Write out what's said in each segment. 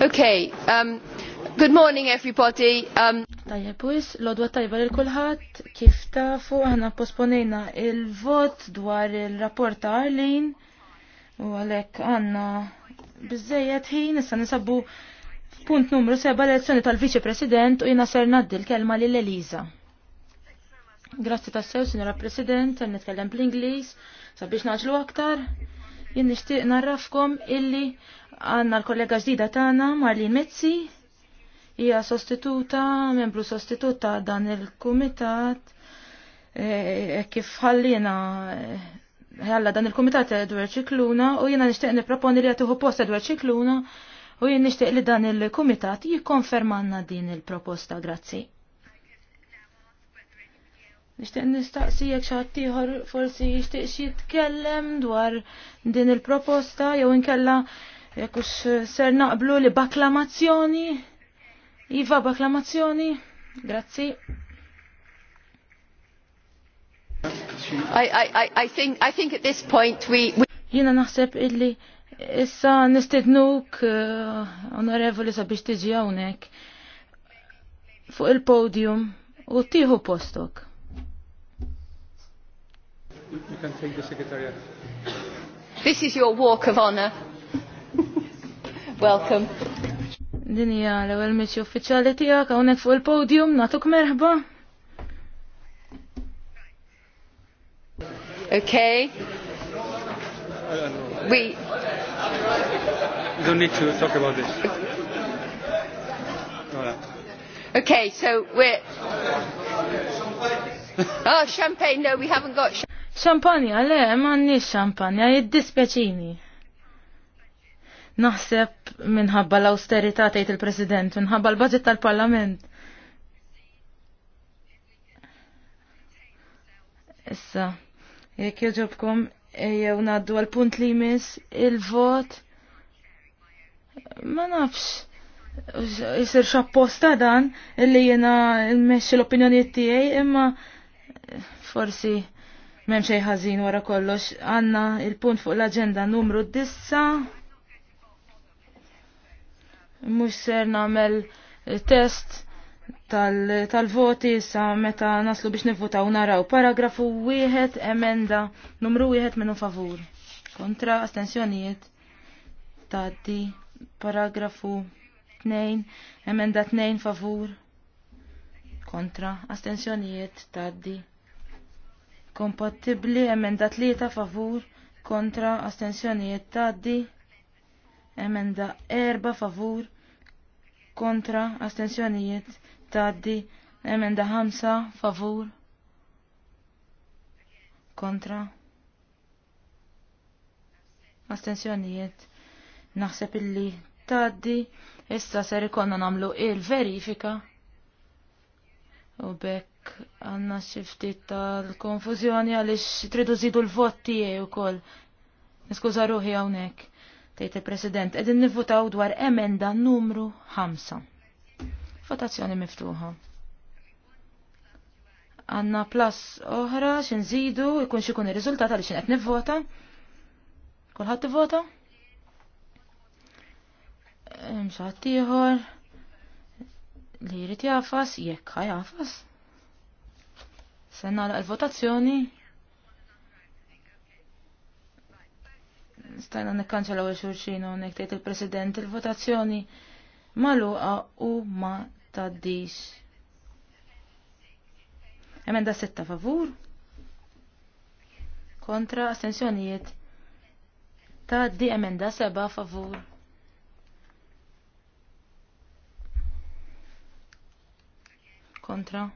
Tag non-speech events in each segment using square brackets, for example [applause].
Okay, um, good morning everybody. Um... Tajja pwis, l-odwa tajba l kulħadd kif tafu aħna posponejna il-vot dwar il-rapport ta' Arlin u għalhekk għandna biżejjed ħin issa nisabu f'punt numru seba' l-elezzjoni tal-Viċi President u jiena ser ngħaddi l-kelma lil Eliza. Grazzi sew, Signora President, għan nitkellem bl-Ingliż sabiex naġlu aktar. Jien nixtieq narrafkom illi Għanna l-kollega ġdida tagħna Marlin Mezzi hija sostituta, membru sostituta dan il-kumitat e, e kif ħallina e, ħalla dan il-komitat Edward Ċikluna u jiena nixtieq nipproponi li jagħtuhu post Edward Ċikluna u jien nixtieq li dan il-kumitat jikkonfermanna din il-proposta, grazzi. Nixtieq nistaqsijek xi ħadd ieħor forsi jixtieq xi jitkellem dwar din il-proposta jew inkella Jekux eh, ser naqblu li baklamazzjoni? Iva baklamazzjoni? Grazzi. I, I, I, think, I think at this point we... we... Jina naħseb illi issa nistednuk uh, onorevoli sabiex tiġi hawnhekk fuq il-podium u tiħu postok. This is your walk of honor. Welcome. Din l ewel mixi uffiċali tijak, għonek fuq il-podium natuk merħba. Ok. We don't need to talk about this. Okay, so we're Oh, champagne, no, we haven't got champagne. Champagne, għale, ma nix champagne, jiddispeċini. Naħseb minħabba l-austerità tgħid il-President, minħabba l-budget tal-Parlament. Issa, jekk joġobkom jew ngħaddu għal punt li jmiss il-vot. Ma nafx jisir xapposta dan illi jena nmexxi l opinjonijiet tiegħi imma forsi m'hemm xejn ħażin wara kollox għandna il-punt fuq l-agenda numru 9 mhux ser nagħmel eh, test tal-voti tal sa meta naslu biex nivvotaw naraw paragrafu wieħed emenda numru wieħed minnu favur. Kontra astensjonijiet taddi paragrafu 2 emenda 2 favur. Kontra astensjonijiet taddi. Kompatibli emenda 3 favur. Kontra astensjonijiet taddi. Emenda 4 favur kontra astensjonijiet taddi emenda ħamsa favur kontra astensjonijiet naħseb illi taddi issa ser ikonna namlu il-verifika u bekk għanna xifti tal-konfuzjoni għalix tridu zidu l-vot tijie u koll niskuza ruħi għawnek tgħid il-President, qegħdin nifutaw dwar emenda numru 5. Votazzjoni miftuħa. Għanna plus oħra x'inżidu jkun xi jkun ir-riżultat għaliex qed nivvota. Kulħadd tivvota? Mxħat ieħor li jrid jafas, jekk ħajafas. Senna l-votazzjoni stajna nekkanċelaw il-xurxin unek tejt il-president il-votazzjoni maluqa u ma taddix. Emenda setta favur. Kontra astensjonijiet. Taddi emenda seba favur. Kontra.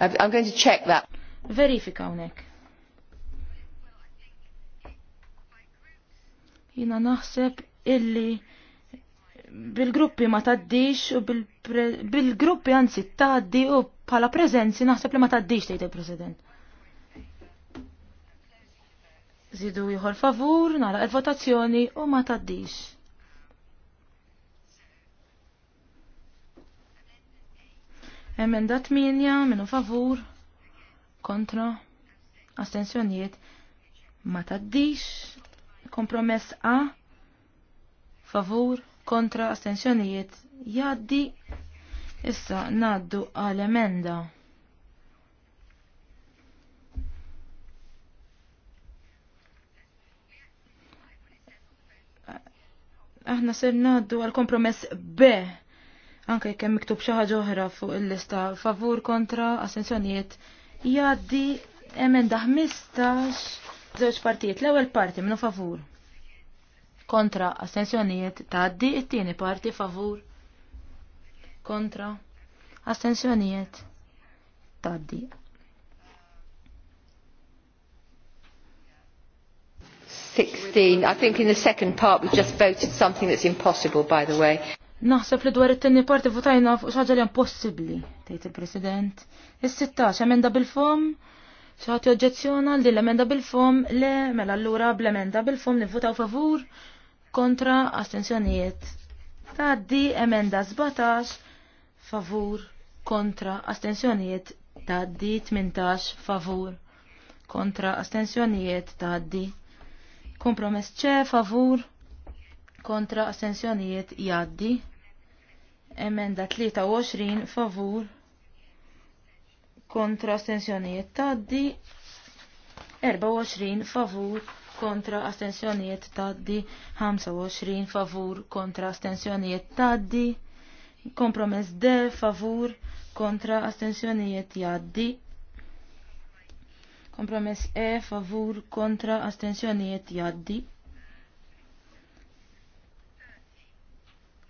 I'm going to check that. Verifika unek. Jina naħseb illi bil-gruppi ma taddix u bil-gruppi għanzi taddi u bħala prezenzi naħseb li ma taddix tgħid il-President. Zidu jħor favur, nara il-votazzjoni u ma taddix. Emenda minja, minu favur, kontra, astensjonijiet, ma taddix. Kompromess A. Favur kontra astensjonijiet jaddi. Issa naddu għal emenda. Aħna ser naddu għal kompromess B. Anke kemm miktub xi ħaġa oħra fuq il-lista favur kontra astensjonijiet jaddi emenda 15 Żewġ partijiet, l-ewwel parti minnu favur. Kontra astensjonijiet tgħaddi, it-tieni parti favur. Kontra astensjonijiet tgħaddi. Sixteen. I think in the second part we just voted something that's impossible, by the way. Naħseb li dwar it-tieni parti votajna fuq xaġa li impossibbli, tgħid il-President. is sittax emenda bil-fom ċaħti oġġezzjona li l-emenda bil-fom le mela allura bl-emenda bil-fom nivvutaw favur kontra astensjonijiet. Taddi emenda 17 favur kontra astensjonijiet taddi 18 favur kontra astensjonijiet taddi. Kompromess ċe favur kontra astensjonijiet jaddi. Emenda 23 favur kontra astensjonijiet taddi 24 favur kontra astensjonijiet taddi 25 favur kontra astensjonijiet taddi kompromess D favur kontra astensjonijiet jaddi kompromess E favur kontra astensjonijiet jaddi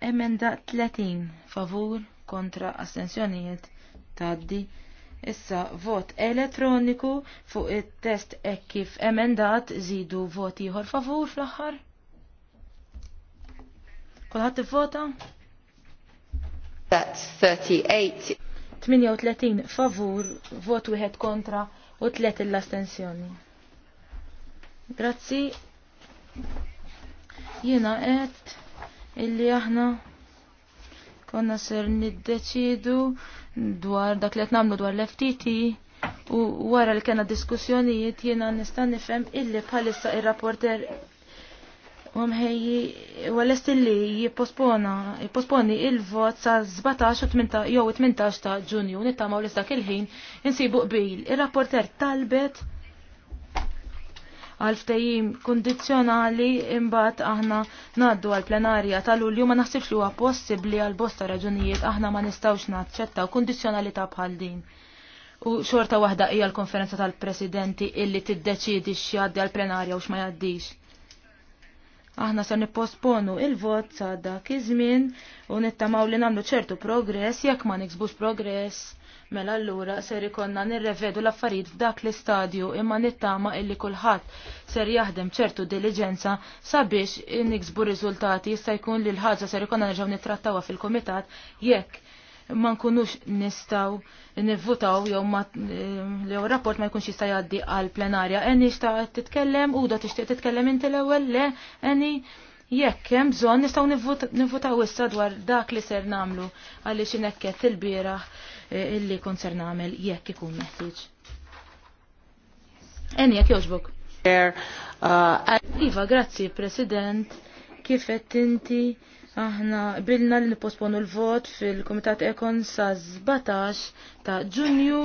emenda 30 favur kontra astensjonijiet taddi Issa vot elettroniku fuq it-test hekk kif emendat zidu vot ieħor favur fl-aħħar. Kulħadd ivvota? That's 38. 38 favur, vot wieħed kontra u tliet l-astensjoni. Grazzi. Jiena qed illi aħna konna ser niddeċidu dwar dak li qed nagħmlu dwar l-FTT u wara li kena diskussjonijiet jiena nista' nifhem illi bħalissa ir-rapporter Umħeji, għal illi jippospona, jipposponi il-vot sa' 17 jew 18 ta' ġunju, nittamaw l-istak il-ħin, insibu qbil. Il-rapporter talbet għal ftejim kondizjonali imbat aħna ngħaddu għal plenarja tal-Ulju ma naħsibx li huwa possibbli għal bosta raġunijiet aħna ma nistgħux naċċettaw kondizzjonalità bħal din. U xorta waħda hija l-konferenza tal-presidenti illi tiddeċidi x'jgħaddi għal plenarja u x'ma jgħaddix. Aħna se nipposponu il-vot sa dak iż-żmien u nittamaw li nagħmlu ċertu progress jekk ma niksbux progress Mela allura ser ikonna nirrevedu l-affarijiet f'dak l-istadju imma nittama illi kulħadd ser jaħdem ċertu diligenza sabiex niksbu riżultati jista' jkun li l-ħaġa ser ikonna nerġgħu nittrattawha fil-kumitat jekk ma nkunux nistgħu nivvutaw jew ma eh, jew rapport ma jkunx jista' jgħaddi għal plenarja. Eni xta' titkellem u da tixtieq titkellem inti l-ewwel le eni jekk hemm bżonn nistgħu nivvutaw issa dwar dak li ser nagħmlu għaliex inekket il-bieraħ illi konser namel nagħmel jekk ikun meħtieġ. Eni, jekk joġbok? Iva, grazzi, President. Kifet inti aħna bilna li nipposponu l-vot fil-Komitat Ekon sa 17 ta' Ġunju.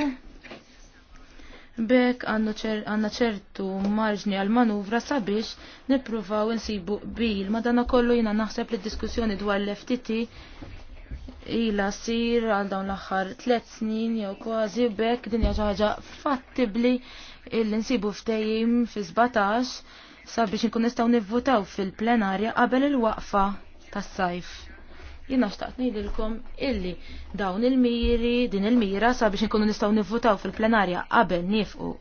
Bek għanna ċertu marġni għal manuvra sabiex nippruvaw insibu bil. Madana kollu jina naħseb li diskussjoni dwar l-FTT ila sir għal dawn l-aħħar tliet snin jew kważi bekk din hija xi ħaġa fattibbli illi nsibu ftehim fi 17 sabiex inkun nistgħu nivvutaw fil-plenarja qabel il-waqfa tas-sajf. Jien xtaqt ngħidilkom illi dawn il-miri, din il-mira sabiex inkunu nistgħu nivvutaw fil-plenarja qabel nifqu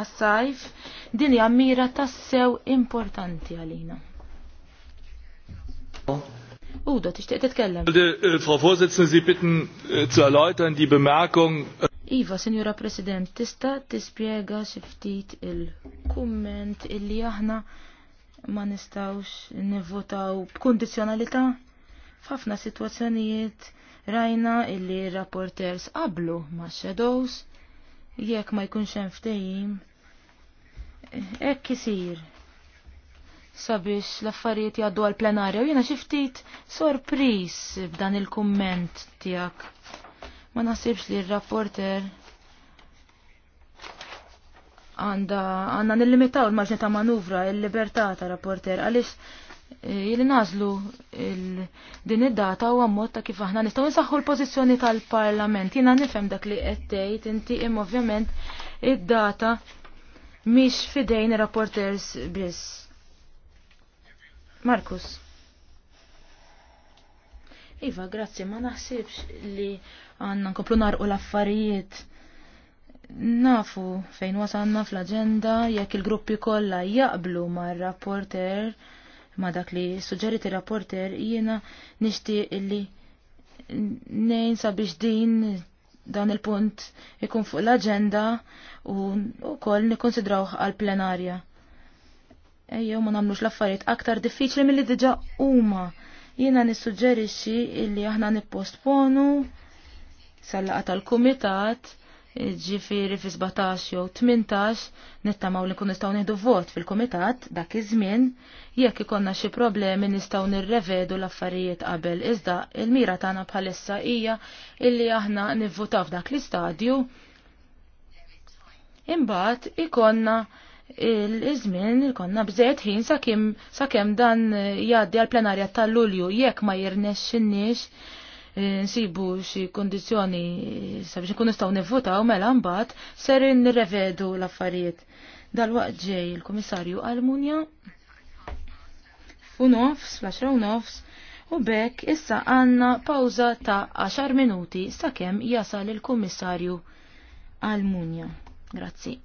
għas-sajf, din hija mira tassew importanti għalina. Udo, tixtieq titkellem. Äh, Frau Vorsitzende, Sie bitten äh, zu erläutern die Bemerkung. Äh, iva, Signora President, tista tispjega xi ftit il-kumment illi aħna ma nistawx nivvotaw b'kundizzjonalità? F'ħafna sitwazzjonijiet rajna illi rapporters qablu ma' shadows jekk ma jkunx hemm ftehim. Hekk isir sabiex l-affarijiet jgħaddu għal plenarja u jena xiftit sorpris b'dan il-komment tijak. Ma nasibx li r-rapporter għanda għanna nillimitaw l maġni ta' manuvra, il-libertà ta' rapporter, għalix eh, jili nazlu din id-data u għammot ta' kif aħna nistaw nsaħħu l-pozizjoni tal-parlament. Jina nifem dak li għettejt, inti im ovvjament id-data miex fidejn rapporters biss Markus. Iva, grazzi, ma naħsibx li għanna nkomplu narqu l-affarijiet. Nafu fejn wasanna fl-agenda jekk il-gruppi kollha jaqblu mar-rapporter ma dak li suġġeriti rapporter jiena nixtieq illi nejn sabiex din dan il-punt ikun fuq l-agenda u, u koll għal-plenarja. Ejjew ma nagħmlux l-affarijiet aktar diffiċli milli diġà huma. Jiena nissuġġerixxi illi aħna nipposponu sal laqgħa tal-kumitat ġifiri fi 17 jew 18 nittamaw li nkun nistgħu nieħdu vot fil-kumitat dak iż-żmien jekk ikonna xi problemi nistgħu nirrevedu l-affarijiet qabel iżda il-mira tagħna bħalissa hija illi aħna nivvutaw f'dak l-istadju imbagħad ikonna il-izmin il-konna bżed ħin sakim sakem dan eh, jaddi għal-plenarja tal-Lulju jekk ma jirnexxinniex eh, nsibu xi kondizjoni sabiex nkun nistgħu nivvutaw mela mbagħad ser nirrevedu l-affarijiet. dal waqt ġej il-Kummissarju Almunja fu nofs, fl-10 nofs, u bekk issa għanna pawza ta' 10 minuti sakemm jasal il-Kummissarju Almunja. Grazzi.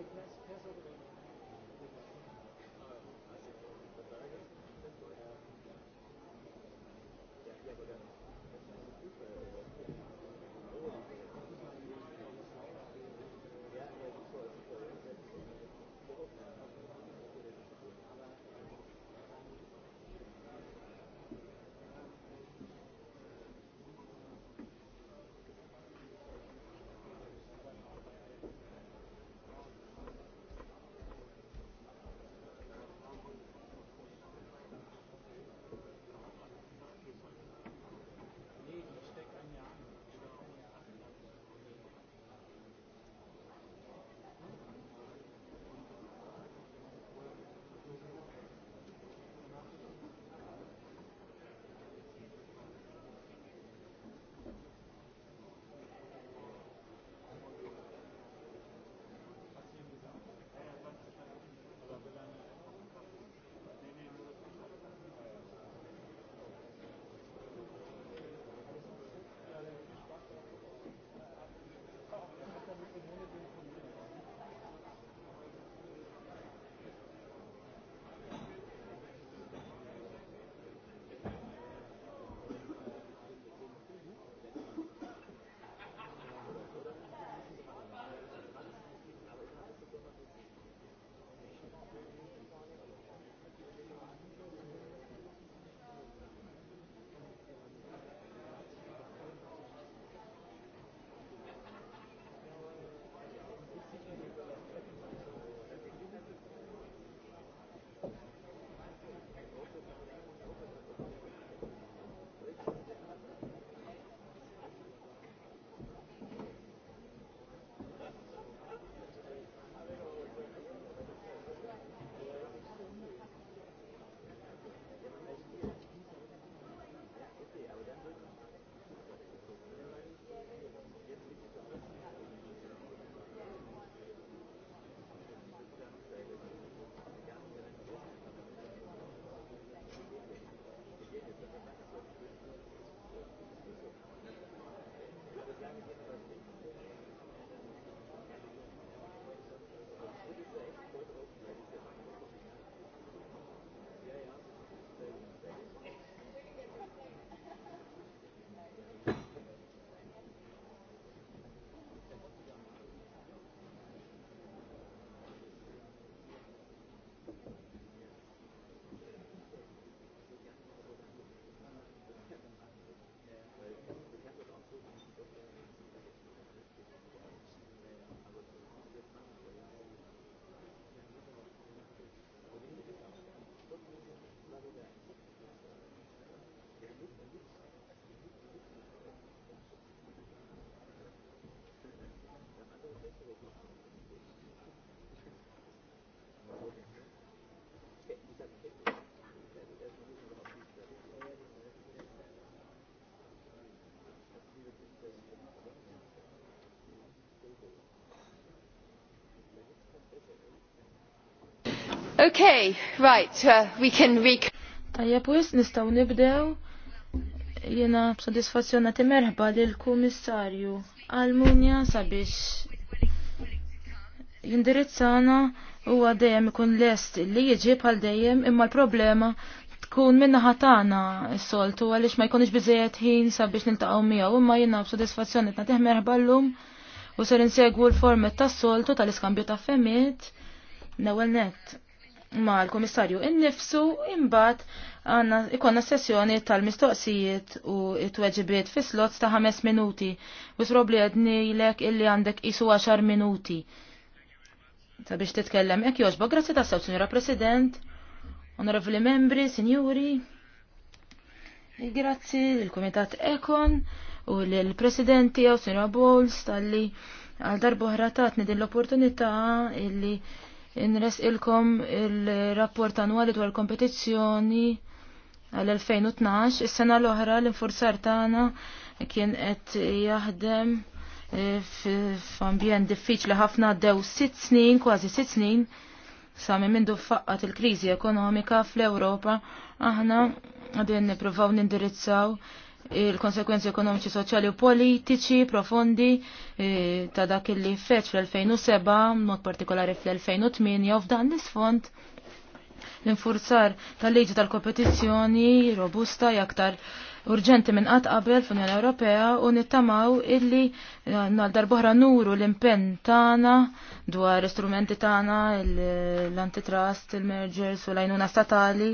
Thank you. Okay, right, uh, we can rec... Tajja pwis, nistaw nibdew. Jena b'sodisfazzjon nagħti merħba lill-Kummissarju Almunja sabiex jindirizzana huwa dejjem ikun lest li jiġi bħal dejjem imma l-problema tkun minna ħatana s-soltu għaliex ma jkunix biżejjed ħin sabiex niltaqgħu miegħu imma jiena b'sodisfazzjon qed nagħtih l llum u ser insegwu l-format tas-soltu tal-iskambju ta' femiet. Nawel net, Ma l komissarju innifsu imbagħad għandna ikonna sessjoni tal-mistoqsijiet u t weġibiet fi slots ta' ħames minuti u l għednilek illi għandek isu 10 minuti. Sabiex titkellem hekk jogħġbok, grazzi ta' sew, Sinjora President, Onorevoli Membri, Sinjuri, grazzi l-Kumitat Ekon u l presidenti għaw, Sinjora Bowles tal-li għal darbohra tatni din l-opportunità illi inres ilkom il-rapport annwali dwar kompetizzjoni għal-2012. Is-sena l-oħra l-infurzar tagħna kien qed jaħdem eh, f'ambjent diffiċli ħafna dew sitt snin, kważi sitt snin, sami mindu faqqat il-kriżi ekonomika fl-Ewropa aħna għadin nippruvaw nindirizzaw il-konsekwenzi ekonomiċi, soċjali u politiċi profondi eh, ta' dak li feċ fl-2007, mod partikolari fl-2008, u f'dan l-isfond l-infurzar tal-liġi tal-kompetizzjoni robusta jaktar urġenti minn qatt qabel fl-Unjoni Ewropea u nittamaw illi eh, għal darbohra nuru l-impenn tagħna dwar istrumenti tagħna l-antitrust, il-mergers u l-għajnuna statali,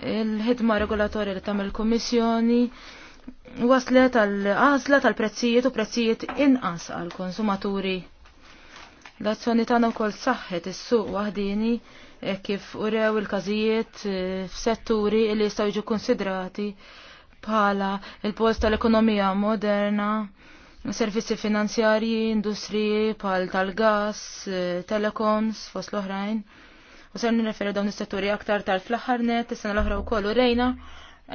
il-ħidma regolatorja li tagħmel il-Kummissjoni, waslet għal għazla tal-prezzijiet u prezzijiet inqas għal konsumaturi. L-azzjoni tagħna wkoll saħħet is-suq waħdini e kif urew il-każijiet e, f'setturi li jistgħu jiġu konsidrati bħala il-post tal-ekonomija moderna, servizzi finanzjarji, industriji bħal tal-gas, e, telecoms, fost l-oħrajn. U ser nirreferi dawn is-setturi aktar tal-fl-aħħar net, is-sena l-oħra wkoll u rejna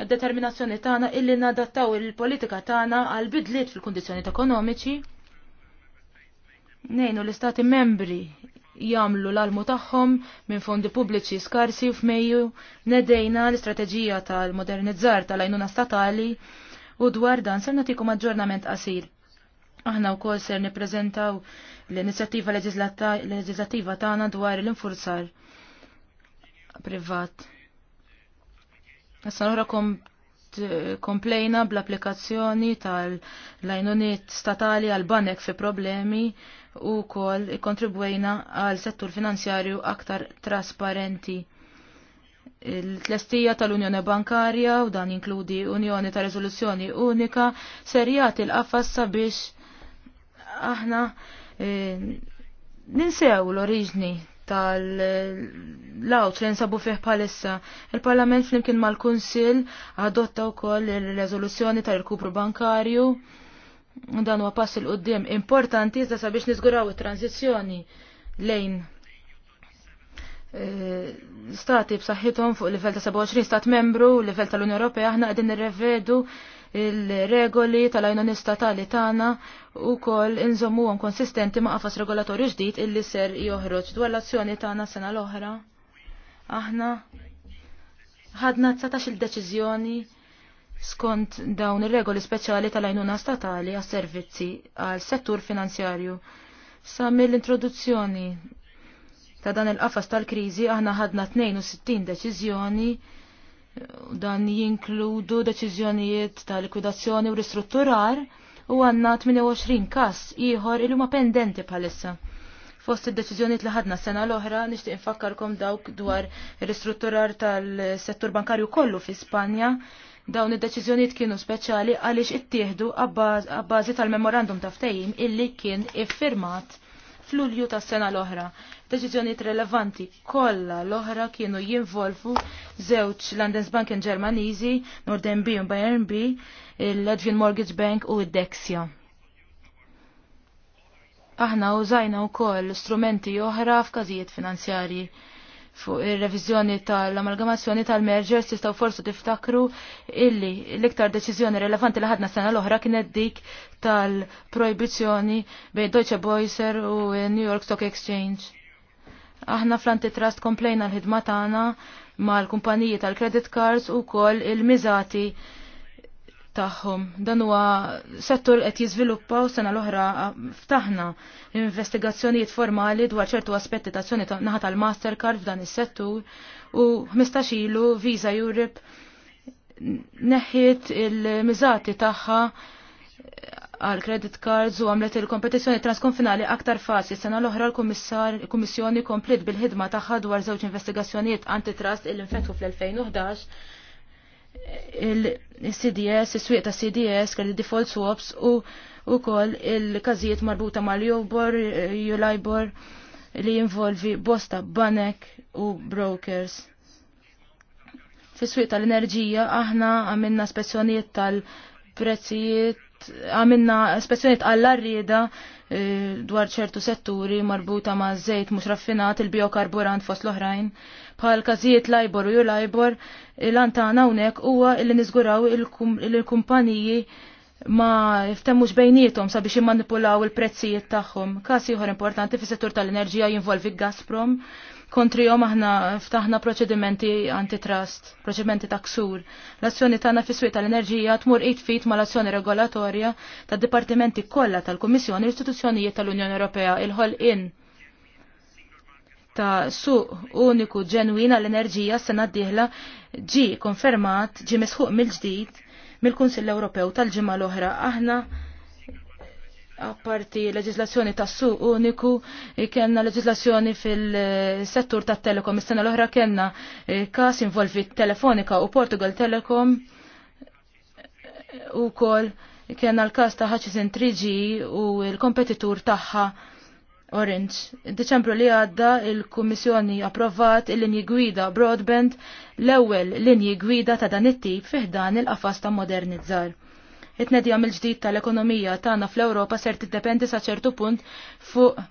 determinazzjoni tagħna illi nadattaw il-politika tagħna għal bidliet fil-kundizzjoni ekonomiċi. Nejnu l-istati membri jagħmlu l-almu tagħhom minn fondi pubbliċi skarsi u f'Mejju nedejna l-istrateġija tal-modernizzar tal-għajnuna statali u dwar dan ser nagħtikom aġġornament qasir. Aħna wkoll ser nippreżentaw l-inizjattiva leġislattiva tagħna dwar l-infurzar privat Sanura komplejna bl-applikazzjoni tal-lajnuniet statali għal banek fi problemi u kol kontribwejna għal settur finanzjarju aktar trasparenti. Il-tlestija tal-Unjoni Bankarja u dan inkludi Unjoni ta' Rezoluzzjoni Unika serjat l qafas sabiex aħna eh, ninsew l-oriġni tal law tren nsabu fih palissa. Il-Parlament flimkien mal-Kunsil adotta wkoll il rezoluzjoni tal-kupru bankarju. Dan huwa pass il qoddim importanti iżda sabiex niżguraw it-tranzizzjoni lejn e, stati b'saħħithom fuq livell ta' 27 stat membru u livell tal-Unjoni Ewropea aħna qegħdin nirrevedu il-regoli tal-għajnuna statali tagħna u kol inżommuhom konsistenti ma' qafas regolatorju ġdid illi ser joħroġ dwar l-azzjoni tagħna sena l-oħra. Aħna ħadna 19 il-deċiżjoni skont dawn ir-regoli speċjali tal-għajnuna statali għas servizzi għal settur finanzjarju. Sa mill-introduzzjoni ta' dan il-qafas tal-kriżi aħna ħadna 62 deċiżjoni Dan jinkludu deċiżjonijiet ta' likwidazzjoni u ristrutturar u għanna 28 kas ieħor il huma pendenti bħalissa. Fost id-deċiżjonijiet li ħadna sena l-oħra nixtieq infakkarkom dawk dwar ristrutturar tal-settur bankarju kollu fi Spanja. Dawn id-deċiżjonijiet kienu speċjali għaliex ittieħdu għabbażi tal-memorandum ta' ftehim illi kien iffirmat fl-ulju tas-sena l-oħra. Deċiżjonijiet relevanti kollha l-oħra kienu jinvolvu żewġ Landesbanken Ġermaniżi, Norden B u Bayern B, l-Edvin Mortgage Bank u id-Dexia. Aħna użajna wkoll strumenti oħra f'każijiet finanzjarji fuq ir-reviżjoni tal-amalgamazzjoni tal-mergers tistgħu forsu tiftakru illi l-iktar deċiżjoni relevanti li ħadna sena l-oħra kienet dik tal-projbizzjoni bejn Deutsche Boiser u New York Stock Exchange. Aħna fl-antitrust komplejna l-ħidma tagħna mal-kumpaniji tal-credit cards u kol il-miżati tagħhom. Dan huwa settur qed jiżviluppa u sena l-oħra ftaħna investigazzjonijiet formali dwar ċertu aspetti ta' azzjoni naħa tal-Mastercard f'dan is-settur u 15 ilu Visa Europe neħħiet il-miżati tagħha għal credit cards u għamlet il-kompetizzjoni transkonfinali aktar fasi. Sena l-oħra l-Kummissjoni komplet bil-ħidma tagħha dwar żewġ investigazzjonijiet antitrust il infetħu fl-2011 il-CDS, is-swieq ta' CDS, credit default swaps u wkoll il-każijiet marbuta mal-Euribor, jolajbor li jinvolvi bosta banek u brokers. Fis-swieq tal-enerġija aħna għamilna spezzjonijiet tal-prezzijiet għamilna spezzjoniet għall-arrieda eh, dwar ċertu setturi marbuta ma' żejt mhux raffinat il-biokarburant fost l-oħrajn. Bħal każijiet lajbor u jolajbor, lajbor, l-antana hawnhekk huwa li niżguraw il-kumpaniji ma jiftemmux bejnietom sabiex jimmanipulaw il-prezzijiet tagħhom. Każ ieħor importanti fis-settur tal-enerġija jinvolvi Gazprom jom aħna ftaħna proċedimenti antitrust, proċedimenti ta' ksur. L-azzjoni tagħna fis-swieq tal-enerġija tmur 8 fit ma l-azzjoni regolatorja tad dipartimenti kollha tal-Kummissjoni l-istituzzjonijiet tal-Unjoni Ewropea il-ħolqien ta' suq uniku ġenwin għall-enerġija sena d-dieħla ġi konfermat ġi misħuq mill-ġdid mill-Kunsill Ewropew tal-ġimgħa l-oħra aħna apparti leġislazzjoni tas suq uniku, eh, kena leġislazzjoni fil-settur tat telekom. Istana l-oħra kena eh, kas involvi Telefonika u Portugal Telekom eh, u kol kena l-kas ta' Hutchison 3G u l-kompetitur taħħa Orange. Deċembru li għadda il-Kummissjoni approvat il-linji gwida broadband l-ewwel linji gwida ta' dan it-tip fiħdan il-qafas ta' modernizzar it-nedjam il-ġdid tal-ekonomija tagħna fl-Ewropa ser tiddependi sa ċertu punt fuq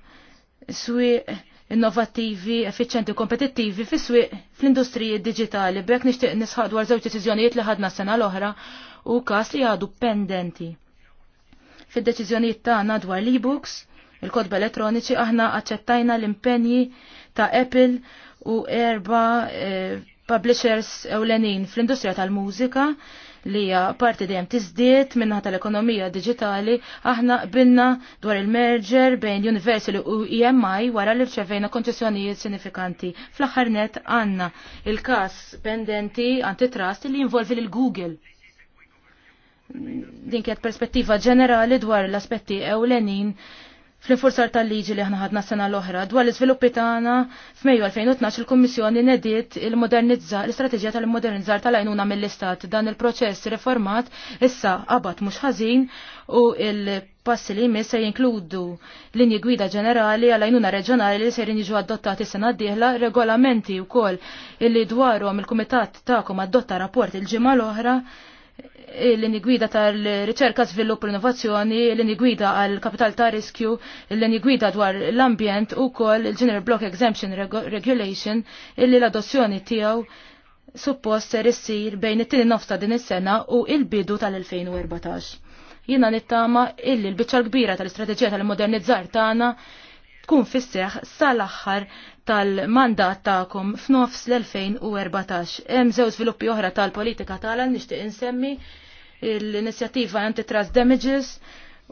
swieq innovattivi, effiċenti u kompetittivi fi fl-industriji digitali. Bek nixtieq nisħad dwar żewġ deċiżjonijiet li ħadna s-sena l-oħra u każ li għadu pendenti. Fid-deċiżjonijiet tagħna dwar l-e-books, il-kodba elettroniċi aħna aċċettajna l-impenji ta' Apple u erba eh, publishers ewlenin fl-industrija tal-mużika li hija parti dejjem tiżdied minnaħa tal-ekonomija diġitali, aħna qbilna dwar il-merger bejn Universal u EMI wara li rċevejna konċessjonijiet sinifikanti. Fl-aħħar net għandna il-każ pendenti antitrust li jinvolvi lil Google. Din kienet perspettiva ġenerali dwar l-aspetti ewlenin fl-infurzar tal-liġi li aħna ħadna sena l-oħra dwar l-iżviluppi tagħna f'Mejju 2012 il-Kummissjoni nediet il l-istrateġija tal-modernizzar tal-għajnuna mill-Istat dan il-proċess reformat issa qabad mhux ħażin u il-passi li jmiss se jinkludu linji gwida ġenerali għal għajnuna reġjonali li se jiġu adottati sena d-dieħla regolamenti wkoll illi dwarhom il-kumitat tagħkom adotta rapport il-ġimgħa l-oħra l-lini gwida tal-riċerka svilupp l-innovazzjoni, l-lini gwida għal-kapital ta' riskju, l-lini gwida dwar l-ambjent u kol il-General Block Exemption Regulation illi l-adozzjoni tijaw suppost ser issir bejn it-tini nofsa din is-sena u il-bidu tal-2014. Jina nittama illi l-bicċa kbira tal-istrateġija tal-modernizzar tagħna tkun fisseħ sal-aħħar tal-mandat ta'kom f'nofs l-2014. Hemm żewġ sviluppi oħra tal-politika tagħna nixtieq insemmi l-inizjattiva Antitrust Damages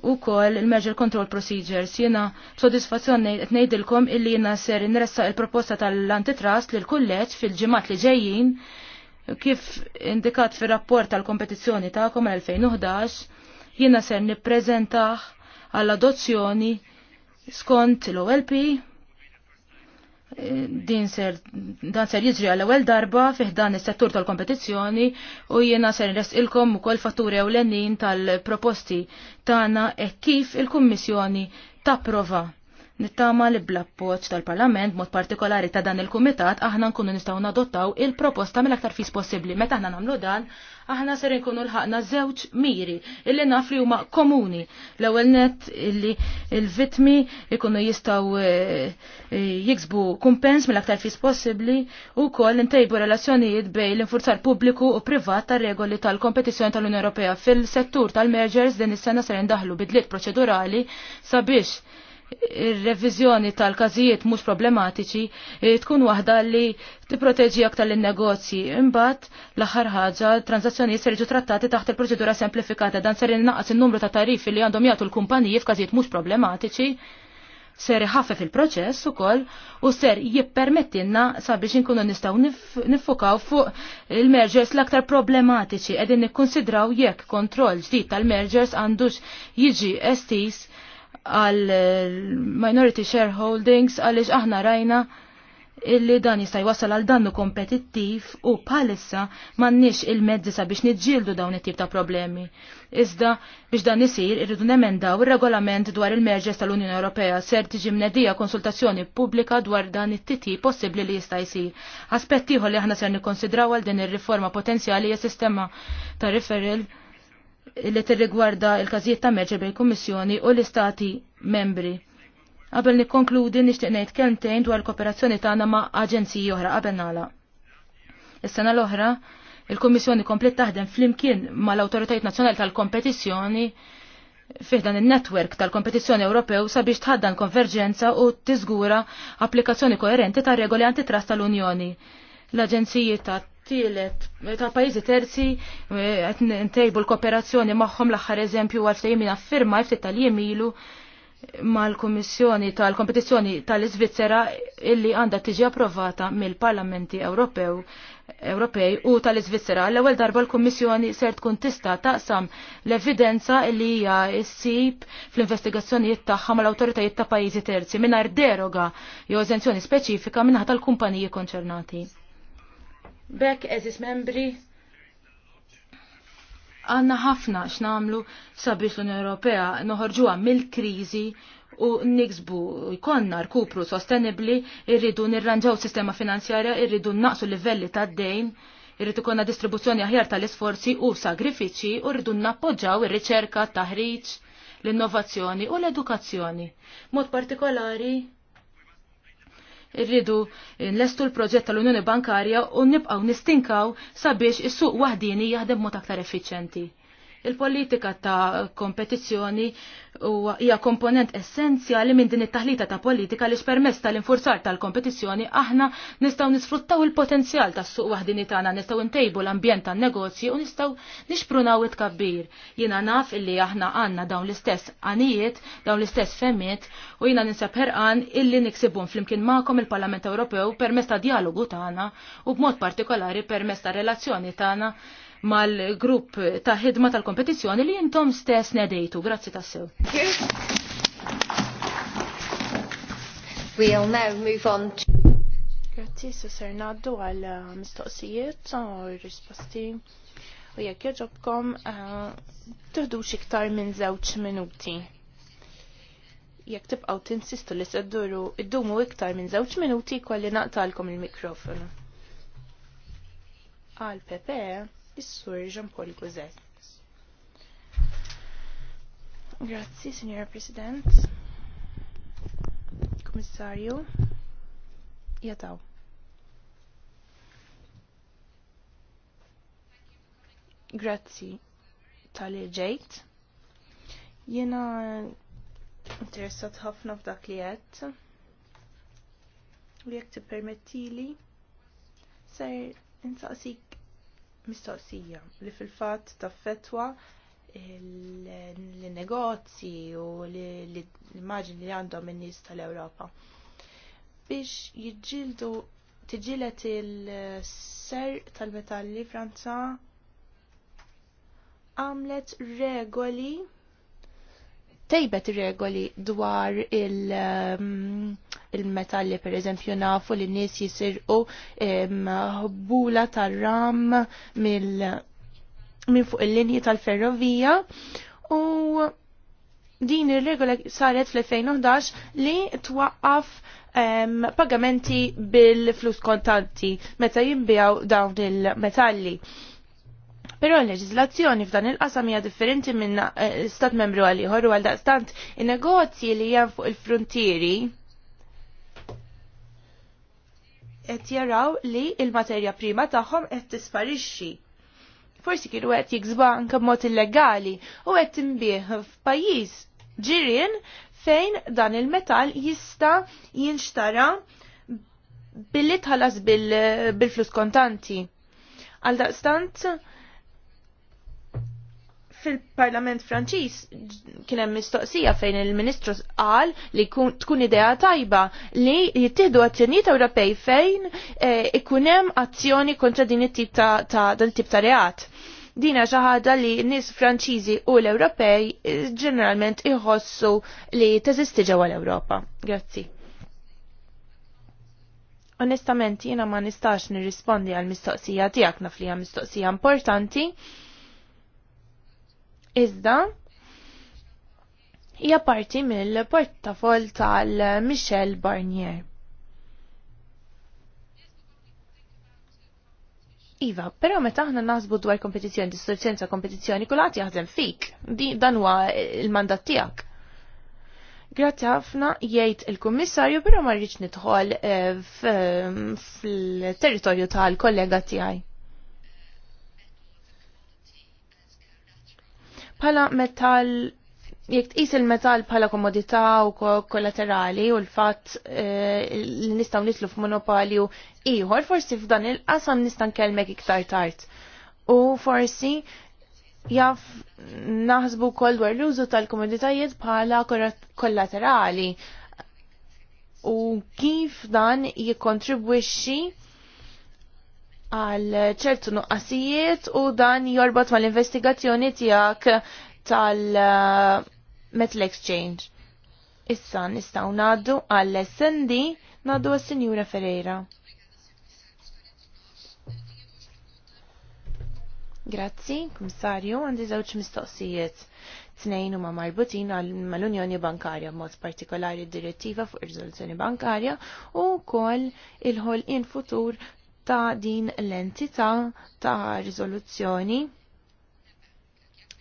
u kol il-Measure Control Procedures. Jena b'sodisfazzjon qed ngħidilkom illi jiena ser inressa il-proposta tal-antitrust lil kulleġġ fil-ġimgħat li ġejjin kif indikat fir-rapport tal-kompetizzjoni tagħkom l-2011 jiena ser nippreżentah għall-adozzjoni skont l-OLP din ser dan ser jiġri għal ewwel darba fih dan is-settur tal-kompetizzjoni u jiena ser nresqilkom ukoll fatturi ewlenin tal-proposti tagħna e kif il-Kummissjoni tapprova Nittama li bla appoġġ tal-Parlament mod partikolari ta' dan il-Kumitat aħna nkunu nistgħu nadottaw il-proposta mill-aktar fis possibbli. Meta aħna nagħmlu dan, aħna ser nkunu l ħakna żewġ miri illi naf li huma komuni. L-ewwel net illi l-vitmi ikunu jistgħu e, e, jiksbu kumpens mill-aktar fis possibbli u koll intejbu relazzjonijiet bejn l-infurzar pubbliku u privat tar-regoli tal-kompetizzjoni tal-Unjoni Ewropea fil-settur tal-mergers din is-sena ser indaħlu bidliet proċedurali sabiex ir-reviżjoni tal-każijiet mhux problematiċi eh, tkun waħda li t-proteġi aktar l negozji Imbat, l-aħħar ħaġa transazzjonijiet ser trattati taħt il-proċedura semplifikata dan ser innaqas in-numru ta' tariffi li għandhom jagħtu l-kumpaniji f'każijiet mhux problematiċi ser ħaffef il-proċess ukoll u ser jippermettilna sabiex inkunu nistgħu nifokaw fuq il-mergers l-aktar problematiċi qegħdin nikkonsidraw jekk kontroll ġdid tal-mergers għandux jiġi estis għal minority shareholdings għaliex aħna rajna illi dan jista' jwassal għal dannu kompetittiv u palissa m'għandniex il-mezzi sabiex niġġieldu dawn it-tip ta' problemi. Iżda biex dan isir irridu nemendaw ir-regolament dwar il-merġes tal-Unjoni Ewropea ser tiġi mnedija konsultazzjoni pubblika dwar dan it-titi possibbli li jista' jsir. Aspett ieħor li aħna ser nikkonsidraw għal din ir-riforma potenzjali hija sistema ta' referral li tirrigwarda il-każijiet ta' meċer bejn kummissjoni u l-istati membri. Qabel nikkonkludi nixtieq ngħid kelmtejn dwar kooperazzjoni tagħna ma' aġenziji oħra qabel nagħlaq. Is-sena l-oħra, il-Kummissjoni komplet taħdem flimkien mal-Awtoritajiet Nazzjonali tal-Kompetizzjoni fiħdan il-netwerk tal-kompetizzjoni Ewropew sabiex tħaddan konverġenza u tiżgura applikazzjoni koerenti ta' regoli antitrust tal-Unjoni. L-Aġenziji ta' tielet ta' pajjiżi terzi eh, qed ntejbu l-kooperazzjoni magħhom l-aħħar eżempju għal fejn affirma ftit tal-jiem ilu mal-Kummissjoni tal-Kompetizzjoni tal-Iżvizzera illi għandha tiġi approvata mill-Parlamenti Ewropew Ewropej u tal-Iżvizzera. L-ewwel darba l-Kummissjoni ser tkun tista' taqsam l-evidenza li hija ssib fl-investigazzjonijiet tagħha mal-awtoritajiet ta' pajjiżi terzi mingħajr deroga jew eżenzjoni speċifika minħata tal-kumpaniji konċernati. Bekk eżis membri għanna ħafna x'namlu sabiex l-Unjoni Ewropea noħorġuha mill-kriżi u niksbu jkollna rkupru sostenibli, irridu nirranġaw sistema finanzjarja, irridu naqsu livelli tad-dejn, irridu konna distribuzzjoni aħjar tal-isforzi u sagrifiċi u rridu nappoġġaw ir-riċerka, taħriġ, l-innovazzjoni u l-edukazzjoni. Mod partikolari Irridu nlestu l-proġett tal-Unjoni Bankarja u nibqgħu nistinkaw sabiex is-suq waħdini jaħdem mod aktar effiċjenti. Il-politika ta' kompetizzjoni hija komponent essenzjali minn din it-taħlita ta' politika li permess tal-infurzar tal-kompetizzjoni aħna nistgħu nisfruttaw il-potenzjal tas-suq waħdini tagħna, nistgħu ntejbu l-ambjent tan-negozji u nistgħu nixprunaw it-kabbir. Jiena naf illi aħna għandna dawn l-istess għanijiet, dawn l-istess femmiet u jiena ninsab ħerqan illi niksibun flimkien magħkom il-Parlament Ewropew permezz ta' dialogu tagħna u b'mod partikolari permess ta' relazzjoni tagħna mal-grupp ta' ħidma tal-kompetizzjoni li jintom stess nedejtu. Grazzi tassew. We'll now move on to... Grazzi, s sir naddu għal eh, mistoqsijiet u risposti. U jekk joġobkom, eh, tuħdux iktar minn zewċ minuti. Jekk tibqaw tinsistu li s sadduru id-dumu iktar minn zewċ minuti kolli naqtalkom il-mikrofonu għal Pepe is-sur Jean-Paul Gozet. Grazie, Signora President, Commissario, jataw. Grazie tal-li ġejt. Jena interessat ħafna f'dak li għedt. U jekk tippermettili, ser insaqsik mistoqsija li fil-fatt taffettwa l-negozji u l-immaġni li għandhom in-nies tal-Ewropa. Biex jiġġieldu tiġilet il-ser tal-metalli Franza għamlet regoli tejbet regoli dwar il- um, il-metalli per eżempju nafu li n-nies jisirqu ħbula tar-ram minn fuq il-linji tal-ferrovija u din ir-regola saret fl-2011 li twaqqaf um, pagamenti bil-flus kontanti meta jinbijaw dawn il-metalli. Però l-leġizlazzjoni f'dan il-qasam hija differenti minn eh, stat membru għal ieħor u għal daqstant in-negozji li hemm fuq il-frontieri qed jaraw li il-materja prima tagħhom qed tisparixxi. Forsi kienu qed jiksba anke b'mod illegali u qed tinbih f'pajjiż ġirien fejn dan il-metall jista' jinxtara billi tħallas bil-flus kontanti. Għal daqstant, fil-Parlament Franċiż kien hemm mistoqsija fejn il-Ministru qal li tkun idea tajba li jittieħdu azzjonijiet Ewropej fejn eh, ikun hemm azzjoni kontra din it-tip ta', dan tip ta' reat. Dina xi ħaġa li n-nies Franċiżi u l-Ewropej eh, ġeneralment iħossu li teżisti ġewwa l-Ewropa. Grazzi. Onestament jiena ma nistax nirrispondi għal mistoqsija tiegħek naf li hija mistoqsija importanti Iżda, hija parti mill-portafol tal-Michel Barnier. Iva, pero meta aħna naħsbu dwar kompetizzjoni, distruzzjoni ta' kompetizzjoni, kulħadd jaħdem fik. Di dan huwa il-mandat tiegħek. Grazzi ħafna jgħid il-kummissarju, però ma rridx nidħol eh, fil-territorju tal-kollega tiegħi. Pala metal jekk tqis il-metall bħala komodità u kollaterali u l-fatt eh, li nistgħu nitlu f'monopolju ieħor, forsi f'dan il-qasam nista' nkellmek iktar tard. U forsi jaf naħsbu wkoll dwar l-użu tal-komoditajiet bħala kollaterali u kif dan jikkontribwixxi għal ċertu nuqqasijiet u dan jorbot mal-investigazzjoni tijak tal-Metal Exchange. Issa nistaw naddu għall-SND naddu għal-Sinjura Ferreira. Grazzi, komissarju, għandi żewġ mistoqsijiet. Tnejn huma marbutin mal-Unjoni Bankarja b'mod partikolari d-direttiva fuq ir-riżoluzzjoni bankarja u wkoll il-ħolqien futur ta' din l-entità ta' rizoluzzjoni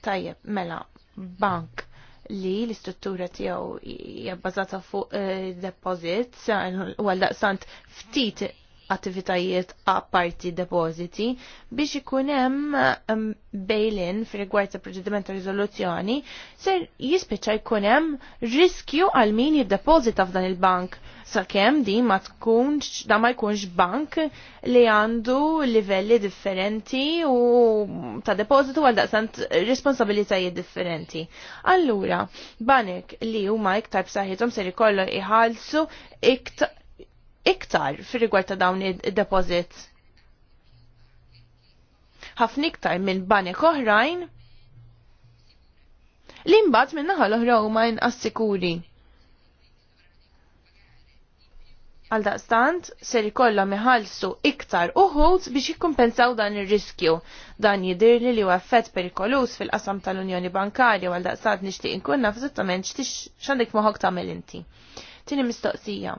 tajjeb mela bank li l-istruttura tiegħu hija bbażata fuq eh, deposits u għal daqsant ftit attivitajiet a parti depositi biex ikun hemm bail-in fir-rigward ta' proċediment ta' ser jispiċċa jkun hemm riskju għal min jiddepozita f'dan il-bank sakemm di ma tkunx da ma jkunx bank li għandu livelli differenti u ta' depozitu għal daqsant responsabilitajiet differenti. Allura, banek li huma iktar b'saħħithom ser ikollu iħallsu ikt iktar fir-rigward ta' dawn id-deposits. Ħafna iktar minn banek oħrajn li mbagħad minn naħa l-oħra huma inqassikuri. Għal daqstant ser ikollhom iħallsu iktar uħud biex jikkumpensaw dan ir-riskju. Dan jidirli li huwa effett perikolus fil-qasam tal-Unjoni Bankarja għal daqstant nixtieq inkun naf eżattament x'għandek moħok tagħmel inti. Tieni mistoqsija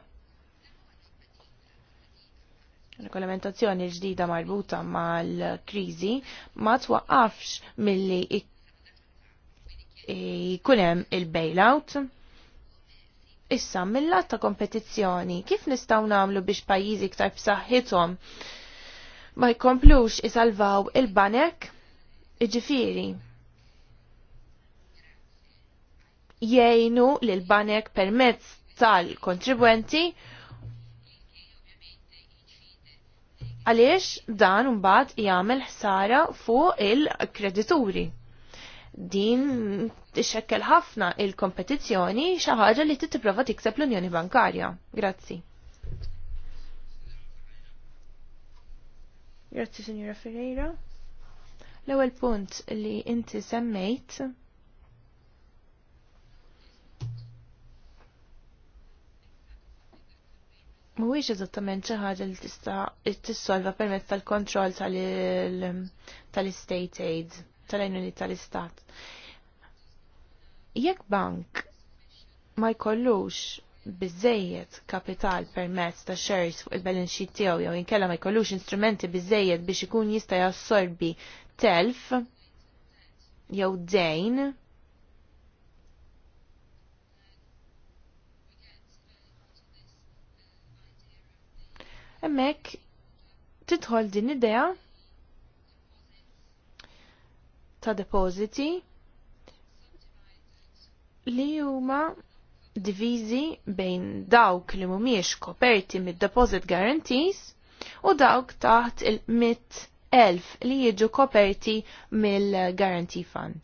regolamentazzjoni ġdida marbuta mal-krizi ma twaqqafx milli jkunem il-bailout. Issa mill-lat ta' kompetizzjoni, kif nistaw namlu biex pajjiżi iktar b'saħħithom ma jkomplux isalvaw il-banek? Iġifieri, jgħinu lil banek permezz tal-kontribwenti għaliex dan mbagħad jagħmel ħsara fuq il-kredituri. Din tixekkel ħafna il-kompetizzjoni xi ħaġa li titprova tikseb l-Unjoni Bankarja. Grazzi. Grazzi, Signora Ferreira. L-ewwel punt li inti semmejt Mhuwiex eżattament xi ħaġa li tista' tissolva permezz tal-kontroll tal-estate aid, tal-għajnuni tal-istat. Jekk bank ma jkollux biżejjed kapital permezz ta' shares fuq il-balance sheet tiegħu jew inkella ma jkollux instrumenti biżejjed biex ikun jista' jassorbi telf jew dejn Hemmhekk tidħol din idea ta' depositi li huma diviżi bejn dawk li mhumiex koperti mid-deposit guarantees u dawk taħt il-100 elf li jiġu koperti mill-Guarantee Fund.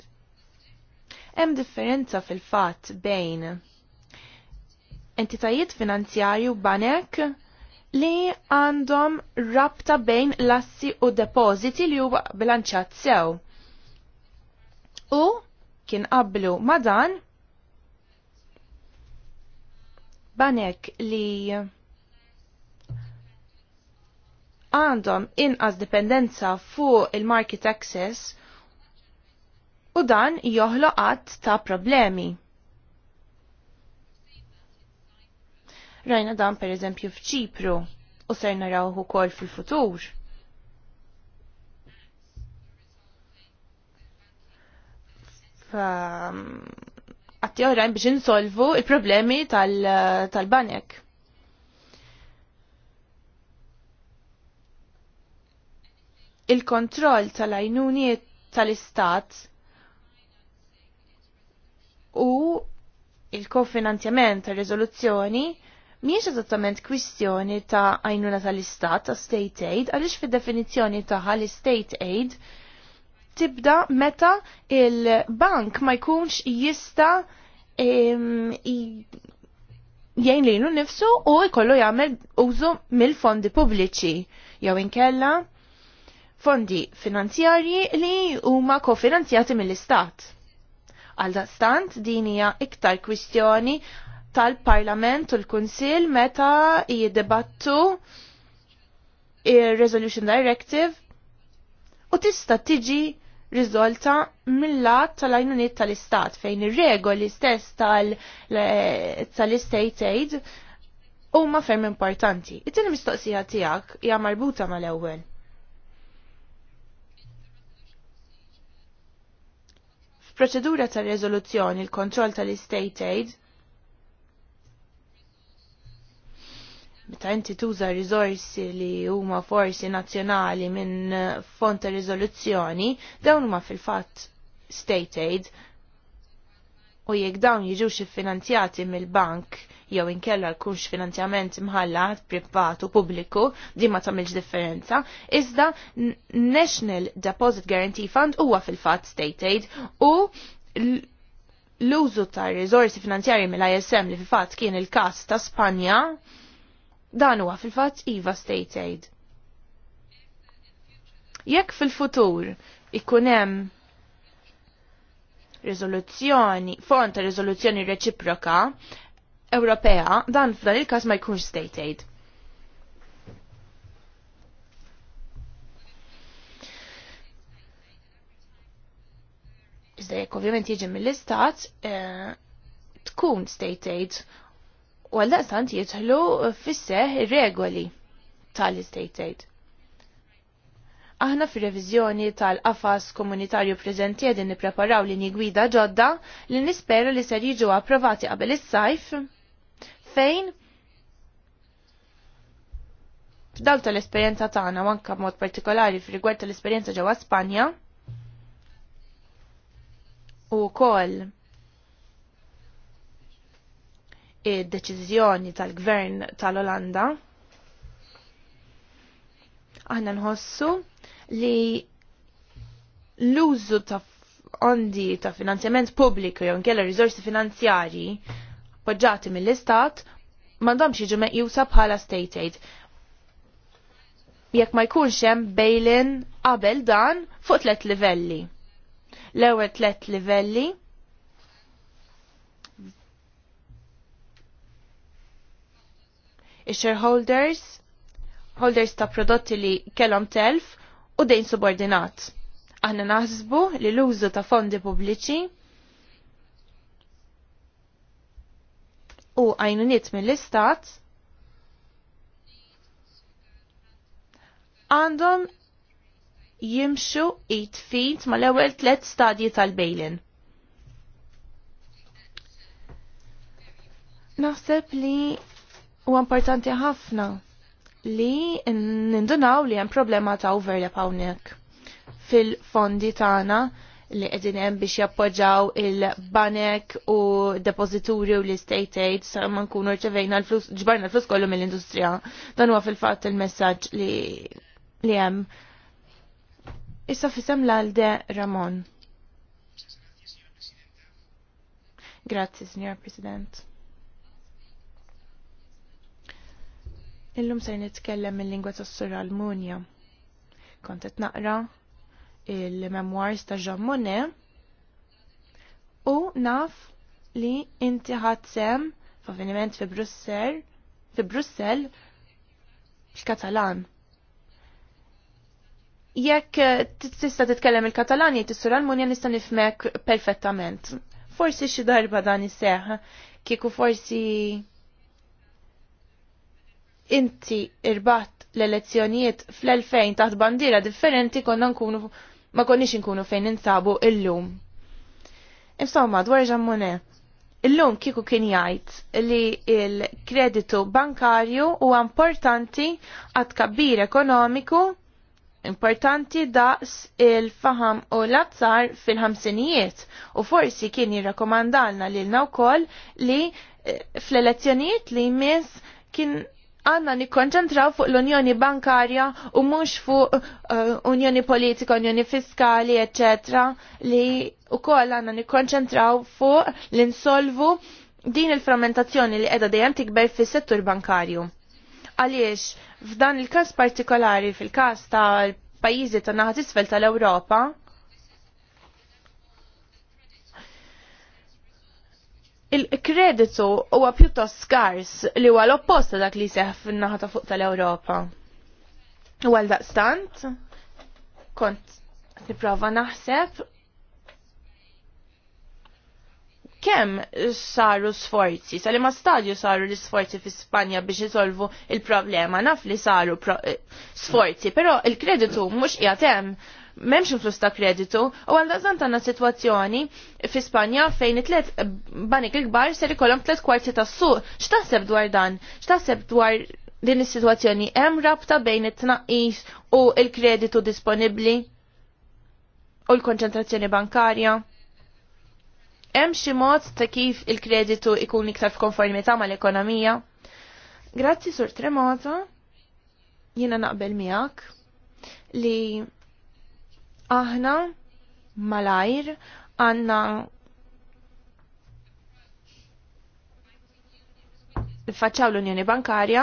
Hemm differenza fil-fatt bejn entitajiet finanzjarju banek li għandhom rabta bejn lassi u depożiti li huwa bilanċat sew. U kien qablu ma dan banek li għandhom inqas dipendenza fuq il-market access u dan joħloq ta' problemi. Rajna dan per eżempju f'Ċipru u ser naraw ukoll fil-futur. Għatti oħrajn biex insolvu il-problemi tal-banek. tal banek il tal-ajnuniet tal-istat u il-kofinanzjament tal-rezoluzzjoni miex eżattament kwistjoni ta' għajnuna tal-istat, ta' state aid, għalix fid definizzjoni ta' l-state aid tibda meta il-bank ma jkunx jista jgħin lilu nifsu u jkollu jagħmel użu mill-fondi pubbliċi jew inkella fondi finanzjarji li huma kofinanzjati mill-istat. Għal stant din hija iktar kwistjoni tal-Parlament u l-Kunsil meta jiddebattu il-Resolution Directive u tista tiġi riżolta mill-lat tal-għajnuniet tal-istat fejn ir-regoli stess tal-istate aid huma ferm importanti. It-tieni mistoqsija tiegħek hija marbuta mal-ewwel. F'proċedura tar rezoluzzjoni il-kontroll tal-istate aid meta inti tuża risorsi li huma forsi nazzjonali minn eh, fonta ta' riżoluzzjoni, dawn huma fil-fatt state aid u jekk dawn jiġux finanzjati mill-bank jew inkella l-kunx finanzjament mħallat, privat u pubbliku, di ma tagħmilx differenza, iżda National Deposit Guarantee Fund huwa fil-fatt state aid u l-użu ta' rizorsi finanzjarji mill-ISM li fil-fatt kien il-każ ta' Spanja Dan huwa fil-fatt iva state aid. Jekk fil-futur ikun hemm riżoluzzjoni, fond ta' riżoluzzjoni reċiproka Ewropea, dan f'dan il-każ ma jkunx state aid. Iżda jekk ovvjament jiġi mill-istat, eh, tkun state aid u għal daqstant jidħlu fisseħ regoli tal-state aid. Aħna fir reviżjoni tal-qafas komunitarju preżenti għedin nippreparaw li gwida ġodda li nispera li ser jiġu approvati qabel is-sajf fejn f'dal tal-esperjenza tagħna anke b'mod partikolari f'rigward tal-esperjenza ġewwa Spanja u wkoll id-deċiżjoni tal-gvern tal-Olanda, aħna nħossu li l-użu ta' fondi ta' finanzjament pubbliku jew kella risorsi finanzjarji poġġati mill-Istat m'għandhomx jiġu meqjusa bħala state aid. Jekk ma jkunx hemm bail-in qabel dan fuq tliet livelli. L-ewwel tliet livelli shareholders holders ta' prodotti li kellhom telf u dejn subordinat. Aħna naħsbu li l-użu ta' fondi pubbliċi u għajnuniet mill-istat għandhom jimxu it feet ma l-ewel tlet stadji tal-bejlin. Naħseb li U importanti ħafna li nindunaw li hemm problema ta' overlap hawnhekk fil-fondi tagħna li qegħdin hemm biex jappoġġaw il-banek u depozituri u l-estate aid sa ma nkunu rċevejna l-flus ġbarna l-flus kollu mill-industrija. Dan huwa fil-fatt il-messaġġ li li hemm. Issa fisem l-alde Ramon. Grazzi, signor President. Illum ser nitkellem il-lingwa tas-sur Almunja. Kont qed naqra il-memoirs ta' Jean Monnet u naf li inti sem f'avveniment fi Brussel fi Brussel X'Katalan? katalan Jekk tista' titkellem il-Katalan jgħid is-sur Almunja nista' nifmek perfettament. Forsi xi darba dan iseħħ kieku forsi inti irbaħt l-elezzjonijiet fl-2000 taħt bandiera differenti konna nkunu ma konniex nkunu fejn ninsabu illum. Insomma, dwar ġammone, illum kiku kien jgħid li il-kreditu bankarju huwa importanti għad kabbir ekonomiku importanti daqs il-faham u l-azzar fil-ħamsinijiet u forsi kien jirrakomandalna lilna wkoll li eh, fl-elezzjonijiet li jmiss kien għanna nikkonċentraw fuq l-Unjoni Bankarja u mhux fuq uh, Unjoni Politika, Unjoni Fiskali, etc. li wkoll għanna nikkonċentraw fuq l-insolvu din il-frammentazzjoni li qiegħda dejjem tikber fis-settur bankarju. Għaliex f'dan il-każ partikolari fil-każ tal-pajjiżi ta' naħat isfel tal-Ewropa, il-kreditu huwa pjuttost skars li huwa l-opposta dak li seħ fin-naħa ta' fuq tal-Ewropa. U għal daqstant, kont niprofa naħseb kemm saru sforzi, sali ma stadju saru l-sforzi fi Spanja biex jisolvu il-problema, naf li saru eh, sforzi, pero il-kreditu mux jgħatem memx flus ta' kreditu u għal dażan tanna situazzjoni fi Spanja fejn it-tlet banik il-kbar ser ikollhom tlet kwarti ta' suq. X'taħseb dwar dan? X'taħseb dwar din is-sitwazzjoni hemm rabta bejn it-tnaqqis u l-kreditu disponibbli u l-konċentrazzjoni bankarja? Hemm xi mod ta' kif il-kreditu ikun iktar f'konformità mal-ekonomija? Grazzi Sur Tremoto, jiena naqbel miegħek li aħna malajr għanna faċċaw l-Unjoni Bankarja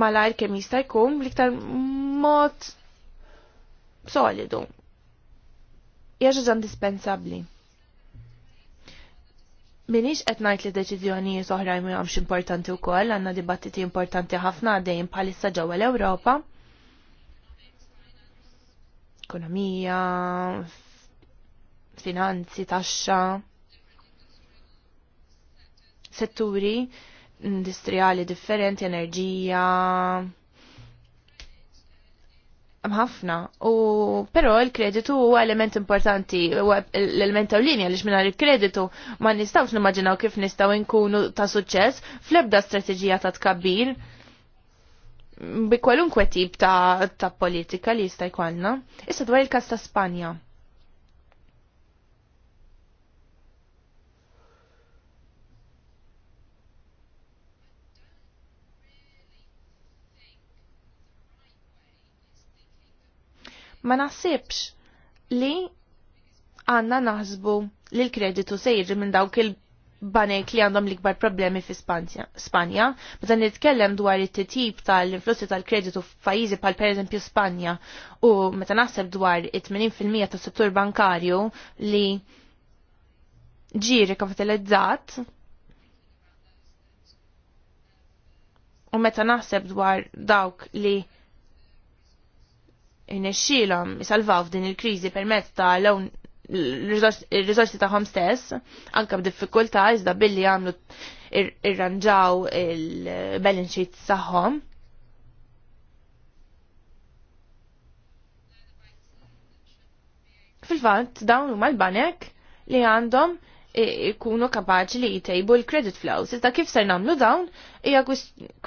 malajr kemm jista' jkun l-iktar mod solidu. Hija indispensabbli. Minix qed ngħid li deċiżjonijiet oħrajn m'humx importanti wkoll, għandna dibattiti importanti ħafna għaddejjin bħalissa ġewwa l-Ewropa ekonomija, finanzi, taxxa, setturi industrijali differenti, enerġija, ħafna. U però il-kreditu huwa element importanti, u l-element linja għaliex mingħajr il-kreditu ma nistgħux nimmaġinaw kif nistgħu nkunu ta' suċċess fl-ebda strateġija ta' tkabbir bi kwalunkwe tip ta', ta politika li jista' jkollna. Issa dwar il-każ ta' Spanja. Ma naħsibx li għanna naħsbu li l-kreditu sejri minn dawk il- banek li għandhom l-ikbar problemi fi Spanja. Meta nitkellem dwar it-tip tal-influssi tal-kreditu f'pajjiżi bħal pereżempju Spanja u meta naħseb dwar it-80% tas-settur bankarju li ġiri rikapitalizzat u meta naħseb dwar dawk li inexxilhom isalvaw din il-kriżi permezz ta' lawn il-rizorsi taħħom stess, anka b'diffikultà iżda billi għamlu irranġaw il-balance sheet saħħom. Fil-fatt, dawn huma l-banek li għandhom ikunu kapaċi li jtejbu l-credit flows. Iżda kif ser namlu dawn hija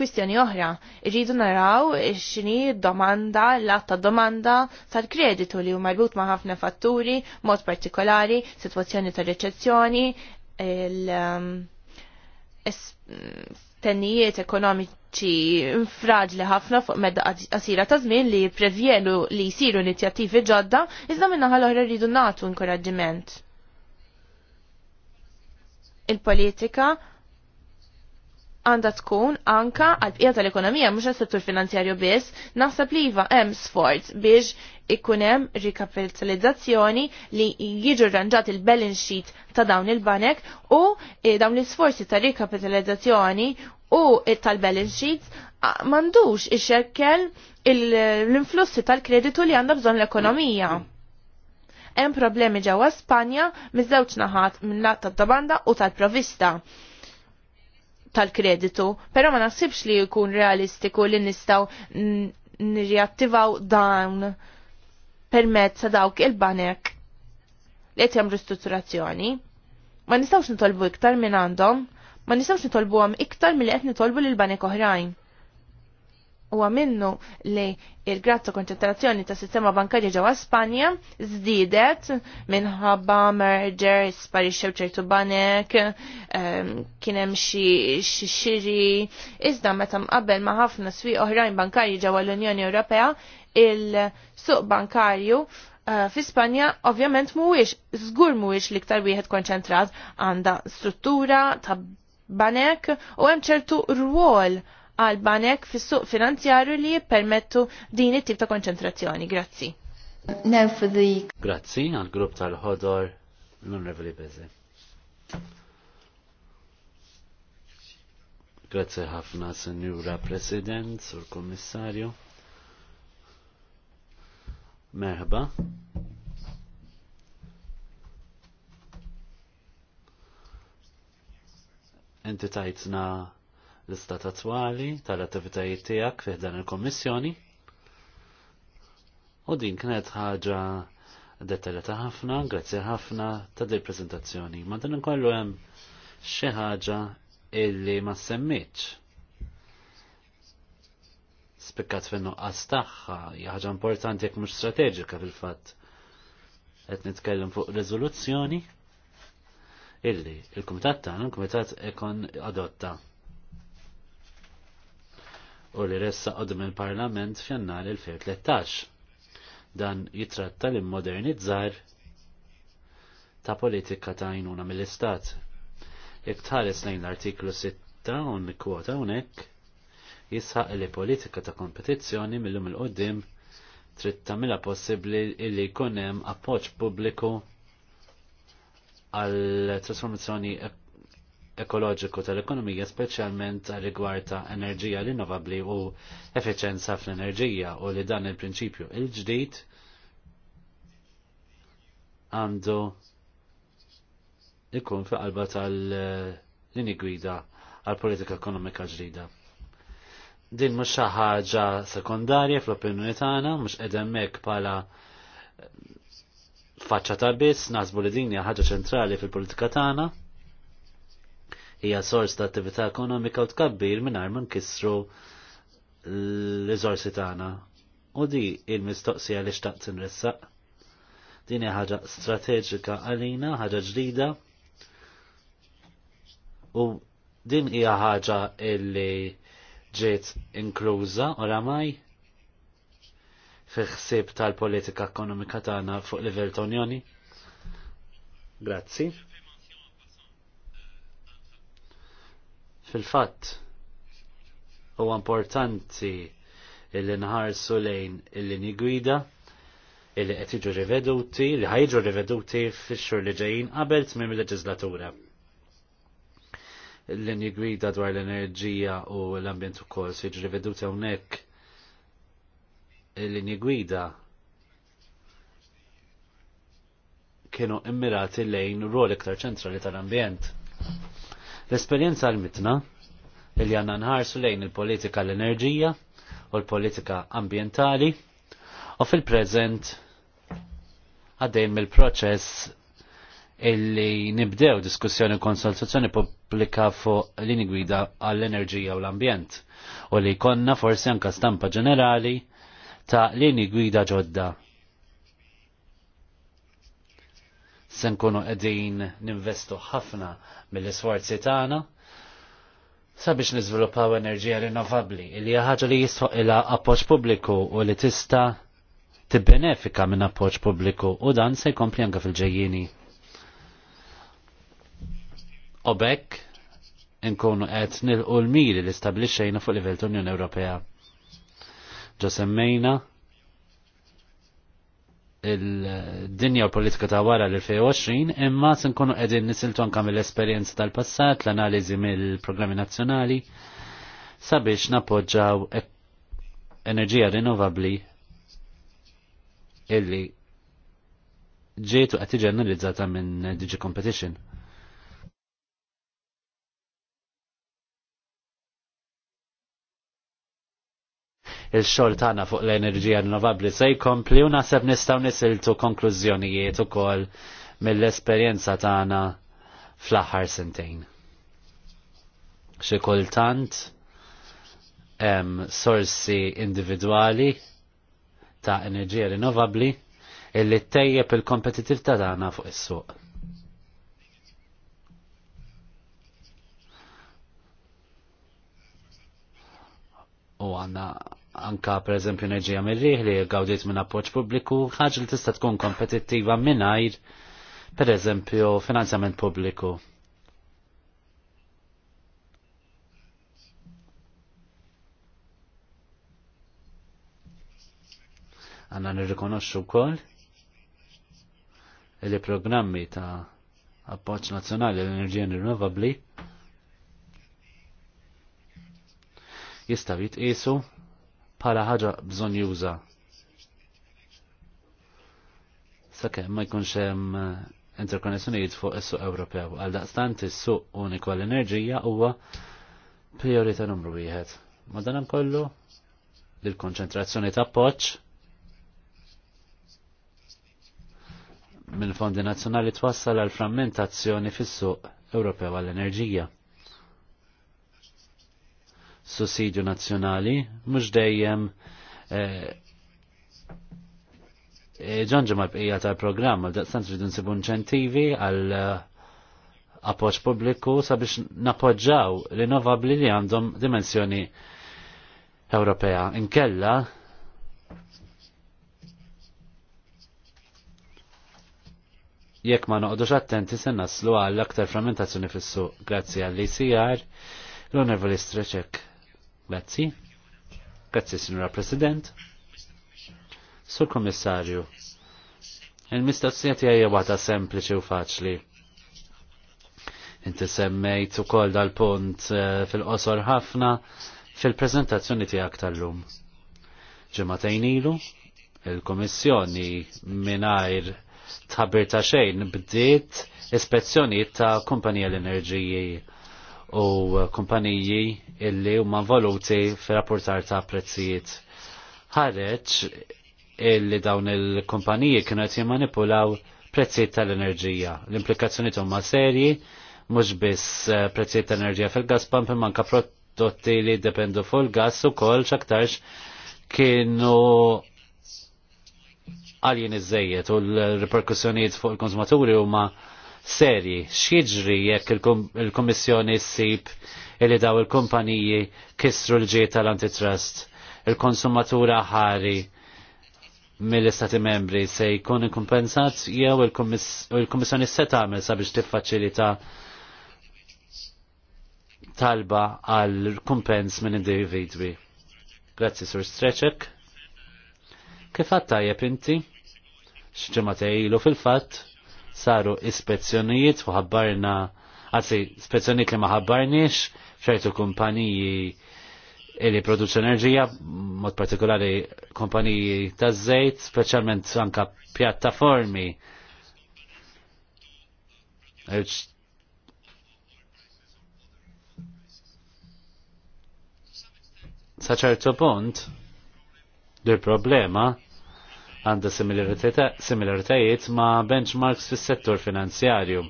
kwistjoni oħra. Irridu naraw x'inhi domanda, l-att domanda tal-kreditu li hu marbut ma' ħafna fatturi, mod partikolari, sitwazzjoni ta' reċezzjoni, il-tennijiet um, ekonomiċi fraġli ħafna fuq medda asira ta' żmien li prevjenu li jsiru inizjattivi ġodda, iżda minna ħal-oħra rridu nagħtu inkoraġġiment il-politika għandha tkun anka għal bqija tal-ekonomija mhux għas-settur finanzjarju biss, naħseb li iva hemm sforz biex ikun hemm rikapitalizzazzjoni li jiġu rranġat il-balance sheet ta' dawn il-banek u eh, dawn l-isforzi ta' rikapitalizzazzjoni u eh, tal-balance sheets mandux ixekkel l-influssi tal-kreditu li għandha bżonn l-ekonomija. Hemm problemi ġewwa Spanja miż-żewġ naħat minn lat tad-domanda u tal-provista tal-kreditu, però ma naħsibx li jkun realistiku li nistgħu nirjattivaw dawn permezz ta' dawk il-banek li qed jagħmlu ristrutturazzjoni. Ma nistgħux nitolbu iktar minn għandhom, ma nistgħux nitolbuhom iktar milli qed nitolbu lil banek oħrajn u minnu li il-grad ta' konċentrazzjoni ta' sistema bankarja ġewwa Spanja żdiedet minħabba merger, sparixxew ċertu banek, ehm, kien hemm xi xiri, iżda meta mqabbel ma' ħafna swieq oħrajn bankarji ġewwa l-Unjoni Ewropea, il-suq bankarju eh, fi Spanja ovvjament mhuwiex żgur mhuwiex l-iktar wieħed konċentrat għandha struttura ta' banek u hemm ċertu rwol għal banek fis-suq finanzjarju li jippermettu din it-tip ta' konċentrazzjoni. Grazzi. Now for the... Grazzi għal grupp tal-ħodor l-Onorevoli Beze. Grazzi ħafna, Senjura President, Sur Kommissarju. Merħba. Inti tajtna l-istat attwali tal-attivitajiet tiegħek fih dan il-Kommissjoni. U din kienet ħaġa dettaljata ħafna, grazzi ħafna ta' din prezentazzjoni. Ma dan inkollu hemm xi ħaġa illi ma semmitx. Spikkat fin-nuqqas tagħha hija ħaġa importanti jekk mhux strateġika fil-fatt. Qed nitkellem fuq riżoluzzjoni illi il-kumitat tagħna, il-kumitat ekon adotta u li ressa qoddim il-Parlament f'jannar 2013. Dan jitratta li modernizzar ta' politika ta' jnuna mill-Istat. Iktħares lejn l-artiklu 6 un kwota unek jisħaq li politika ta' kompetizzjoni mill-lum il-qoddim trid tagħmilha possibbli li jkun hemm appoġġ pubbliku għal trasformazzjoni ekoloġiku tal-ekonomija speċjalment rigward ta' enerġija rinnovabbli u efficienza fl-enerġija u li dan il-prinċipju il-ġdid għandu ikun fi qalba tal-lini gwida għal-politika ekonomika ġdida. Din mhux xi ħaġa sekundarja fl-opinjoni tagħna, mhux qed hemmhekk bħala faċċa ta' biss, nasbu li din hija ħaġa ċentrali fil-politika tagħna hija sors ta' attività ekonomika u tkabbir mingħajr ma nkissru l-riżorsi tagħna. U di il-mistoqsija li xtaqt nressaq. Din hija ħaġa strateġika għalina, ħaġa ġdida. U din hija ħaġa illi ġiet inkluża oramaj fiħsib tal-politika ekonomika tagħna fuq livell ta' Unjoni. Grazzi. Fil-fatt, huwa importanti illi nħarsu lejn il-linji gwida illi qed jiġu riveduti, li ħajġu riveduti fix-xhur li ġejjin qabel tmiem il-leġislatura. Il-linji gwida dwar l-enerġija u l-ambjent ukoll si jiġu riveduti hawnhekk il nigwida gwida kienu immirati lejn rol iktar ċentrali tal-ambjent. L-esperienza għal mitna il għanna nħarsu lejn il-politika l-enerġija u l-politika ambientali u fil-prezent għaddejn mill-proċess illi nibdew diskussjoni u konsultazzjoni pubblika fuq lini gwida għall-enerġija u l-ambjent u li konna forsi anka stampa ġenerali ta' lini gwida ġodda se nkunu qegħdin ninvestu ħafna mill-isforzi tagħna sabiex niżviluppaw enerġija rinnovabbli li hija ħaġa li jisħoq ilha appoġġ pubbliku u li tista' tibbenefika minn appoġġ pubbliku u dan se jkompli anke fil-ġejjieni. U bekk inkunu qed nilqu l-miri li stabliċxejna fuq livell tal-Unjoni Ewropea. Ġo semmejna il-dinja u politika ta' wara l-2020 imma nkunu qegħdin nisiltu anke mill-esperjenza tal-passat, l-analiżi mill-programmi nazzjonali sabiex napoġġaw e- enerġija rinnovabbli illi ġietu qed analizzata minn Digi Competition. il-xogħol tagħna fuq l-enerġija rinnovabbli se jkompli u naħseb nistgħu nisiltu konklużjonijiet ukoll mill-esperjenza tagħna fl-aħħar sentejn. Xi kultant hemm sorsi individwali ta' enerġija rinnovabbli illi tejjeb il-kompetitività tagħna fuq is-suq. U għanna anka per eżempju neġija mir-riħ li gawdiet minn appoġġ pubbliku, ħaġa li tista' tkun kompetittiva mingħajr per eżempju finanzjament pubbliku. Għanna nirrikonoxxu wkoll li programmi ta' appoġġ nazzjonali l-enerġija rinnovabbli jistaw jitqisu bħala ħaġa bżonn juża. Sakemm ma jkunx hemm eh, interkonnessjonijiet fuq is-suq Ewropew għal daqstant is-suq uniku għall enerġija huwa priorità numru wieħed. Madankollu il-konċentrazzjoni ta' poċ mill-fondi nazzjonali twassal għal frammentazzjoni fis-suq Ewropew għall-enerġija sussidju nazzjonali, mhux dejjem eh, eh, ġonġu ma bqija tal-programm, għal daqstant rridu nsibu inċentivi għal eh, appoġġ pubbliku sabiex napoġġaw rinnovabli li għandhom dimensjoni Ewropea. Inkella jekk ma noqdux attenti se naslu għall aktar frammentazzjoni fis-suq grazzi għall-ICR l-Onorevoli Streċek. Grazzi. Grazzi, Signora President. Sur Kommissarju, il-mistazzjoni tiegħi waħda sempliċi u faċli. Inti semmejt ukoll dal-punt eh, fil-qosor ħafna fil-preżentazzjoni tiegħek tal-lum. Ġimagħtejn ilu, il-Komissjoni mingħajr tħabbir ta' xejn bdiet l-ispezzjoni ta' kumpanija l-enerġiji u eh, kumpaniji illi huma valuti fi rapportar ta' prezzijiet. Ħareġ illi dawn il-kumpaniji kienu qed jimmanipulaw prezzijiet tal-enerġija. L-implikazzjoni huma serji, mhux biss eh, prezzijiet tal-enerġija fil-gas pump manka prodotti li jiddependu fuq il-gas ukoll x'aktarx kienu għaljin iż u l-reperkussjonijiet fuq il-konsumaturi huma ma serji x'jiġri jekk il-Kummissjoni ssib illi daw il-kumpaniji kisru l-ġiet tal-antitrust. Il-konsumatura ħari mill-Istati membri se jkun ikkumpensat jew il-Kummissjoni se tagħmel sabiex tiffaċilita talba għal kumpens minn individwi. Grazzi Sur Streċek. Kif għattajjeb inti? Xġematej ilu fil-fatt saru ispezzjonijiet u ħabbarna, għazzi, ispezzjonijiet li ma ħabbarniex, ċertu kumpaniji li produċu enerġija, mod partikolari kumpaniji ta' zejt, specialment anka pjattaformi. Saċertu punt, dur problema, għandha similaritajiet ma' benchmarks fis-settur finanzjarju.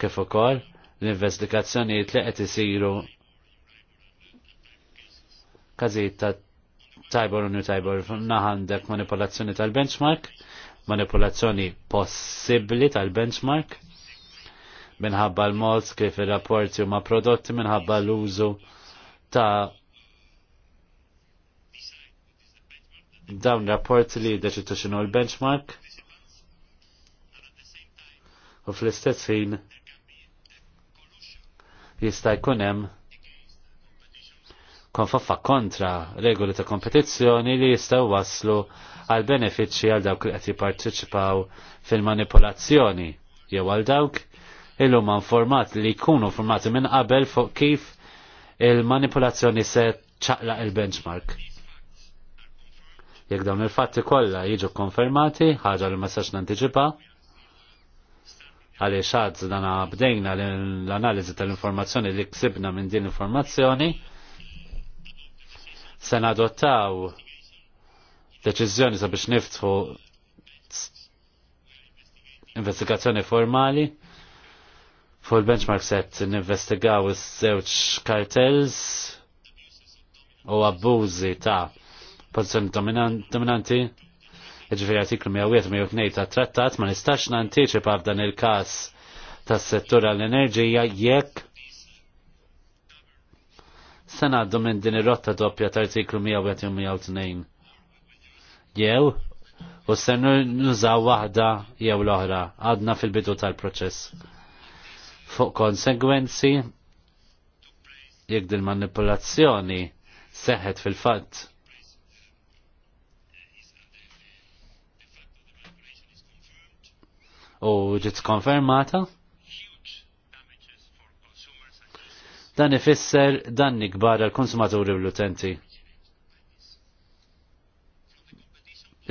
Kif ukoll l-investigazzjonijiet li qed isiru każijiet ta' tajbor u tajbor naħandek manipolazzjoni tal-benchmark, manipolazzjoni possibbli tal-benchmark, minħabba l-mods kif ir rapporti huma prodotti minħabba l-użu ta' dawn rapport li deċitu xinu l-benchmark u fl-istess fin jista' jkun hemm konfaffa kontra regoli ta' kompetizzjoni li jistgħu waslu għal benefiċċji għal dawk li qed jipparteċipaw fil-manipolazzjoni jew għal dawk illum format li jkunu formati minn qabel fuq kif il-manipolazzjoni se ċaqla il-benchmark. Jekk dawn il-fatti kollha jiġu konfermati, ħaġa li ma sax nantiċipa, għaliex għad dana bdejna l-analiżi tal-informazzjoni li ksibna minn din informazzjoni, se nadottaw deċiżjoni sabiex niftħu investigazzjoni formali fuq il-benchmark set ninvestigaw iż-żewġ kartels u abbużi ta' pozizjoni dominanti, ġifiri artiklu 100 102 ta' trattat ma nistax pa' f'dan il-kas tas settura għall-enerġija jekk se ngħaddu minn din ir-rotta doppja ta' artiklu 101-102. Jew, u se nużaw waħda jew l-oħra, għadna fil-bidu tal-proċess. Fuq konsegwenzi, jekk din manipulazzjoni seħet fil-fatt u ġiet konfermata. Dan ifisser dan kbar għall konsumaturi u l-utenti.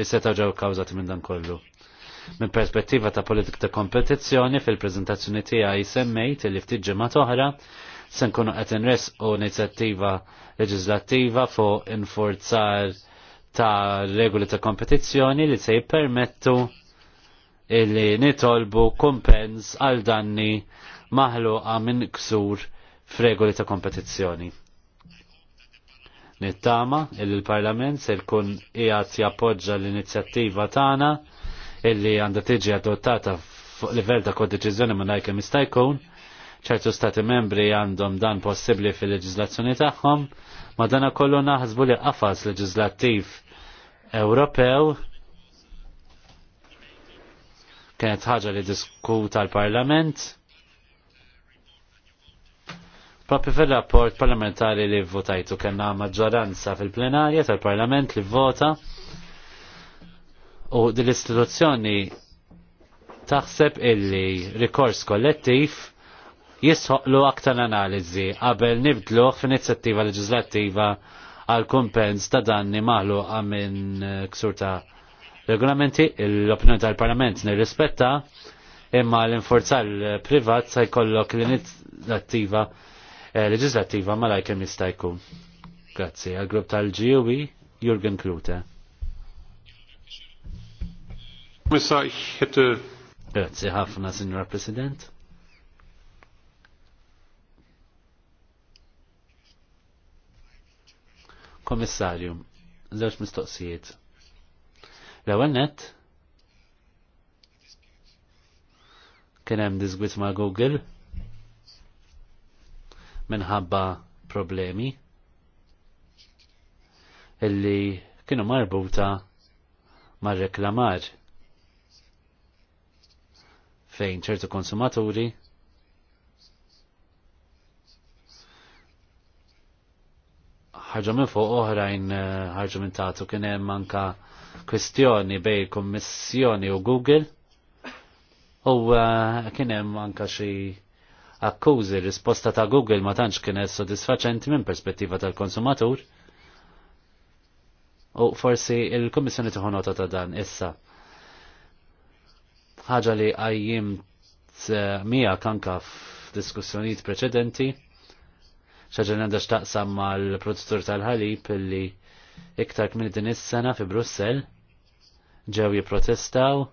Is-seta ġew kkawżati minn dan kollu. Minn perspettiva ta' politik ta' kompetizzjoni fil-preżentazzjoni tiegħi semmejt li ftit ġimgħa oħra se nkunu qed inresqu inizjattiva leġislattiva fuq infurzar ta' regoli ta' kompetizzjoni li se jippermettu illi nitolbu kumpens għal danni maħluqa minn ksur f'regoli ta' kompetizzjoni. Nittama illi l-Parlament se jkun qiegħed jappoġġa l-inizjattiva tagħna illi għandha tiġi adottata fuq livell ta' kodeċiżjoni ma najkem jista' jkun, ċertu stati membri għandhom dan possibbli fil-leġiżlazzjoni tagħhom, ma dana kollu naħsbu li qafas leġislattiv Ewropew kienet ħaġa li diskuta l-Parlament. Propri fil-rapport parlamentari li votajtu kena maġġoranza fil-plenarja tal-Parlament li vota u dil-istituzzjoni taħseb illi rikors kollettiv jisħoqlu aktar analizi qabel nibdluħ f'inizjattiva leġislattiva għal kumpens ta' danni maħlu minn ksur ta' regolamenti l-opinjoni tal-Parlament nirrispetta imma l-inforzar privat se jkollok l-inizjattiva eh, legislativa ma lajkem jista' jkun. Grazzi. Għal-grupp tal-GUI, Jürgen Klute. Grazzi ħafna, Signora President. Komissarju, żewġ mistoqsijiet. L-ewwel net kien hemm diżgwit ma' Google minħabba problemi illi kienu marbuta ma' reklamar fejn ċertu konsumaturi ħarġu minn fuq oħrajn eh, ħarġu minn tatu kien hemm manka kwestjoni bej Kommissjoni u Google u uh, kien hemm anke xi akkużi risposta ta' Google ma tantx kienet sodisfaċenti minn perspettiva tal-konsumatur u forsi il-Kummissjoni tieħu nota ta' dan issa. Ħaġa li għajjim uh, mija kanka f'diskussjonijiet preċedenti xaġa għandha x'taqsam mal-produttur tal-ħalib illi iktar minn din is-sena fi Brussell ġew jipprotestaw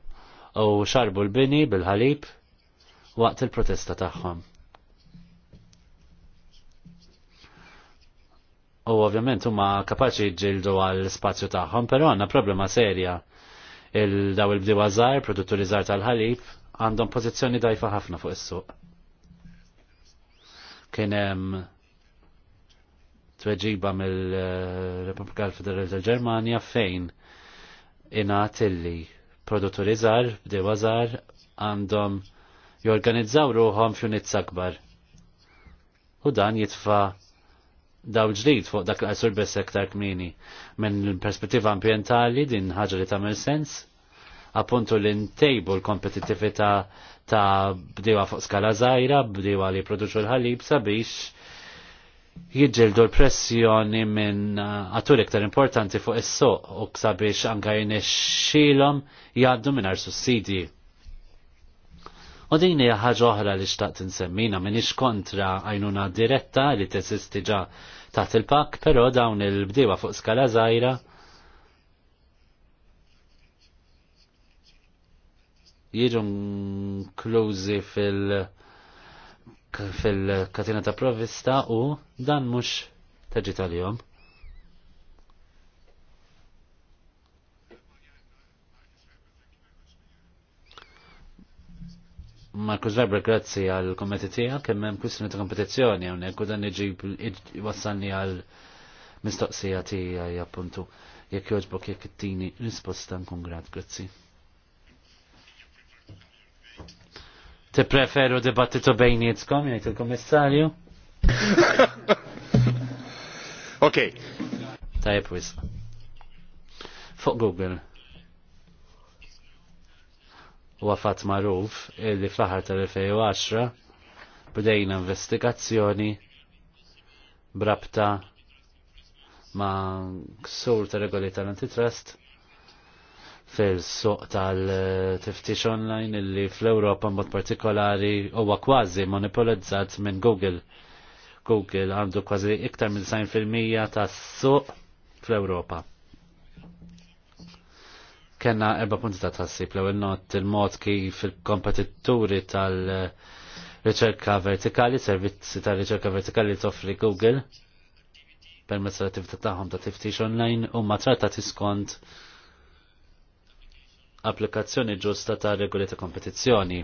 u xarbu l-bini bil-ħalib waqt il-protesta tagħhom. U ovvjament huma kapaċi jġildu għal spazju tagħhom, però għandna problema serja. Il-daw il-bdiwa żgħar, produtturi żgħar tal-ħalib, għandhom pożizzjoni dajfa ħafna fuq is-suq. Kien hemm tweġiba mill-Repubblika Federali tal-Ġermanja fejn ingħat illi produtturi żgħar, bdewa żgħar għandhom jorganizzaw ruħom f'unit sakbar. U dan jitfa daw ġdid fuq dak l-qasur sektar kmini. Minn perspettiva ambientali din ħaġa li tagħmel sens, appuntu l-intejbu l kompetittività ta' bdewa fuq skala żgħira, bdewa li produċu l-ħalib sabiex jidġeldu l-pressjoni minn għatur uh, iktar importanti fuq is-soq u ksabiex anka jnexxilhom jgħaddu mingħajr sussidji. U din hija ħaġa oħra li xtaqt insemmina m'iniex kontra għajnuna diretta li tesisti ġa taħt il-pak, però dawn il-bdiewa fuq skala żgħira jiġu nklużi fil- fil-katina ta' provvista u dan mhux taġi tal-jom. Markus Weber, grazzi għal kommenti tiegħek kemm hemm ta' kompetizzjoni hawnhekk u dan iġib wassalni għal mistoqsija tiegħi appuntu jekk jogħġbok jekk it-tini risposta nkun grat, grazzi. Tippreferu dibattitu jitzkom, jgħid il-Kummissarju? [laughs] ok. Tajb wis. Fuq Google. Huwa fatt magħruf illi fl-aħħar tal-2010 bdejna investigazzjoni brabta ma' ksur ta' regoli tal-antitrust fil-suq tal-tiftix online illi fl-Europa mod partikolari huwa kważi monopolizzat minn Google. Google għandu kważi iktar minn 90% tas-suq fl-Europa. Kenna erba punti ta' plew il not il-mod kif il-kompetitturi tal-riċerka vertikali, servizzi tal-riċerka vertikali toffri Google permezz l-attività tagħhom ta' tiftix online u ma tratta tiskont skont applikazzjoni ġusta ta' regoli ta' kompetizzjoni.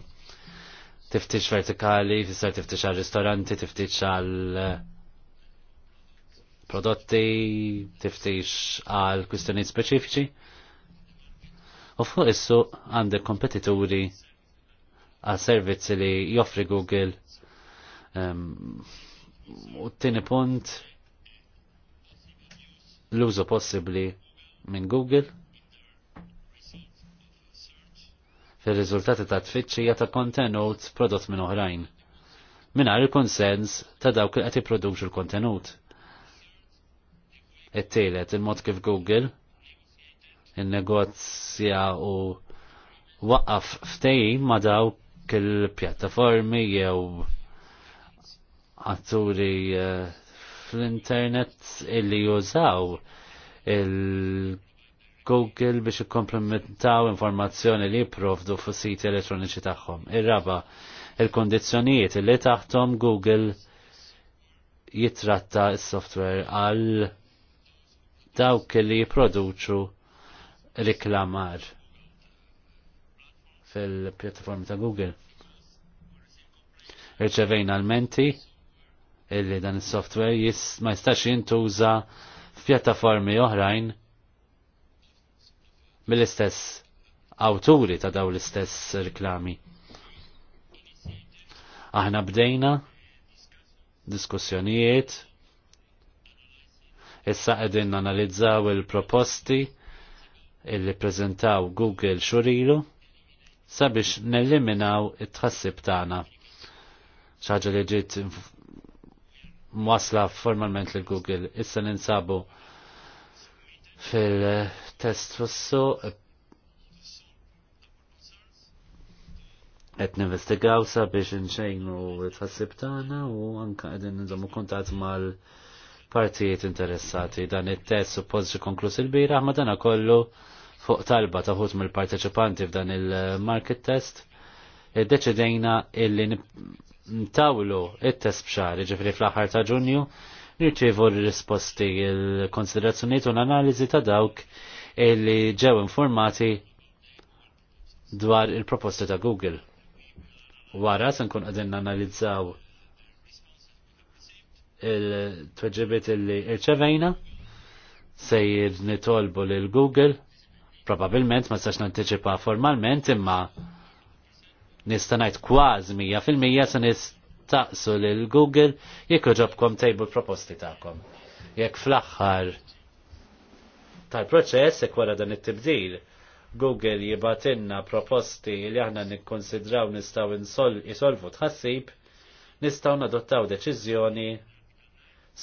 Tiftix vertikali, fissar tiftix għal ristoranti, tiftix għal eh, prodotti, tiftix għal kwistjonijiet speċifiċi. U fuq issu għandek kompetituri għal servizzi li joffri Google. Ehm, u t-tini punt l-użu possibli minn Google fil-riżultati ta' tfittxija ta' kontenut prodott minn oħrajn. Minar il-konsens ta' dawk li qed jipproduċu l-kontenut. It-tielet il-mod kif Google il-negozja u waqaf ftejn ma dawk il-pjattaformi jew atturi eh, fl-internet illi jużaw il- Google biex ikkomplementaw informazzjoni li jipprovdu fuq siti elettroniċi tagħhom. Ir-raba, il-kondizzjonijiet li taħtom Google jitratta s-software għal dawk li jipproduċu riklamar fil-pjattaformi ta' Google. Irċevejna għal menti illi dan is-software ma jistax jintuża f'pjattaformi oħrajn mill-istess awturi ta' daw l-istess reklami. Aħna bdejna diskussjonijiet, issa qegħdin analizzaw il-proposti illi prezentaw Google xurilu sabiex nelliminaw it-tħassib tagħna. ċaġa li ġiet mwasla formalment li google issa ninsabu fil-test russu et nivestigaw nċejnu t tħassib tagħna u anke qegħdin nżommu kontat mal-partijiet interessati. Dan it-test suppost konklus il-bira ma dana kollu fuq talba taħut mill-parteċipanti f'dan il-market test li illi ntawlu il test b'xar, ġifri fl-aħħar ta' Ġunju, nirċevu r-risposti il-konsiderazzjoniet u l-analizi ta' dawk li ġew informati dwar il-proposti ta' Google. Wara se nkun qegħdin analizzaw il-tweġibiet li irċevejna sejjir nitolbu lil Google probabilment ma sax nantiċipa formalment imma nistanajt kważi 100% fil-mija se nist taqsu lil Google jekk ġobkom tejbu l-proposti tagħkom. Jekk fl-aħħar tal-proċess jekk wara dan it-tibdil Google jibatinna proposti li aħna nikkonsidraw nistgħu jisolvu tħassib, nistgħu nadottaw deċiżjoni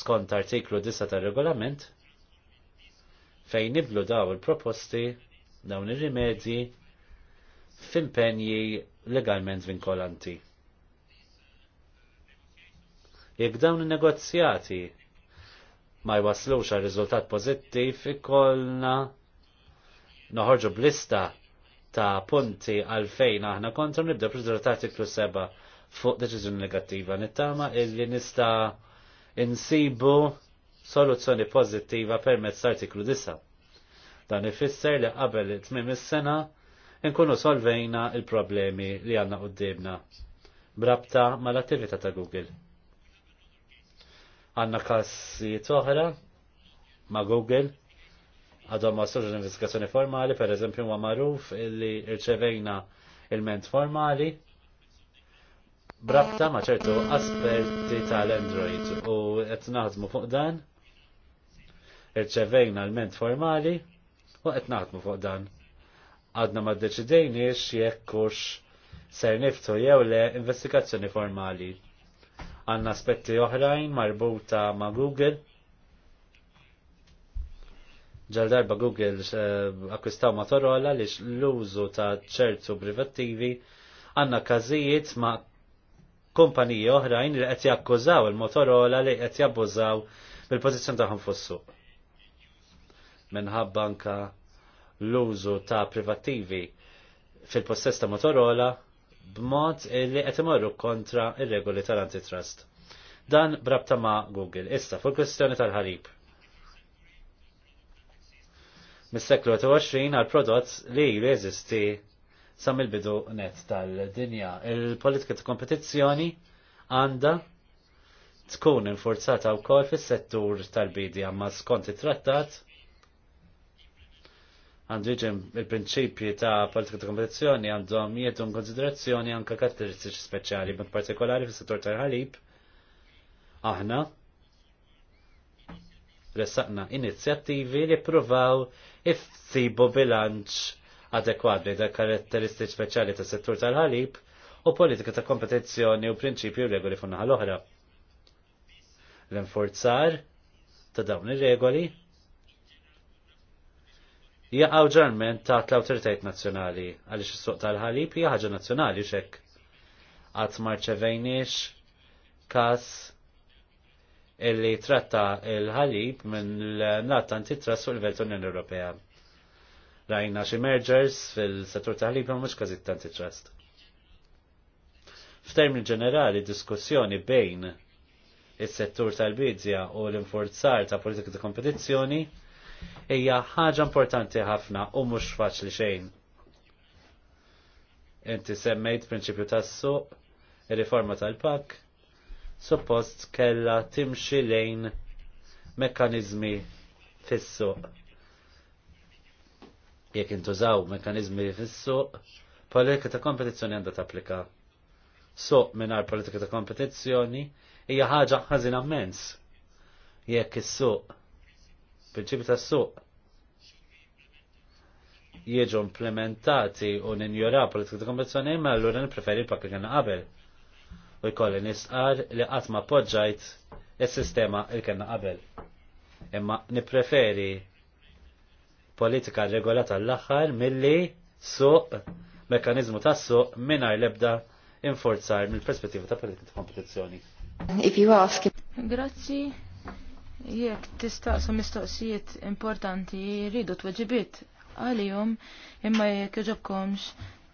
skont artiklu 9 tar-regolament fejn niblu daw il-proposti dawn ir-rimedji f'impenji legalment vinkolanti. Jekk dawn in-negozjati ma jwaslux għal riżultat pożittiv ikollna noħorġu blista ta' punti għalfejn aħna kontra nibda f'riżultati klu seba fuq deċiżjoni negattiva nittama illi nista' insibu soluzzjoni pożittiva permezz artiklu 9. Dan ifisser li qabel tmiem is-sena nkunu solvejna il-problemi li għandna qudiebna brabta mal-attività ta' Google. Għanna kassi toħra ma' Google għadhom ma' soġġu investigazzjoni formali, per eżempju ma' maruf li irċevejna il-ment formali brabta ma' ċertu aspetti tal-Android u qed naħdmu fuq dan irċevejna l-ment formali u qed naħdmu fuq dan. Għadna ma' deċidejniex jekkux ser niftu jew le investigazzjoni formali għanna aspetti oħrajn marbuta ma' Google. Ġal darba Google eh, akkwistaw Motorola li l-użu ta' ċertu privattivi għanna kazijiet ma' kumpaniji oħrajn li qed jakkużaw il-Motorola li qed jabbużaw bil-pożizzjoni tagħhom fis Minħabba anka l-użu ta' privattivi fil-possess ta' Motorola b'mod li qed imorru kontra ir-regoli tal-antitrust. Dan brabta ma' Google. Issa, fuq kwestjoni tal-ħarib. Mis-seklu 20 għal prodott li ilu jeżisti sa mill-bidu net tal-dinja. Il-politika ta' kompetizzjoni għanda tkun infurzata wkoll fis-settur tal-bidja ma skont it-trattat għandriġem il-prinċipji ta' politika ta' kompetizzjoni għandhom jietu konsiderazzjoni anka karatteristiċi speċjali, mod partikolari fis settur tal-ħalib. Aħna ressaqna inizjattivi li provaw ifsibu bilanċ adekwat bejn dak karatteristiċi speċjali tas settur tal-ħalib u politika ta' kompetizzjoni u prinċipji u regoli fuq l-oħra. L-enforzar ta' dawn ir-regoli jaqaw ġarment ta' l-autoritajt nazzjonali għaliex is-suq tal-ħalib hija ħaġa nazzjonali xek. Qatt marċevejniex każ illi tratta il-ħalib minn l-nat titra fuq il-Velt Unjoni Ewropea. Rajna xi mergers fil-settur tal-ħalib ma mhux każitt antitrust. F'termini ġenerali, diskussjoni bejn is-settur tal-bidja u l-inforzar ta' politika ta' kompetizzjoni hija ħaġa importanti ħafna u mhux faċli xejn. Inti semmejt prinċipju tas-suq, ir-riforma tal-pak, suppost kella timxi lejn mekkanizmi fis-suq. Jekk intużaw mekkanizmi fis-suq, politika ta' kompetizzjoni għandha tapplika. Suq mingħajr politika ta' kompetizzjoni hija ħaġa ħażin ammens. Jekk is-suq Principi tas-suq jieġu implementati u ninjura politika ta' kompetizzjoni imma allura nippreferi l-pakka għanna qabel. U jkolli nisqar li qatt ma poġġajt is-sistema il kien qabel. Imma nippreferi politika regolata l-aħħar milli suq mekanizmu ta' suq mingħajr l-ebda inforzar mill-perspettiva ta' politika ta' kompetizzjoni. If you ask Grazzi Jekk tistaqsu mistoqsijiet importanti jridu tweġibiet għalihom imma jekk joġobkomx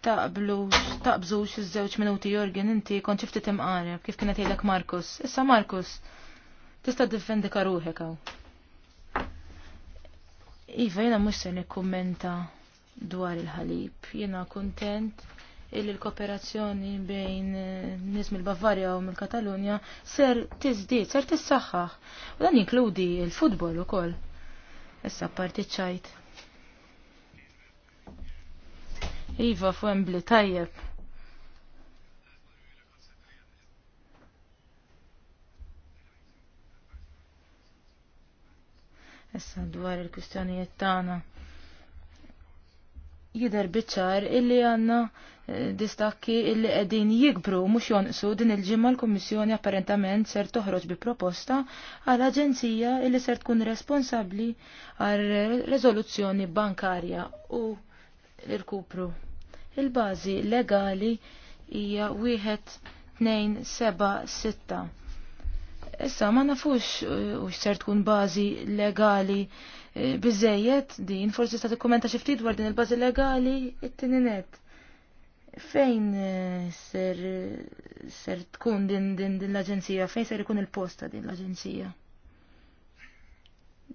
taqblux taqbżux iż-żewġ minuti Jorgen inti kont xi ftit imqareb kif kienet jgħidlek Markus. Issa Markus, tista' tivvendika ruħek hawn. Iva jiena mhux se nikkummenta dwar il-ħalib, jiena kuntent illi l-kooperazzjoni bejn eh, nies mill-Bavarja u mill-Katalunja ser tiżdied, ser tissaħħaħ. U dan jinkludi l-futbol ukoll. Issa parti ċajt. Iva f'Wembley tajjeb. Issa dwar il-kustjonijiet tagħna jider biċċar illi għanna eh, distakki illi qegħdin jikbru mhux jonqsu din il-ġimgħa l-Kummissjoni apparentament ser toħroġ bi proposta għal aġenzija illi ser tkun responsabbli għal rezoluzzjoni bankarja u l-irkupru. Il-bażi legali hija wieħed Issa ma nafux u xser tkun bażi legali e, biżejjed din forsi sta tikkumenta xi ftit dwar din il-bażi legali it-tininet. Fejn e, ser ser tkun din din din l-aġenzija, fejn ser ikun il posta din l-aġenzija?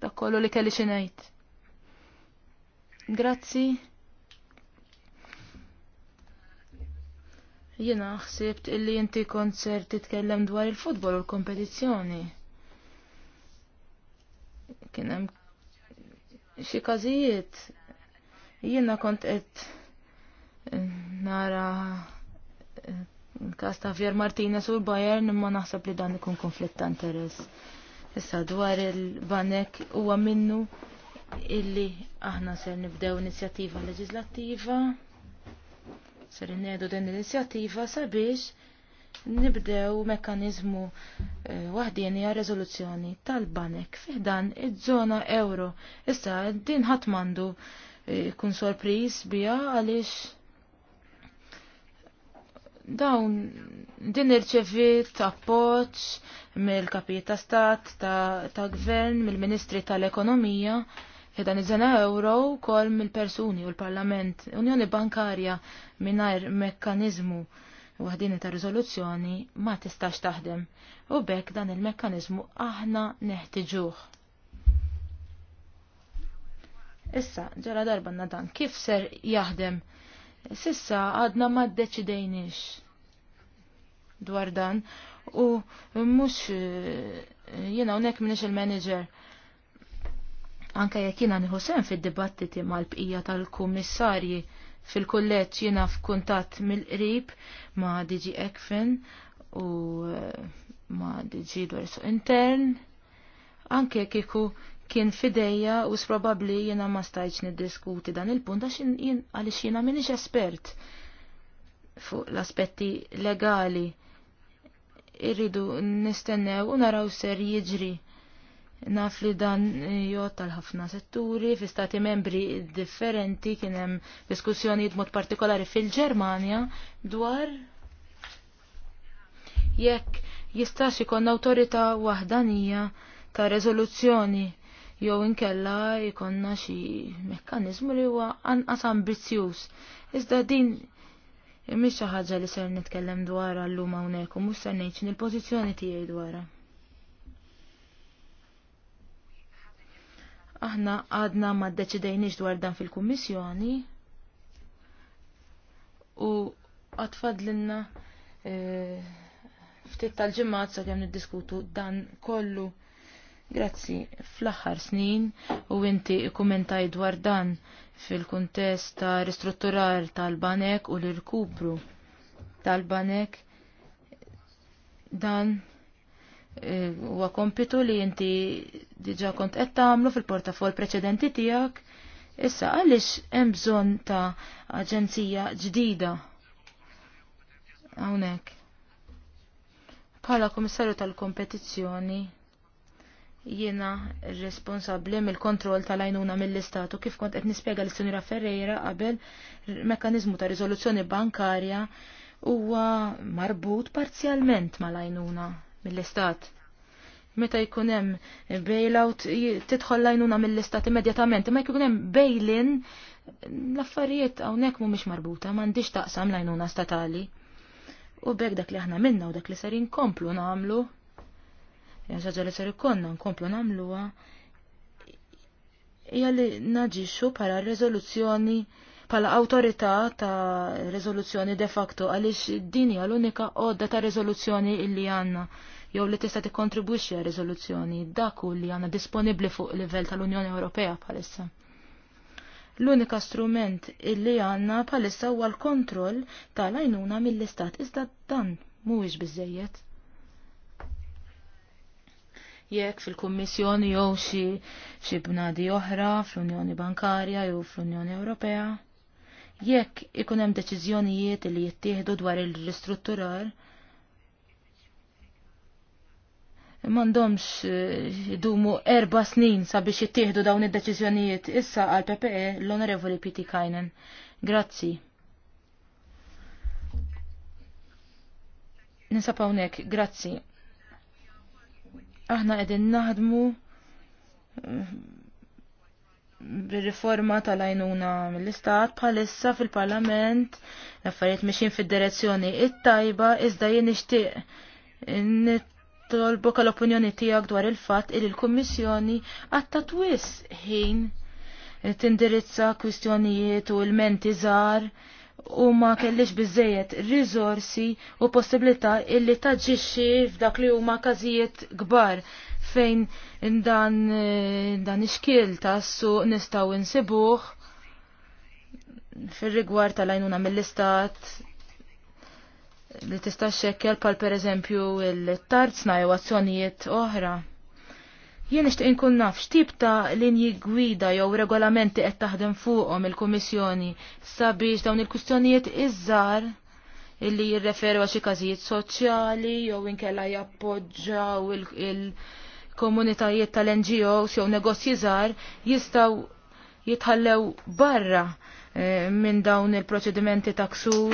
Dak kollu li kelli xinajt. Grazzi. Jena ħsibt illi inti kont titkellem dwar il-futbol u l-kompetizzjoni. Kien hemm xi każijiet. Jiena kont qed nara eh, każ ta' Fjer Martinez u l bajern imma naħseb li dan ikun konflitt ta' interess. Issa dwar il-banek huwa minnu illi aħna ser nibdew inizjattiva leġislattiva ser innedu din l-inizjattiva sabiex nibdew mekkanizmu eh, waħdieni għal rezoluzzjoni tal-banek fiħdan iż-żona euro. Issa din ħadd mandu eh, kun sorpriż biha għaliex dawn din irċevit appoġġ mill-kapijiet ta' stat, ta', ta gvern, mill-ministri tal-ekonomija. tal ekonomija dan iż-żena euro kol mill-persuni u l-Parlament. Unjoni Bankarja mingħajr mekkaniżmu waħdini ta' riżoluzzjoni ma tistax taħdem. U bekk dan il-mekkaniżmu aħna neħtiġuh. Issa, ġara darba dan kif ser jaħdem. Sissa għadna ma d-deċidejnix dwar dan u mux eh, jena unek minix il-manager Anka jekk jiena nieħu sehem fid-dibattiti mal-bqija tal-kummissarji fil-kulleġġ jiena f'kuntatt mill-qrib ma' DG Ekfen u eh, ma' DG Dorso Intern. Anke kieku kien fidejja u s-probabli jiena ma stajtx niddiskuti dan il-punt għax għaliex jiena minix espert fuq l-aspetti legali irridu nistennew u naraw ser jiġri Naf li dan jgħod tal-ħafna setturi, fi stati membri differenti kien hemm diskussjoni mod partikolari fil-Ġermanja dwar jekk jistax ikon awtorità wahdanija ta' rezoluzzjoni jew inkella jkollna xi mekkaniżmu li huwa anqas ambizzjuż. Iżda din mhix xi ħaġa li ser nitkellem dwar llum hawnhekk u mhux ser ngħid il-pożizzjoni tiegħi dwarha. Aħna għadna ma d-deċidejniex dwar dan fil-kummissjoni u l-inna eh, ftit tal-ġimmat sa' kem niddiskutu dan kollu. Grazzi, fl-axar snin u inti kommentaj dwar dan fil-kontest ta' ristrutturar tal-banek u l rkubru tal-banek dan Eh, huwa kompitu li inti diġa kont qed tagħmlu fil-portafol preċedenti tiegħek. Issa għaliex hemm bżonn ta' aġenzija ġdida hawnhekk. Bħala Kummissarju tal-Kompetizzjoni jiena responsabbli mill-kontroll tal-għajnuna mill-istatu kif kont qed nispjega l-Sinjura Ferreira qabel mekkaniżmu ta' riżoluzzjoni bankarja huwa marbut parzjalment mal-għajnuna mill-istat. Meta jkun hemm bailout tidħol lajnuna mill-istat immedjatament, ma jkun hemm bail-in l-affarijiet hawnhekk mhumiex marbuta, m'għandix taqsam lajnuna statali. U bekk dak li aħna minna u dak li ser inkomplu nagħmlu. Ja li ser ikonna nkomplu nagħmluha hija li naġixxu para riżoluzzjoni pala awtorità ta' riżoluzzjoni de facto għaliex din hija l-unika odda ta' riżoluzzjoni illi għandna jew li tista' tikkontribwixxi riżoluzzjoni daku li għandna disponibbli fuq livell tal-Unjoni Ewropea bħalissa. L-unika strument illi għandna bħalissa huwa l-kontroll tal-għajnuna mill-istat iżda dan mhuwiex biżejjed. Jekk fil-Kummissjoni jew xi bnadi oħra fl-Unjoni Bankarja jew fl-Unjoni Ewropea jekk ikun hemm deċiżjonijiet li jittieħdu dwar il-ristrutturar m'għandhomx idumu eh, erba snin sabiex jittieħdu dawn id-deċiżjonijiet issa għal PPE l-Onorevoli Piti Kajnen. Grazzi. Nisapawnek, hawnhekk, grazzi. Aħna qegħdin naħdmu eh, bir-riforma tal-għajnuna mill-istat bħalissa fil-parlament l-affarijiet mixin fil direzzjoni it-tajba iżda jien nixtieq nitolbu l-opinjoni tiegħek dwar il-fatt il l-Kummissjoni għatta twis ħin tindirizza kwistjonijiet u l-menti żgħar u ma kellix biżejjed rizorsi u possibilità illi taġġixxi f'dak li huma każijiet kbar fejn dan, eh, dan iskil tassu nistaw insibuħ fil-rigwar tal-għajnuna mill-istat li tista' xekkel pal per eżempju il-tarzna jew azzjonijiet oħra. Jien nixtieq inkun naf x'tip ta' linji gwida jew regolamenti qed taħdem fuqhom il-Kummissjoni sabiex dawn il kustjonijiet iż-żgħar illi jirreferu għal xi każijiet soċjali jew inkella jappoġġaw il-, il, il komunitajiet tal-NGOs jew negozji żgħar jistgħu jitħallew barra e, minn dawn il-proċedimenti ta' ksur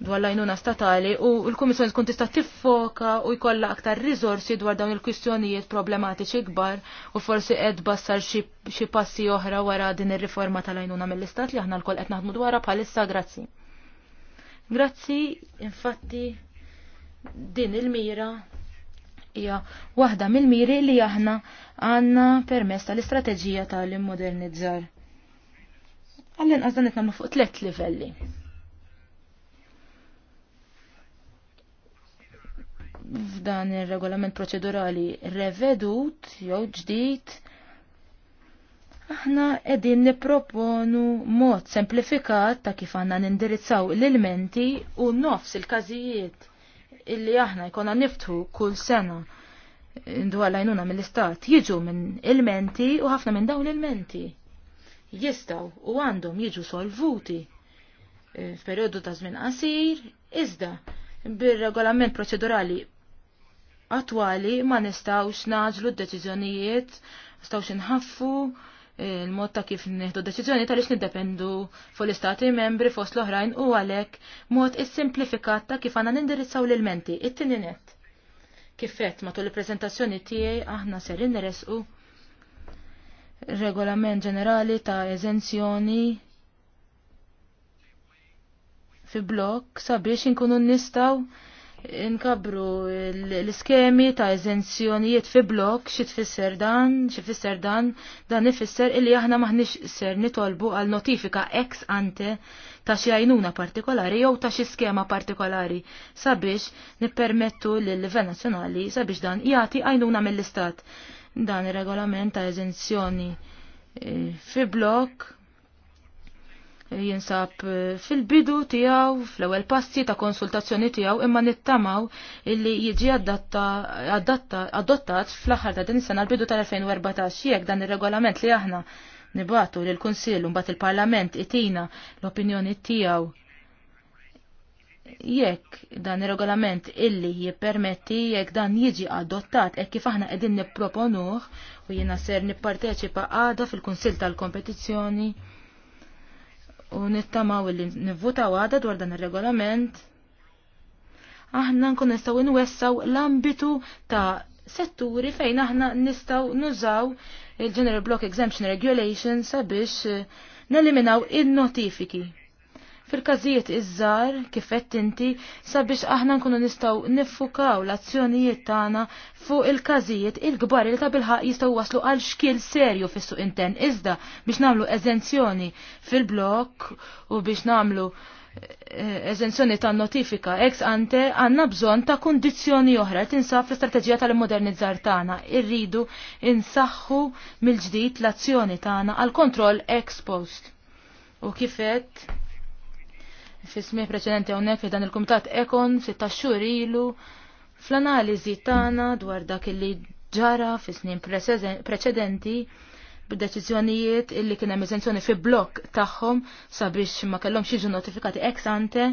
dwar l-għajnuna statali u l-Kummissjoni tkun tista' tiffoka u jkollha aktar riżorsi dwar dawn il-kwistjonijiet problematiċi kbar u forsi qed bassar xi passi oħra wara din ir-riforma tal-għajnuna mill-istat li aħna lkoll qed naħdmu dwarha bħalissa grazzi. Grazzi, infatti din il-mira hija waħda mill-miri li aħna għandna permess tal-istrateġija tal-immodernizzar. Għallin għazdan qed nagħmlu fuq tliet livelli. F'dan ir-regolament proċedurali revedut jew ġdid aħna edin niproponu mod semplifikat ta' kif għanna nindirizzaw l-ilmenti u nofs il-kazijiet illi aħna jkonna niftħu kull sena dwar lajnuna mill-istat jiġu minn il-menti u ħafna minn dawn il-menti jistaw u għandhom jiġu solvuti eh, f'perjodu ta' żmien qasir iżda bir-regolament proċedurali attwali ma nistawx naġlu d-deċiżjonijiet, nistawx inħaffu il-mod ta' kif neħdu deċiżjoni tal-ix niddependu fuq l-istati membri fost l-oħrajn u għalhekk mod is-simplifikat ta' kif għana nindirizzaw l-ilmenti, it-tieni net. Kifet matul il-preżentazzjoni tiegħi aħna ser u regolament ġenerali ta' eżenzjoni fi blok sabiex inkunu nistaw Inkabru l-iskemi ta' eżenzjonijiet fi blok, xi tfisser dan, xi fisser dan, dan ifisser illi aħna maħnix ser nitolbu għal notifika ex ante ta' xi għajnuna partikolari jew ta' xi skema partikolari sabiex nippermettu l livell nazzjonali sabiex dan jagħti għajnuna mill-istat. Dan ir-regolament ta' eżenzjoni eh, fi blok jinsab eh, fil-bidu tijaw, fl-ewel passi ta' konsultazzjoni tijaw, imma nittamaw illi jiġi adottat fl-axar ta' din sena l-bidu tal-2014 jek dan il-regolament li aħna nibatu l kunsill un il-parlament itina l-opinjoni tijaw jekk dan il-regolament illi jippermetti jekk dan jiġi adottat e kif aħna qegħdin nipproponuh u jina ser nipparteċipa għada fil-Kunsill tal-Kompetizzjoni u nittamaw li nivvuta għada dwar dan il-regolament aħna nkun nistaw nwessaw l-ambitu ta' setturi fejn aħna nistaw nużaw il-General Block Exemption Regulation sabiex neliminaw il-notifiki fil-każijiet iż-żar kifett inti sabiex aħna nkunu nistgħu niffukaw l-azzjonijiet tagħna fuq il-każijiet il-kbar li ta' bilħaq jistgħu waslu għal xkiel serju fis-suq intern iżda biex nagħmlu eżenzjoni fil-blok u biex nagħmlu eh, eżenzjoni ta' notifika ex ante għanna bżon ta' kondizjoni oħra tinsab fl-istrateġija tal-modernizzar tagħna. Irridu insaħħu mill-ġdid l-azzjoni tagħna għal kontroll ex post. U kifet fi smih preċedenti hawnhekk fi dan il-Kumitat Ekon fit-tax xhur ilu fl-analiżi tagħna dwar dak li ġara fi snin preċedenti b'deċiżjonijiet illi kien hemm eżenzjoni fi blok tagħhom sabiex ma kellhomx jiġu notifikati ex ante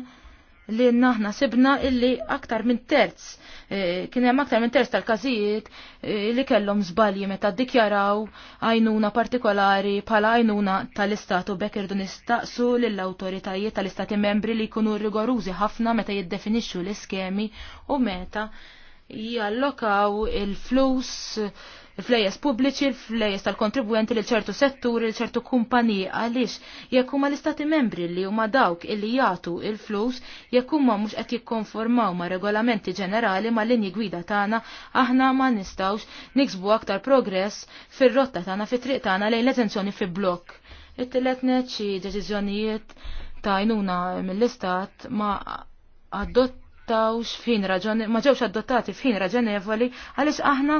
li naħna sibna illi aktar minn terz, kienem eh, kien hemm aktar minn terz tal-każijiet eh, li kellhom żbalji meta ddikjaraw għajnuna partikolari bħala għajnuna tal-istatu bekk dun nistaqsu lill-awtoritajiet tal-istati membri li jkunu rigorużi ħafna meta jiddefinixxu l-iskemi u meta jallokaw il-flus il-flejes pubbliċi, il tal-kontribwenti li ċertu setturi, li ċertu kumpaniji għaliex jekk huma l-istati membri li huma dawk illi jagħtu il-flus jekk huma mhux qed jikkonformaw ma' regolamenti ġenerali ma' linji gwida tagħna aħna ma nistawx niksbu aktar progress fir-rotta tagħna fi triq tagħna lejn l-attenzjoni fi blokk. it tillet neċi deċiżjonijiet ta' jnuna mill-istat ma' adott adottawx fin raġun ma ġewx adottati fin raġunevoli għaliex aħna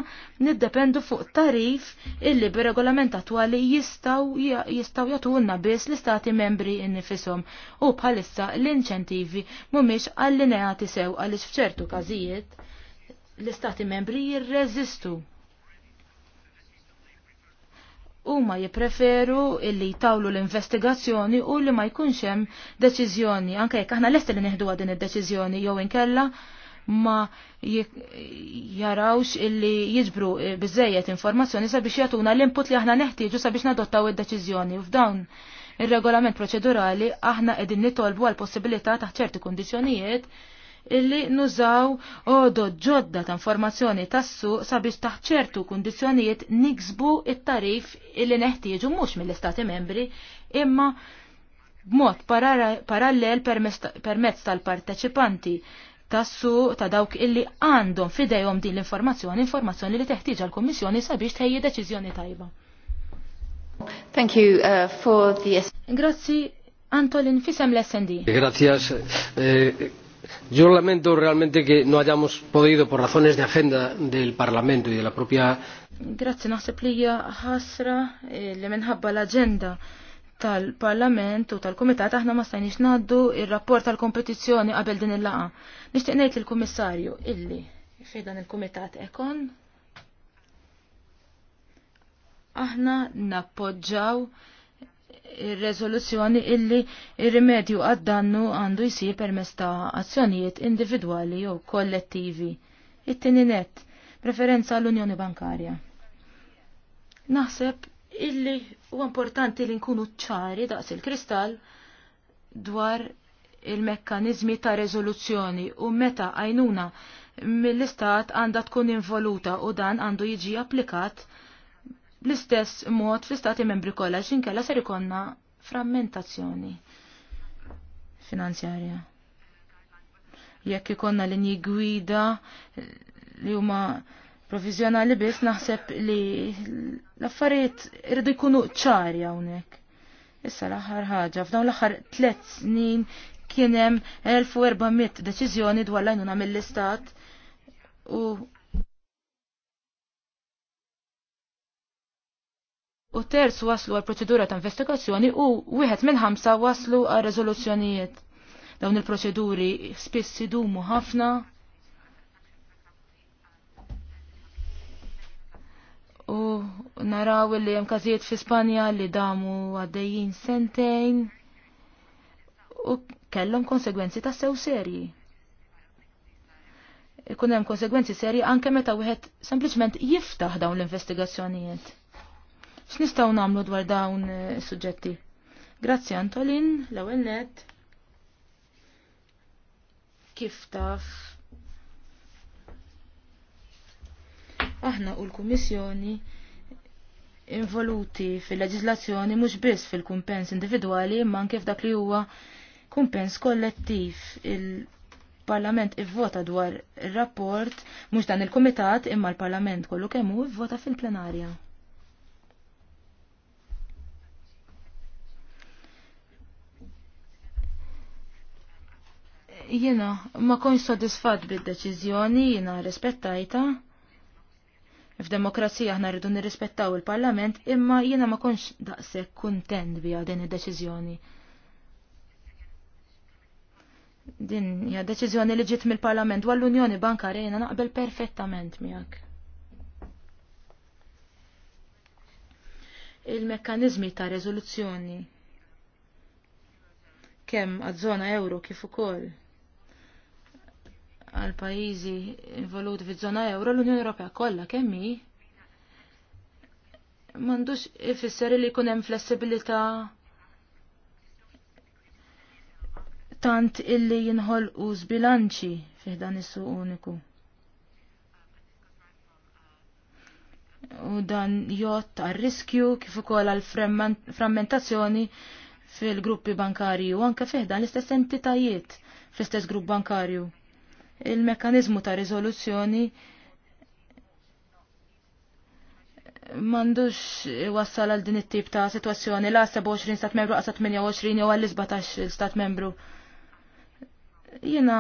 niddependu fuq tarif illi bi regolament attuali jistaw jistaw jagħtulna biss l-istati membri innifisom u bħalissa l-inċentivi mhumiex allineati sew għaliex f'ċertu każijiet l-istati membri jirreżistu huma jippreferu illi jtawlu l-investigazzjoni u li ma jkunx hemm deċiżjoni anke jekk aħna lesti li neħduha din id-deċiżjoni jew inkella ma jarawx illi jiġbru eh, biżejjed informazzjoni sabiex jagħtuna l-input li aħna neħtieġu sabiex nadottaw id-deċiżjoni f'dawn ir-regolament proċedurali aħna qegħdin nitolbu għal possibilità taħt ċerti kundizzjonijiet illi nużaw odo ġodda ta' informazzjoni tassu sabiex taħt ċertu kundizzjonijiet niksbu it-tarif illi neħtieġu mhux mill-Istati membri imma b'mod parallel permezz tal-parteċipanti tassu ta' dawk illi għandhom fidejhom din l-informazzjoni, informazzjoni li teħtieġ għal-Kummissjoni sabiex tħejji deċiżjoni tajba. Thank you uh, for the... Grazzi, Antolin, fisem l-SND. Grazie. Eh, yo lamento realmente que no hayamos podido, por razones de agenda del Parlamento y de la propia. Grazie, naħseb li hija ħasra eh, li minħabba l-aġenda tal-Parlament u tal-Kumitat aħna ma stajniex ngħaddu ir-rapport tal-kompetizzjoni qabel din il-laqa. Nixtieq ngħid lill-Kummissarju illi fejn dan il-Kumitat ekon aħna nappoġġaw ir-rezoluzzjoni illi ir-rimedju għad-dannu għandu jsir permezz ta' azzjonijiet individwali jew kollettivi. It-tieni net, preferenza l-Unjoni Bankarja. Naħseb illi u importanti li nkunu ċari daqs il-kristall dwar il-mekkanizmi ta' rezoluzzjoni u meta għajnuna mill-istat għandha tkun involuta u dan għandu jiġi applikat bl-istess mod fl-istati membri kollha x'inkella ser ikonna frammentazzjoni finanzjarja. Jekk ikonna linji gwida li huma provizjonali biss naħseb li l-affarijiet irridu jkunu ċari hawnhekk. Issa l-aħħar ħaġa f'dawn l-aħħar tliet snin kien hemm 1400 deċiżjoni dwar l-għajnuna mill-istat u u terz waslu għal proċedura ta' investigazzjoni u wieħed minn ħamsa waslu għal rezoluzzjonijiet. Dawn il-proċeduri spiss idumu ħafna. U naraw li hemm każijiet fi Spanja li damu għaddejjin sentejn u kellhom konsegwenzi ta' sew serji. Ikun hemm konsegwenzi serji anke meta wieħed sempliċement jiftaħ dawn l-investigazzjonijiet. X'nistgħu nagħmlu dwar dawn eh, is-suġġetti? Grazzi Antolin, l-ewwel net. Kif taf? Aħna u l-Kummissjoni involuti fil-leġislazzjoni mhux biss fil-kumpens individwali imma kif dak li huwa kumpens kollettiv il-Parlament ivvota dwar ir-rapport mhux dan il-Kumitat imma l-Parlament kollu kemm hu ivvota fil-plenarja. Jiena ma konx sodisfatt bid-deċiżjoni, jiena rispettajta. F'demokrazija aħna rridu nirrispettaw il-Parlament, imma jiena ma konx daqshekk kuntent biha din id-deċiżjoni. Din hija deċiżjoni li ġiet mill-Parlament u l-Unjoni Bankarja jiena naqbel perfettament miegħek. Il-mekkaniżmi ta' rezoluzzjoni kemm għaż-żona euro kif ukoll għal pajjiżi involuti fi zona euro l-Unjoni Ewropea kollha kemm hi m'għandux ifisser li jkun hemm flessibilità tant illi jinħolqu zbilanċi fih dan is-suq uniku. U dan jott għal riskju kif ukoll għal frammentazzjoni fil-gruppi bankarju u anke fih dan l-istess entitajiet fl-istess grupp bankarju il-mekanizmu ta' Rizoluzzjoni mandux wassal għal din it-tip ta' situazzjoni la' 27 stat membru għasat 28 jew għal 17 stat membru. Jena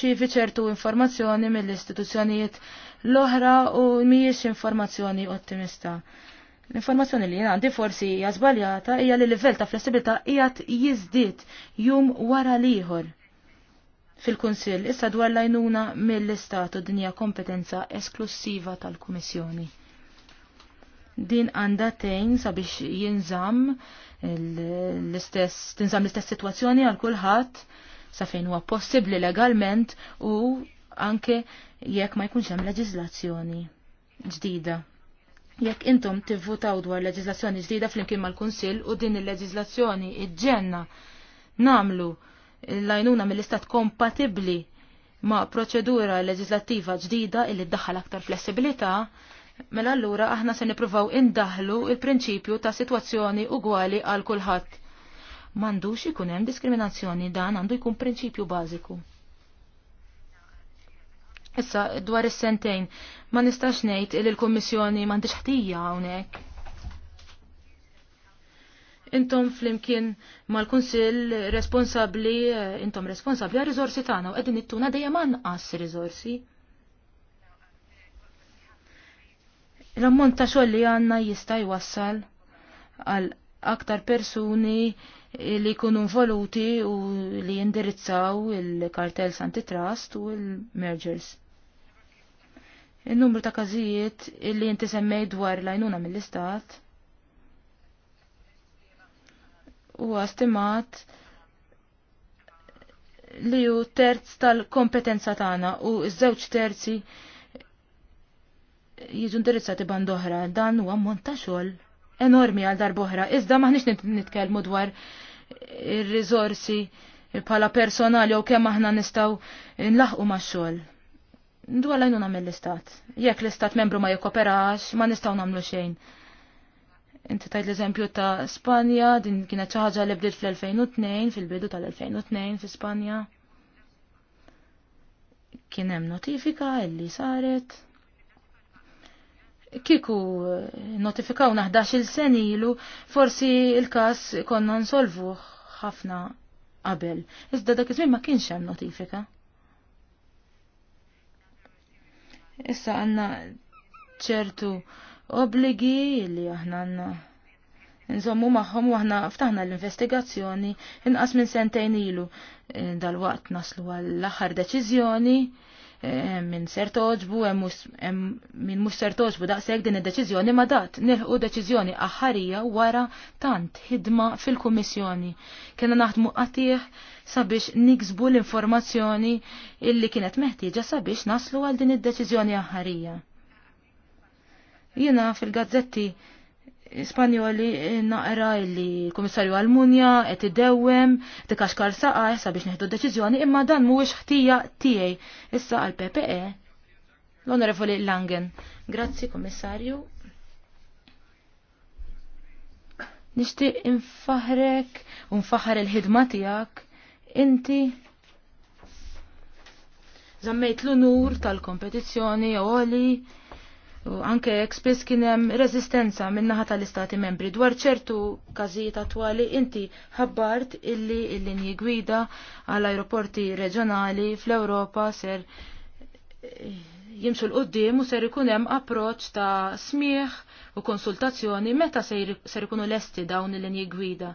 ċivi ċertu informazzjoni mill-istituzzjonijiet l-oħra u miex informazzjoni ottimista. L-informazzjoni li jena għandi forsi hija żbaljata hija li livell ta' flessibilità qiegħed jiżdied jum wara liħor fil-Kunsill issa dwar lajnuna mill-Istat u dinja kompetenza esklusiva tal-Kummissjoni. Din għandha tejn sabiex jinżamm l-istess tinżamm l-istess sitwazzjoni għal kulħadd sa fejn huwa possibbli legalment u anke jekk ma jkunx hemm leġiżlazzjoni ġdida Jekk intom tivvutaw dwar leġislazzjoni ġdida flimkien mal-Kunsill u din il-leġislazzjoni iġġenna namlu l-lajnuna mill-istat kompatibli ma' proċedura leġislattiva ġdida illi ddaħħal aktar flessibilità, mela allura aħna se nippruvaw indaħlu il-prinċipju ta' sitwazzjoni ugwali għal kulħadd. M'għandux ikun hemm diskriminazzjoni dan għandu jkun prinċipju bażiku. Issa, dwar is-sentejn, ma nistax ngħid li l-Kummissjoni m'għandix ħtija hawnhekk. Intom flimkien mal-Kunsill responsabbli, eh, intom responsabbli għal riżorsi tagħna u qegħdin ittuna dejjem anqas riżorsi. L-ammont ta' xogħol li għandna jista' jwassal għal aktar persuni li jkunu involuti u li jindirizzaw il-kartels antitrust u il-mergers. Il-numru ta' każijiet illi inti semmej dwar l-għajnuna mill-istat huwa stimat li hu terz tal-kompetenza tagħna u ż-żewġ terzi jiġu indirizzati band oħra dan huwa ammont ta' xogħol enormi għal oħra. Iżda maħniex nitkellmu dwar ir-riżorsi bħala personali jew kemm aħna nistgħu nlaħqu max-xogħol. Ndu għalajnu namel l-istat. Jekk l-istat membru ma jikoperax, ma nistaw namlu xejn. Inti tajt l-eżempju ta' Spanja, din kienet ċaħġa li bdiet fl-2002, fil-bidu tal-2002 fi Spanja. Kien hemm notifika illi saret. Kiku notifikaw naħdax il-sen ilu, forsi il-kas konna nsolvu ħafna qabel. Iżda dak iż-żmien ma kienx hemm notifika. Issa għanna ċertu obligi li aħna għanna. Nżommu maħħom u aħna ftaħna l-investigazzjoni inqas minn sentejn ilu eh, dal-waqt naslu għall-aħħar deċiżjoni Eh, minn ser toġbu, minn mux ser toġbu daqseg din id-deċizjoni ma dat nilħu deċizjoni aħħarija wara tant hidma fil-Kummissjoni. Kena naħdmu qatih sabiex niksbu l-informazzjoni illi kienet meħtieġa sabiex naslu għal din id-deċizjoni aħħarija. Jiena fil-gazzetti Spanjoli naqra li l komissarju Almunja qed idewwem tikaxkar saqa sabiex neħdu deċiżjoni imma dan mhuwiex ħtija tiegħi issa għal PPE. L-Onorevoli Langen. Grazzi Komissarju. Nixtieq infaħrek u nfaħar il-ħidma tiegħek. Inti zammejt l-unur tal-kompetizzjoni għoli U anke jekk spiss kien hemm reżistenza min-naħa tal-Istati Membri dwar ċertu każijiet attwali inti ħabbart illi l-linji gwida għal aeroporti reġjonali fl-Ewropa ser eh, jimxu l-qoddim u ser ikun hemm approċċ ta' smieħ u konsultazzjoni meta ser ikunu lesti dawn il-linji gwida.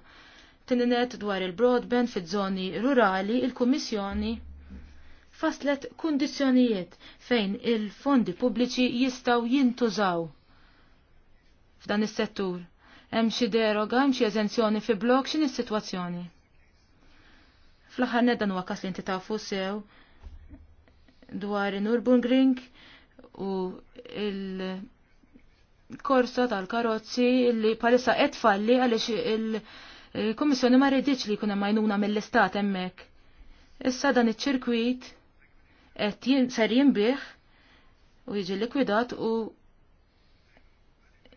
Tininet dwar il-broadband fiż-żoni rurali, il-Kummissjoni faslet kondizjonijiet fejn il-fondi pubbliċi jistaw jintużaw f'dan is-settur. Hemm xi deroga, hemm xi eżenzjoni fi blok x'in is-sitwazzjoni. Fl-aħħar dan huwa kas li inti tafu sew dwar in-Nürburgring u il-korsa tal-karozzi li palissa qed falli għaliex il-Kummissjoni ma rridx li jkun hemm għajnuna mill-Istat hemmhekk. Issa dan iċ-ċirkwit qed ser jinbih u jiġi likwidat u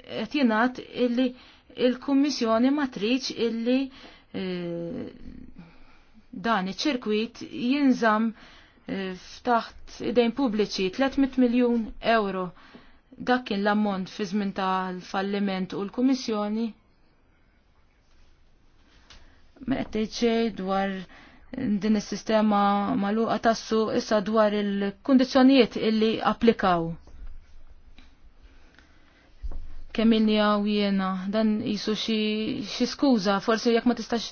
qed jingħad illi il-Kummissjoni ma tridx illi eh, dan iċ-ċirkwit jinżam eh, ftaħt idejn pubbliċi 300 miljun euro dak kien l-ammont fi żmien tal-falliment u l-Kummissjoni ma qed dwar din is-sistema maluqa tassu issa dwar il-kundizzjonijiet illi applikaw. Kemm għaw jena, dan jisu xi skuża, forsi jekk ma tistax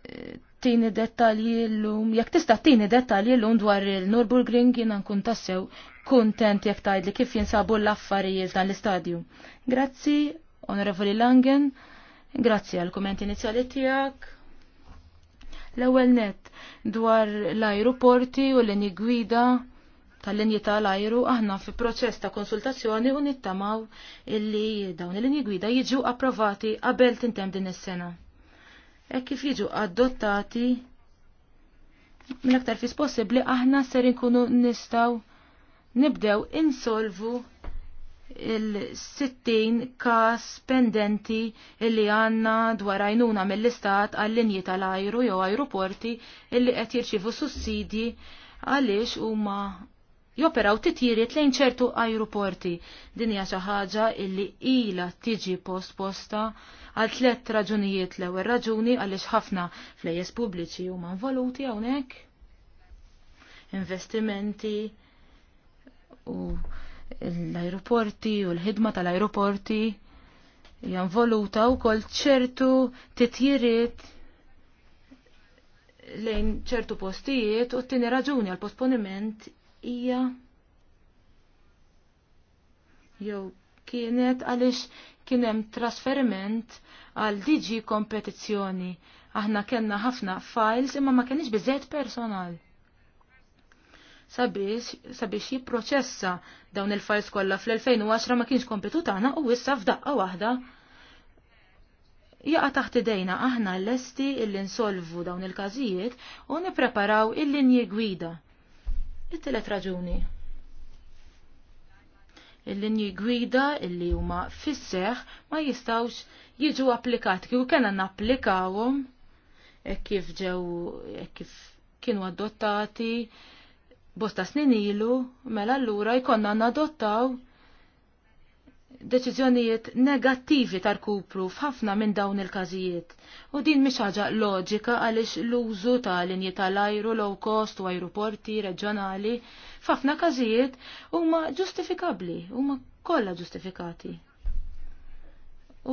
eh, tini dettalji l-lum, jek tista tini dettalji l-lum dwar il-Nürburgring jena nkun tassew kontent jek tajd li kif jinsabu l-affarijiet dan l-istadju. Grazzi, onorevoli Langen, grazzi għal-komment inizjali tijak, L-ewwel net dwar l-ajruporti u l eni gwida tal-linji tal-ajru aħna fi proċess ta' konsultazzjoni u nittamaw illi dawn il-linji gwida jiġu approvati qabel tintem din is-sena. E kif jiġu adottati mill-aktar fis possibbli aħna ser inkunu nistaw nibdew insolvu il-60 kas pendenti illi għanna dwar għajnuna mill-istat għall-linji tal-ajru jew ajruporti illi qed jirċivu sussidji għaliex huma joperaw titjiriet lejn ċertu ajruporti. Din hija xi ħaġa illi ila tiġi posta għal tliet raġunijiet l-ewwel raġuni għaliex ħafna flejjes pubbliċi huma involuti hawnhekk investimenti u l-aeroporti u l-ħidma tal-aeroporti janvoluta u kol ċertu titjiriet lejn ċertu postijiet u t-tini raġuni għal posponiment hija jew kienet għalix kienem trasferiment għal diġi kompetizzjoni. Aħna kena ħafna files imma ma kienx biżet personal sabiex jipproċessa dawn il-files kollha fl-2010 ma kienx kompetu tagħna u issa f'daqqa waħda jaqa' taħt idejna aħna lesti illi nsolvu dawn il-każijiet u nippreparaw il-linji gwida. It-tielet raġuni. Il-linji gwida illi huma fisseħ ma jistawx jiġu applikati kieku kellna napplikawhom e kif ġew e kif kienu adottati bosta snin ilu, mela allura jkonna nadottaw deċiżjonijiet negattivi tal-kupru f'ħafna minn dawn il-każijiet. U din mhix ħaġa loġika għaliex l-użu ta' linji tal-ajru low cost u ajruporti reġjonali f'ħafna każijiet huma ġustifikabbli, huma kollha ġustifikati.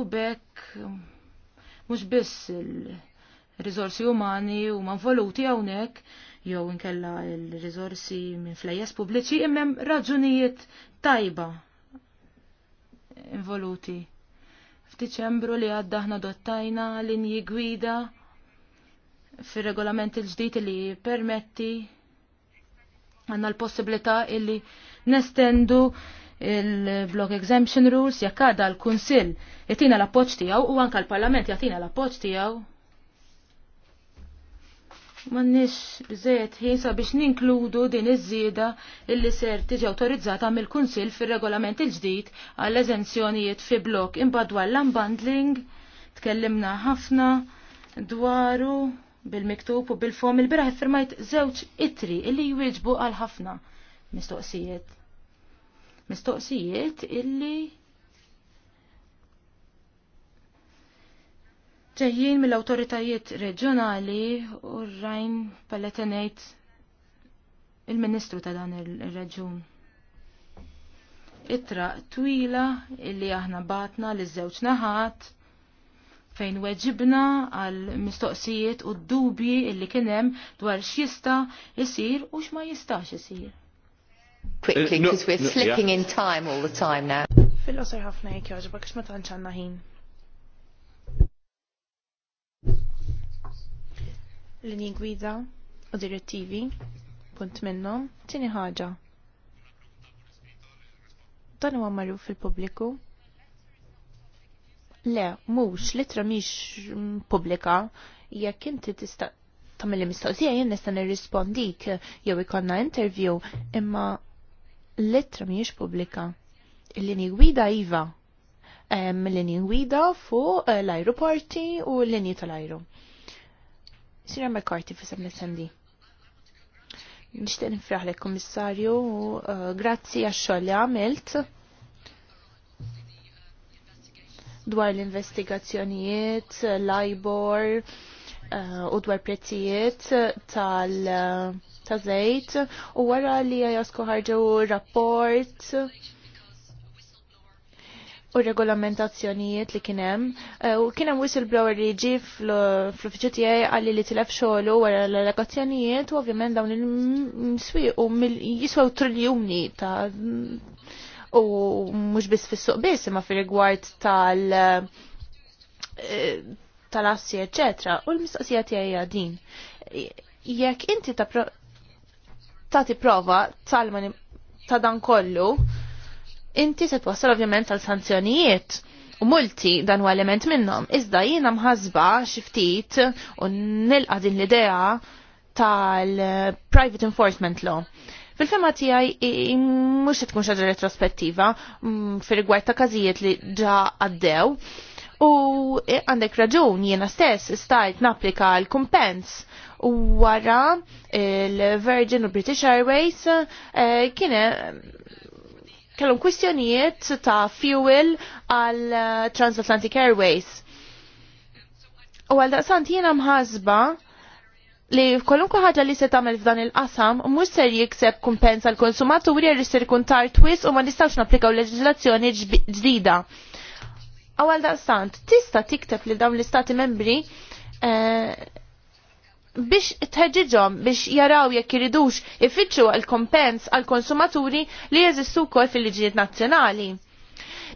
U bekk mhux biss il-riżorsi umani huma involuti hawnhekk, jew inkella il-rizorsi minn flejjes pubbliċi imem raġunijiet tajba involuti. F'Diċembru li għadda ħna dottajna linji gwida fir-regolament il-ġdid li permetti għanna l-possibilità illi nestendu il-block exemption rules jekk għadha l-Kunsill jatina l-appoġġ tiegħu u anke l-Parlament jatina l-appoġġ tiegħu Mannix bżejt ħisa biex ninkludu din iż-żieda illi ser tiġi awtorizzata mill-Kunsill fir-regolament il-ġdid għall eżenzjonijiet fi blok imbagħad dwar l-unbundling tkellimna ħafna dwaru bil-miktub u bil-fom il-biraħ firmajt żewġ itri illi jwieġbu għal ħafna mistoqsijiet. Mistoqsijiet illi ġejjin mill-autoritajiet reġjonali u rajn palletenejt il-ministru ta' dan il-reġjun. Itra twila illi aħna batna l żewġ naħat fejn weġibna għal mistoqsijiet u d-dubji illi kienem dwar x'jista' jisir u x'ma jistax jisir. Quickly, because eh, we're slipping in time all the time now. fil ħafna jekk jogħġbok ma tantx għandna ħin. linji gwida u direttivi, punt minnom, tini ħaġa. Dan huwa marru fil-pubbliku. Le, mhux litra mhix pubblika, jekk inti tista' tagħmel li mistoqsija jien nista' nirrispondik jew ikonna interview, imma litra mhijiex pubblika. Il-linji gwida iva. Linji gwida fuq l ajruporti u l-linji tal-ajru. Sira McCarthy fi l-SMD. Nishtiq nifraħlek komissarju, uh, grazzi għax-xogħol li għamilt dwar l-investigazzjonijiet, l ajbor uh, u dwar prezzijiet tal-żejt uh, u wara li jasku ħarġu rapport u regolamentazzjonijiet li kienem. Eh, u kienem whistleblower li ġi fl uffiċċju tiegħi għalli li tilef xogħlu wara l-allegazzjonijiet u ovvjament dawn il-swiequ jiswew triljuni ta' u mhux biss fis-suq biss imma fir-rigward tal eh, tal-assi eċetera. U l-mistoqsija tiegħi din. Jekk inti ta' tagħti prova tal ta' dan kollu, inti se twassal ovvjament għal sanzjonijiet u multi dan u element minnom. Iżda jiena mħazba xiftit u nilqa din l-idea tal-private enforcement law. Fil-fema tijaj, mux tkun xaġa retrospettiva, mm, fil-rigward ta' kazijiet li ġa għaddew, u għandek raġun jiena stess stajt naplika l-kumpens u wara l-Virgin u British Airways eh, kiene kellhom kwistjonijiet ta' fuel għal eh, Transatlantic Airways. U għal daqsant jiena mħasba li kolunku ħaġa li se tagħmel f'dan il-qasam mhux ser jikseb kumpens għal konsumaturi jrid ser ikun tar twis u ma nistgħux napplikaw leġiżlazzjoni ġdida. Għal daqstant, tista' tikteb li dawn l-istati membri eh, biex tħeġġiġhom biex jaraw jekk iridux ifittxu għal-kompens għal-konsumaturi li jeżistu wkoll fil-liġijiet nazzjonali.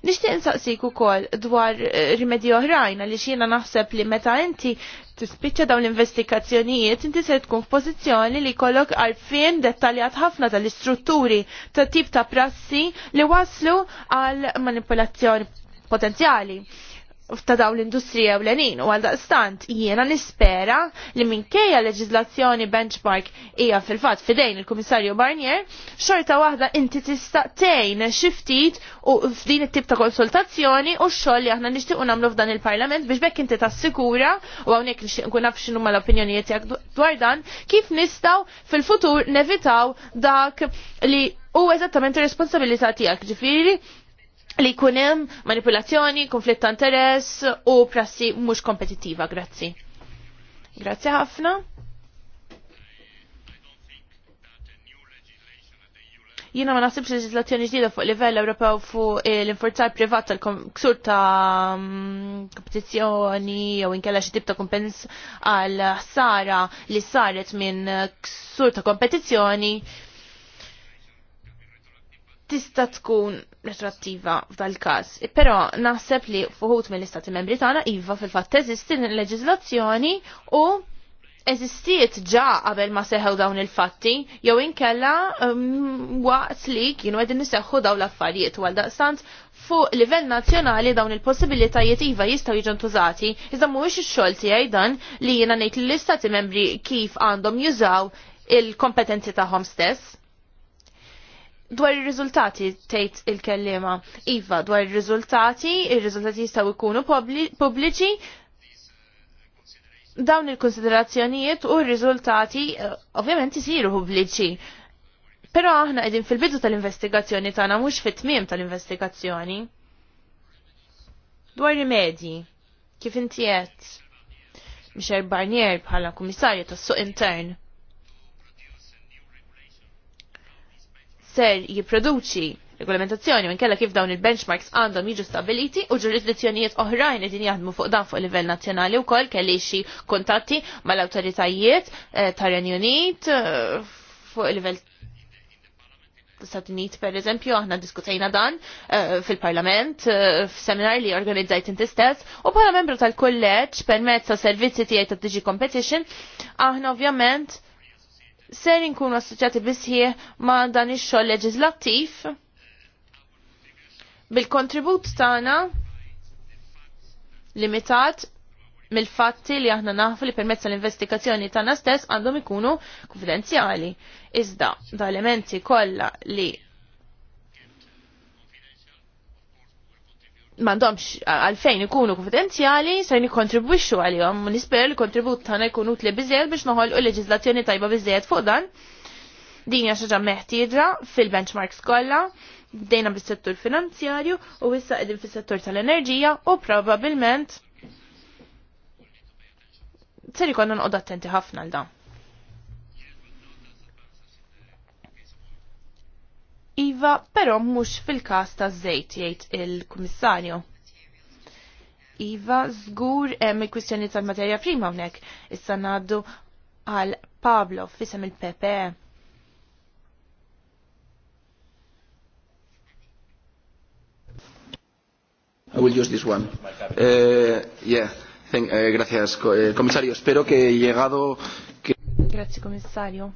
Nixtieq insaqsik ukoll dwar eh, rimedji oħrajn għaliex jiena naħseb li meta inti tispiċċa dawn l-investigazzjonijiet inti se tkun f'pożizzjoni li jkollok għarfien dettaljat ħafna tal-istrutturi ta' tip ta' prassi li waslu għal manipolazzjoni potenzjali ta' daw l-industrija u l-enin u għaldaqstant jiena nispera li minkejja leġizlazzjoni benchmark hija fil-fat fidejn il-Komissarju Barnier, xorta waħda inti tista' tgħin xiftit u f'din it-tip ta' konsultazzjoni u x-xogħol li aħna nixtiequ nagħmlu f'dan il-Parlament biex bekk inti tassikura u hawnhekk nixtieq nkun naf x'inhu l-opinjonijiet tiegħek dwar dan kif nistgħu fil-futur nevitaw dak li u eżattament ir-responsabilità tiegħek ġifieri li kunem manipulazzjoni, konflitt ta' interess u prassi mhux kompetittiva, grazzi. Grazzi ħafna. Jiena ma naħsibx leġislazzjoni ġdida fuq livell Ewropew fuq eh, l-infurzar privat tal-ksur ta' mm, kompetizzjoni jew inkella xi tip ta' kumpens għal ħsara li saret minn ksur ta' kompetizzjoni tista' tkun retroattiva f'dal każ. Però naħseb li fuħut mill-Istati Membri tagħna iva fil-fatt teżisti leġiżlazzjoni u eżistiet ġa qabel ma seħew dawn il-fatti, jew inkella um, waqt li kienu qegħdin niseħħu dawn l-affarijiet u għaldaqstant fuq livell nazzjonali dawn il-possibilitajiet iva jistgħu jiġu ntużati, iżda mhuwiex ix-xogħol tiegħi dan li jiena ngħid lill-istati membri kif għandhom jużaw il-kompetenzi tagħhom stess. Dwar ir-riżultati tgħid il-kellima. Iva, dwar ir-riżultati, ir-riżultati jistgħu jkunu pubbliċi, dawn il-konsiderazzjonijiet u r-riżultati eh, ovvjament isiru pubbliċi. Però aħna qegħdin fil-bidu tal-investigazzjoni tagħna mhux fit-tmiem tal-investigazzjoni. Dwar rimedji, kif inti qed Michel Barnier bħala kummissarju tas-suq intern. ser jipproduċi regolamentazzjoni minn kella kif dawn il-benchmarks għandhom jiġu stabiliti u ġurisdizzjonijiet oħrajn din jaħdmu fuq dan fuq livell nazzjonali wkoll kelli xi kuntatti mal-awtoritajiet eh, tar-Renju Unit eh, fuq livell Stati Unit per eżempju, aħna diskutajna dan eh, fil-parlament, f-seminar li organizzajt inti stess, u bħala membru tal-kolleġġ permezz ta' servizzi tiegħi ta' Digi Competition, aħna ovvjament ser inkunu assoċjati bisħieħ ma' dan ix-xogħol leġislattiv bil-kontribut tagħna limitat mill-fatti li aħna nafu li permezz tal-investigazzjoni tagħna stess għandhom ikunu konfidenzjali. Iżda, dal elementi kollha li mandomx għalfejn ikunu konfidenzjali se nikontribwixxu għalihom u nisper li kontribut tagħna jkun utli biżejjed biex noħolqu leġiżlazzjoni tajba biżejjed fuq dan. Din hija xi ħaġa meħtieġa fil-benchmarks kollha, bdejna bis-settur finanzjarju u issa qegħdin fis-settur tal-enerġija u probabbilment ser ikonna nqod attenti ħafna għal dan. Iva, però mhux fil kas taż Zejt jgħid il-Kummissarju. Iva, żgur hemm il-kwistjoni tal-materja prima hawnhekk. Issa ngħaddu għal Pablo f'isem il-PPE. I will use this one. Uh, yeah, thank, uh, gracias, co eh, comisario. Espero que llegado... Que... Grazie, comisario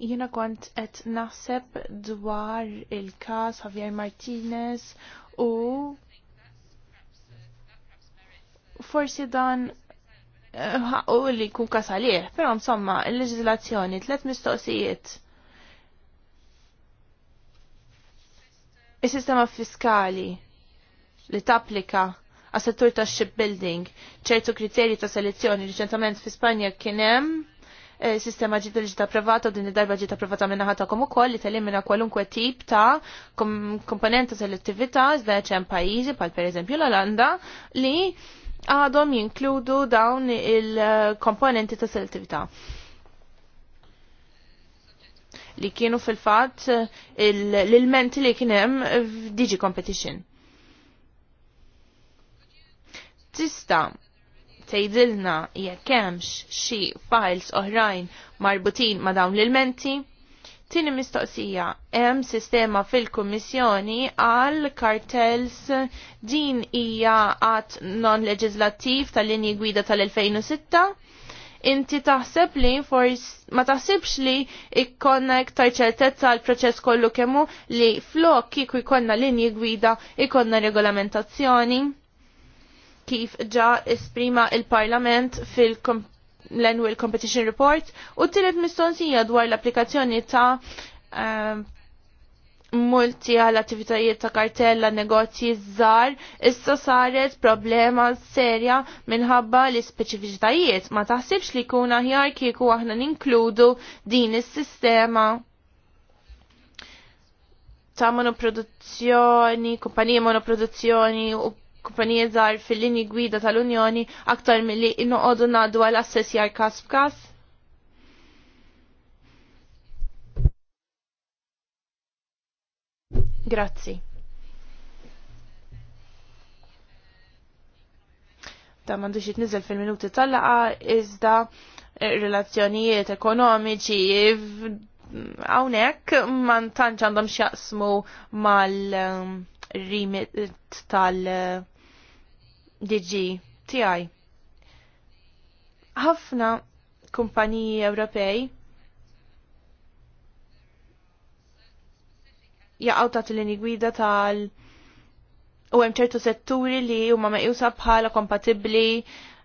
Jiena kont qed naħseb dwar il-każ Javier Martinez u forsi dan eh, u li kun kasalih, pero insomma, il-leġizlazzjoni, tlet mistoqsijiet. Il-sistema fiskali li tapplika għas settur ta' shipbuilding, ċertu kriterji ta' selezzjoni, riċentament fi Spanja kienem Eh, sistema ġita li ġita privata u din id-darba ġita privata minna ħatakom u koll li minna kwalunkwe tip ta' komponenta selettivita iżda ċem pajizi, pal per eżempju l-Olanda, li għadhom jinkludu dawn il-komponenti ta' selettività li kienu fil-fat l-ilmenti li kienem f'Digi Competition. Tista' tgħidilna jekk hemmx xi files oħrajn marbutin ma' dawn l-ilmenti. Tini mistoqsija, hemm sistema fil-Kummissjoni għal kartels din hija għat non-leġislattiv tal-linji gwida tal-2006? Inti taħseb li fors ma taħsibx li ikkonna iktar ċertezza għal proċess kollu kemmu li flok kieku jkollna linji gwida ikonna regolamentazzjoni? kif ġa esprima il-Parlament fil-Annual Competition Report u t-tiret mistonsija dwar l-applikazzjoni ta' ehm, multi għal attivitajiet ta' kartella negozji żgħar issa saret problema serja minħabba l speċifiċitajiet ma taħsibx li kuna aħjar kieku aħna ninkludu din is-sistema ta' monoproduzzjoni, kumpanija monoproduzzjoni u kumpanija żgħar fil-linji gwida tal-Unjoni aktar milli inqogħdu ngħaddu għal assessjar każ b'każ? Grazzi. Ta' m'għandux jitniżel fil-minuti tal-laqa iżda eh, relazzjonijiet ekonomiċi eh, hawnhekk man tanċ għandhom x'jaqsmu mal- um, remit tal-DG eh, TI. Ħafna kumpaniji Ewropej jaqgħu ta' tilini gwida tal- u hemm ċertu setturi li huma meqjusa bħala kompatibbli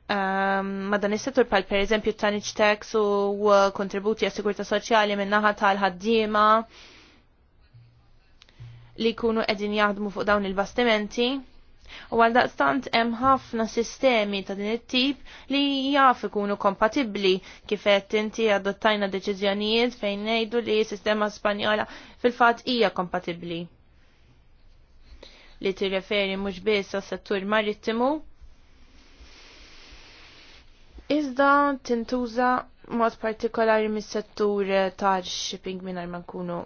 um, ma dan is-settur bħal pereżempju tonnage tax u eh, kontributi għas-sigurtà soċjali min-naħa tal-ħaddiema li jkunu qegħdin jaħdmu fuq dawn il-bastimenti. U għal daqstant hemm ħafna sistemi ta' din it-tip li jaf ikunu kompatibbli kif qed inti adottajna deċiżjonijiet fejn ngħidu li s-sistema Spanjola fil-fatt hija kompatibbli. Li tirreferi mhux biss għas-settur marittimu, iżda tintuża mod partikolari mis-settur tal-shipping minn ma nkunu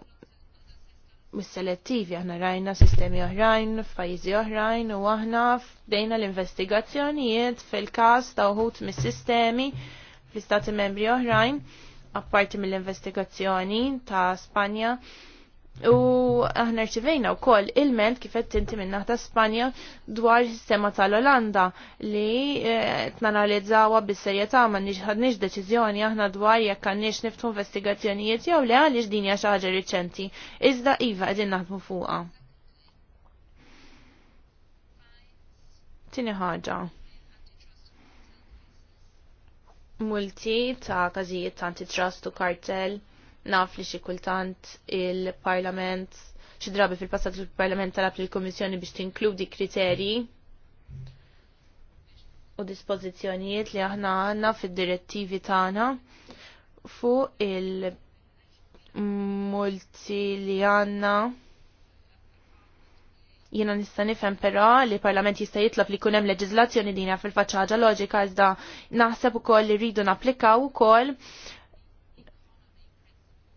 mis-selettivi aħna rajna sistemi oħrajn f'pajjiżi oħrajn u aħna f'dejna l-investigazzjonijiet fil-każ ta' uħut mis-sistemi fl-istati membri oħrajn apparti mill-investigazzjoni ta' Spanja U aħna rċivejna wkoll il-ment kifet tinti minna ta' Spanja dwar sistema tal-Olanda li eh, t-nanalizzawa bis-serjetà ma nix deċiżjoni aħna dwar jekk għandniex niftu investigazzjonijiet jew le għaliex din hija xi ħaġa riċenti. Iżda iva qegħdin naħdmu fuqha. Tini ħaġa. Multi ta' każijiet ta' antitrust u kartell naf li xi kultant il-Parlament xi drabi fil-passat il-Parlament talab lill kummissjoni biex tinkludi kriterji u dispożizzjonijiet li aħna għandna fid-direttivi tagħna fuq il-multi li għandna jiena nista' nifhem però li parlament jista' jitlob li jkun hemm leġiżlazzjoni dinja fil-faċċaġa loġika iżda naħseb ukoll li rridu napplikaw ukoll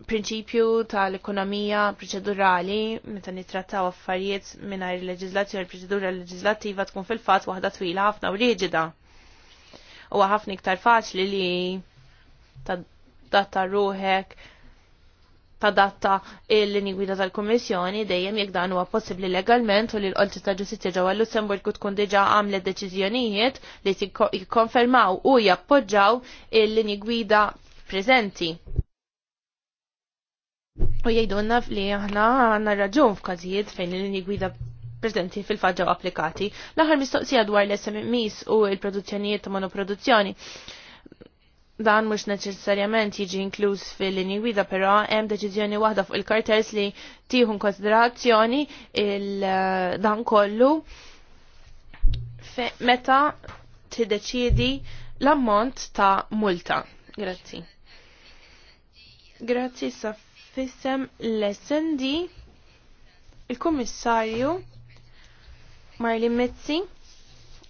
prinċipju tal-ekonomija proċedurali meta nittrattaw affarijiet mingħajr il-leġiżlazzjoni proċedura leġislattiva tkun fil-fatt waħda twila ħafna u riġida. Huwa ħafna iktar faċli li tadatta ruħek tadatta il-lini gwida tal-Kommissjoni dejjem jekk dan huwa possibbli legalment u li l ta' Ġustizzja ġewwa Lussemburg tkun diġà għamlet deċiżjonijiet li jikkonfermaw u jappoġġaw il linji gwida preżenti U jgħidunna li aħna għanna raġun f'każijiet fejn l-linji gwida prezenti fil-faġġa applikati. L-aħħar mistoqsija dwar l-SMMIs u l-produzzjonijiet ta' monoproduzzjoni. Dan mhux neċessarjament jiġi inkluż fil-linji gwida, però hemm deċiżjoni waħda fuq il-karters li tieħu konsiderazzjoni dan kollu meta tiddeċiedi l-ammont ta' multa. Grazzi. Grazzi, Saf fissem l-SND il-Kummissarju Marlin Mizzi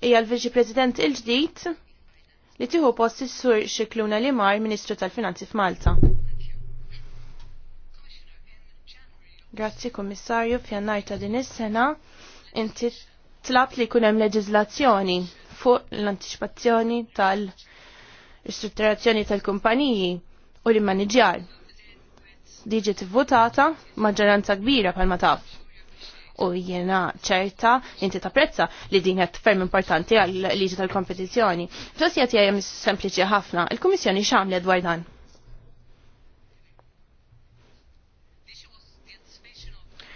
hija l-Viċi President il-ġdid li tieħu post is-Sur Xikluna Limar Ministru tal-Finanzi f'Malta. Grazzi Kummissarju f'jannar ta' din is-sena inti tlab li jkun hemm leġiżlazzjoni fuq l-antiċipazzjoni tal-istrutturazzjoni tal-kumpaniji u l-immaniġjar diġi votata maġġoranza kbira pal taf. U jiena ċerta, inti tapprezza li din qed ferm importanti għal liġi tal-kompetizzjoni. F'sosja tiegħi sempliċi ħafna, il-Kummissjoni x'għamlet dwar dan?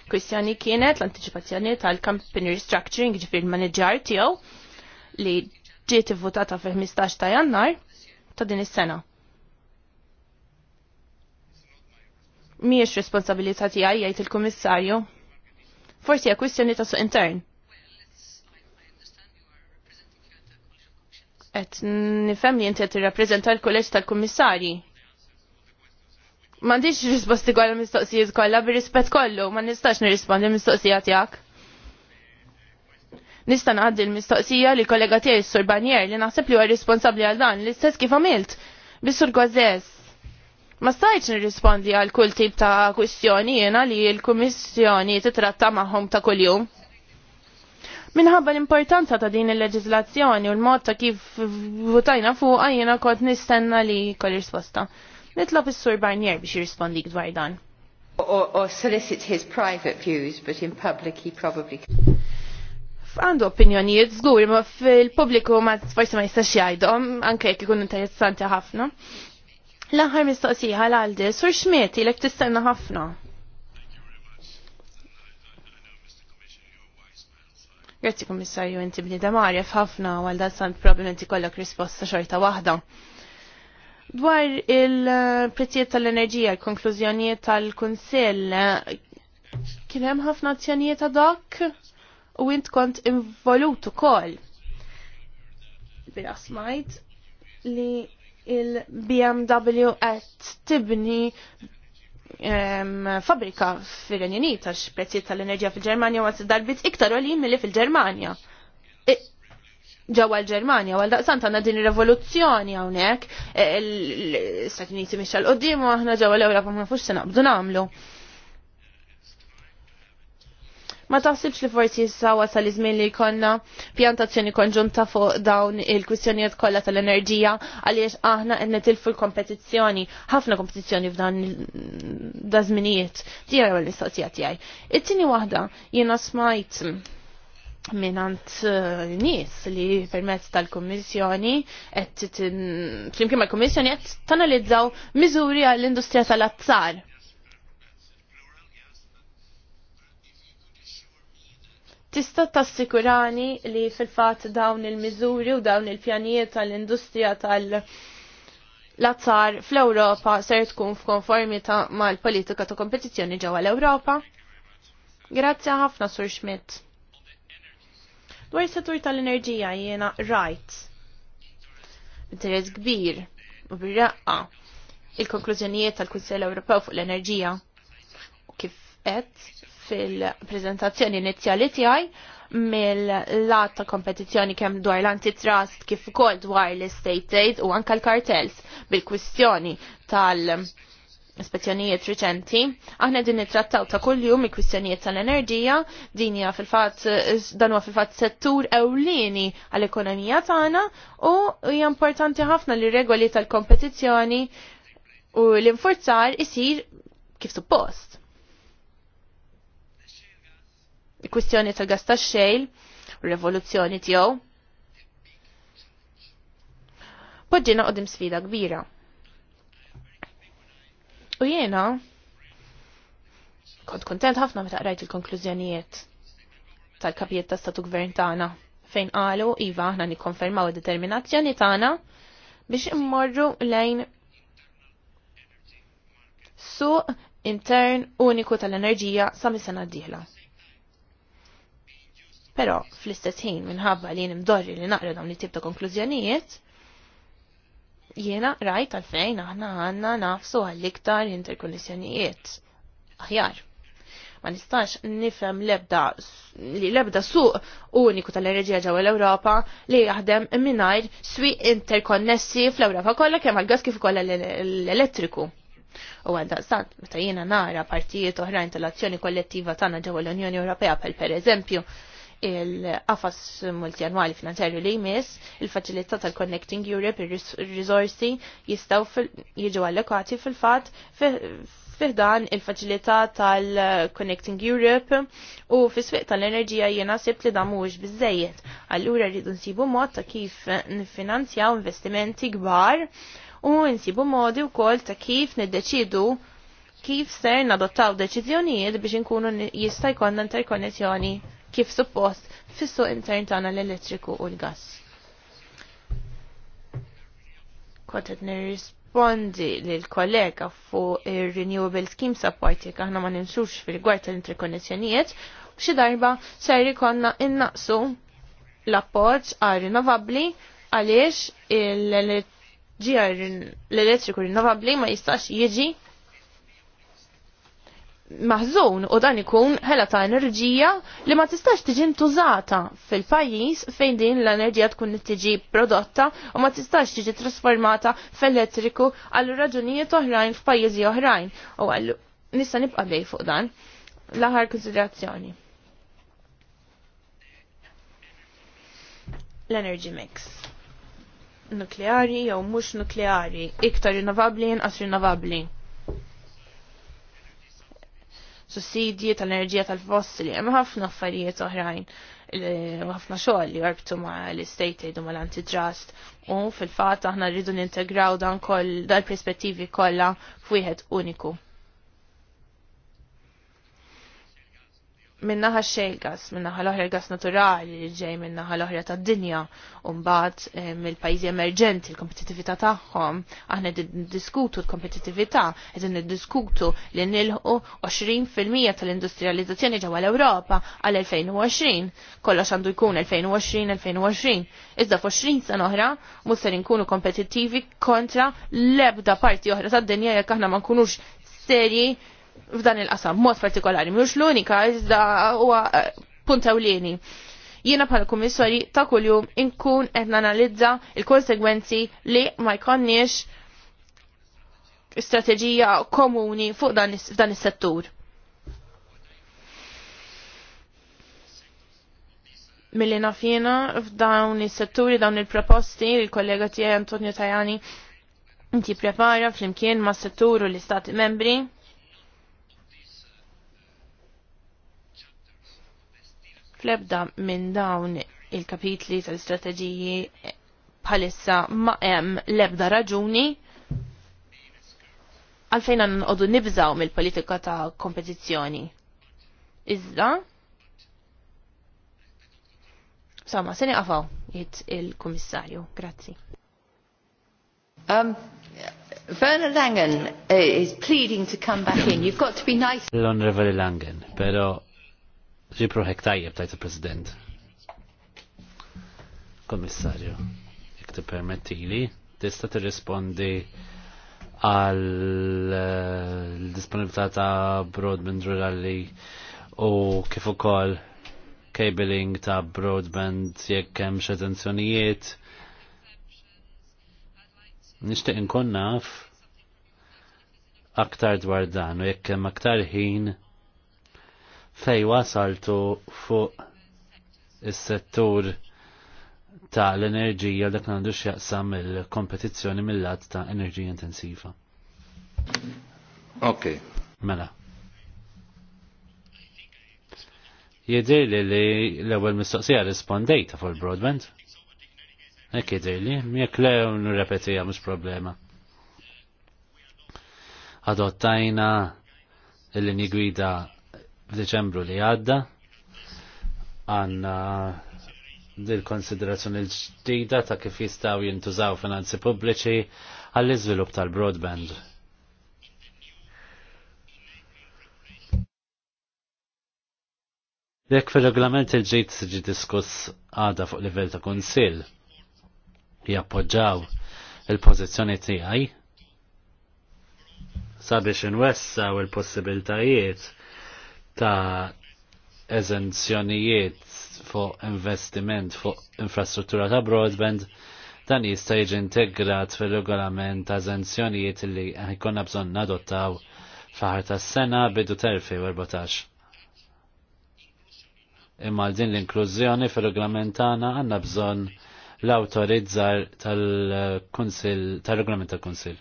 kwistjoni kienet l-anticipazzjoni tal-company restructuring ġifir il-manager tiegħu li ġiet votata fil-15 ta' jannar ta' din is-sena. miex responsabilità tiegħi jgħid il-Kummissarju. Forsi hija kwistjoni ta' suq intern. Et nifhem li inti qed tirrappreżenta l-kulleġġ tal-kummissarji. M'għandix risposti kollha mistoqsijiet kollha bir-rispett kollu, ma nistax nirrispondi mistoqsija tiegħek. Nista' ngħaddi l-mistoqsija li kollega tiegħi s-Sur Banjer li naħseb li huwa responsabbli għal dan l-istess kif għamilt bis-Sur Gozes Ma stajt nirrispondi għal kull tip ta' kwistjoni jena li l-Kummissjoni titratta magħhom ta' kuljum. Minħabba l-importanza ta' din il-leġizlazzjoni u l-mod ta' kif votajna fuq jena kont nistenna li kol risposta. Nitlob is-Sur Barnier biex jirrispondi dwar dan. Or, solicit his private views, but in public he probably għandu opinjonijiet żgur ma fil-pubbliku ma forsi ma jistax jgħidhom anke jekk ikun interessanti ħafna. L-aħħar mistoqsija għal-għaldi, sur xmieti l tistenna ħafna. Grazzi kummissarju inti bni damarja f'ħafna għal dan sant probablement kollok risposta xorta waħda. Dwar il prezziet tal-enerġija, l-konklużjonijiet tal-Kunsill, kien hemm ħafna azzjonijiet ta' dak u int kont involut ukoll. Bira smajt li il-BMW għed tibni fabrika fil-Renju tax għax tal-enerġija fil-Ġermanja għas darbit iktar għalim mill fil-Ġermanja. Ġewwa l-Ġermanja, għal daqsant għandna din ir-revoluzzjoni hawnhekk, eh, l-Stati Uniti miex għal qudiem u aħna ġewwa l europa ma nafux sena, naqbdu nagħmlu. Ma taħsibx li forsi issa wasal li żmien li jkollna pjantazzjoni konġunta fuq dawn il-kwistjonijiet kollha tal-enerġija għaliex aħna qed nitilfu l-kompetizzjoni, ħafna kompetizzjoni f'dan dażminijiet. Tiegħi għal l-istatija tiegħi. It-tieni waħda jiena smajt minant eh, nies li permezz tal-Kommissjoni qed flimkien mal-Kommissjoni qed tanalizzaw miżuri għall-industrija tal-azzar Tista tassikurani li fil-fat dawn il-miżuri u dawn il-pjanijiet tal-industrija tal- industrija tal lazzar fl-Europa ser tkun f'konformità mal-politika ta' kompetizzjoni ġewwa l-Ewropa? Grazzi ħafna Sur Schmidt. Dwar settur tal-enerġija jiena rajt. Interess kbir u birraqqa il-konklużjonijiet tal-Kunsell Ewropew fuq l-enerġija. U kif qed fil-prezentazzjoni inizjali tiegħi mill-lat ta' kompetizzjoni kemm dwar l-antitrust kif ukoll dwar l-estate aid u anke l-kartels bil-kwistjoni tal- ispezzjonijiet riċenti. Aħna din nittrattaw ta' kuljum il-kwistjonijiet tal-enerġija, din hija fil-fatt dan huwa fil-fatt settur ewlieni għall-ekonomija tagħna u hija importanti ħafna li regoli tal-kompetizzjoni u l-infurzar isir kif suppost il-kwistjoni ta' gas ta' xejl, revoluzzjoni tiegħu. Poġġina qudiem sfida kbira. U jiena kont kontent ħafna meta qrajt il-konklużjonijiet tal-kapijiet ta' statu gvern tagħna fejn qalu iva aħna nikkonfermaw id-determinazzjoni tagħna biex immorru lejn suq intern uniku tal-enerġija sa mis-sena d-dieħla. Però fl-istess ħin minħabba li nimdorri li naqra dawn it-tip ta' konklużjonijiet, jiena rajt għalfejn aħna għanna nafsu għall-iktar interkonnessjonijiet. Aħjar. Ma nistax nifhem lebda li lebda suq uniku tal-enerġija ġewwa l-Ewropa li jaħdem mingħajr swieq interkonnessi fl-Ewropa kollha kemm għall-gas kif ukoll l-elettriku. U għanda stant, meta jiena nara partijiet oħrajn tal-azzjoni kollettiva tagħna ġewwa l-Unjoni Ewropea, per pereżempju, il-qafas multianwali finanzjarju li jmiss, il-faċilità tal-Connecting Europe, il-risorsi jistaw jiġu allokati fil-fat fiħdan il-faċilità tal-Connecting Europe u fis-swieq tal-enerġija jiena sibt li damuġ mhuwiex Allura rridu nsibu mod ta' kif niffinanzjaw investimenti kbar u nsibu modi wkoll ta' kif niddeċidu kif ser nadottaw deċizjonijiet biex inkunu jista' jkollna interkonnessjoni kif suppost fis-suq intern tagħna l-elettriku u l-gass. Kont qed nirrispondi l kollega fuq ir-Renewable Scheme Support jekk aħna ma nimxux fil gwart tal-interkonnessjonijiet, xi darba ser ikonna innaqsu l-appoġġ għal rinnovabbli għaliex l-elettriku rinnovabbli ma jistax jiġi maħżun u dan ikun ħela ta' enerġija li ma tistax tiġi ntużata fil-pajjiż fejn din l-enerġija tkun tiġi prodotta u ma tistax tiġi trasformata f'elettriku għal raġunijiet oħrajn f'pajjiżi oħrajn u għallu nista' nibqa' bej fuq dan l-aħħar konsiderazzjoni. L-energy mix nukleari jew mhux nukleari, iktar rinnovabbli inqas rinnovabbli sussidji tal-enerġija tal-fossili, hemm ħafna affarijiet oħrajn u eh, ħafna xogħol li jorbtu ma' l istate aid u mal antitrust u fil-fatt aħna rridu nintegraw dan kol dal-perspettivi kollha f'wieħed uniku. minnaħa xejl gas, minnaħa l-oħra gas naturali li ġej minnaħa l-oħra ta' dinja umbat eh, mill-pajzi emerġenti l-kompetitività tagħhom, aħna diskutu l-kompetitività, għedin diskutu li nilħu 20% tal-industrializzazzjoni ġewwa l-Ewropa għal 2020, kollox għandu jkun 2020-2020. Iżda 20 sena oħra mhux se nkunu kompetittivi kontra l-ebda parti oħra tad-dinja jekk aħna ma nkunux serji f'dan il-qasam, mod partikolari, mhux l-unika, iżda huwa eh, punt ewlieni. Jiena bħal kummissarji ta' kuljum inkun qed nanalizza il-konsegwenzi li ma jkonniex strateġija komuni fuq dan is-settur. Milli naf jiena f'dawn is-setturi dawn il-proposti il-kollega tiegħi Antonio Tajani inti prepara flimkien ma' settur u l-istati membri Flebda minn dawn il-kapitli tal strategiji bħalissa ma hemm lebda raġuni għalfejn għan nqodu nibżaw mill-politika ta' kompetizzjoni. Iżda, sama, se għafaw, jitt il-komissarju, grazzi. Um, Werner Langen uh, is pleading to come back in. You've got to be nice. l Langen, pero ġibru hekk tajjeb tajt il-President. Komissarju, jek ti permettili, tista tirrispondi għal eh, disponibilità ta' broadband rurali u kif ukoll cabling ta' broadband jekk hemm xetenzjonijiet. Nixtieq inkun naf aktar dwar dan u jekk hemm aktar ħin fej wasaltu fuq is-settur ta' l-enerġija dak għandu x'jaqsam il-kompetizzjoni mill-lat ta' enerġija intensiva. Ok. Mela. Jidir li li l-ewwel mistoqsija rispondejta fuq il-broadband. Hekk jidir li, le repetija mhux problema. Adottajna l-linji gwida Deċembru li għadda għanna dil konsiderazzjoni l-ġdida ta' kif jistaw jintużaw finanzi pubbliċi għall-iżvilupp tal-broadband. Jekk fil-reglament il-ġejt siġi diskuss għada fuq livell ta' kunsill jappoġġaw il-pożizzjoni tiegħi sabiex inwessaw il-possibiltajiet ta' eżenzjonijiet fuq investiment fuq infrastruttura ta' broadband dan jista' jiġi integrat fir-regolament ta' eżenzjonijiet li jkollna bżonn nadottaw fl-aħħar tas-sena bidu terfi 14. Imma din l-inklużjoni fir-regolament tagħna għandna bżonn l-awtorizzar tal-Kunsill tal-Regolament tal-Kunsill.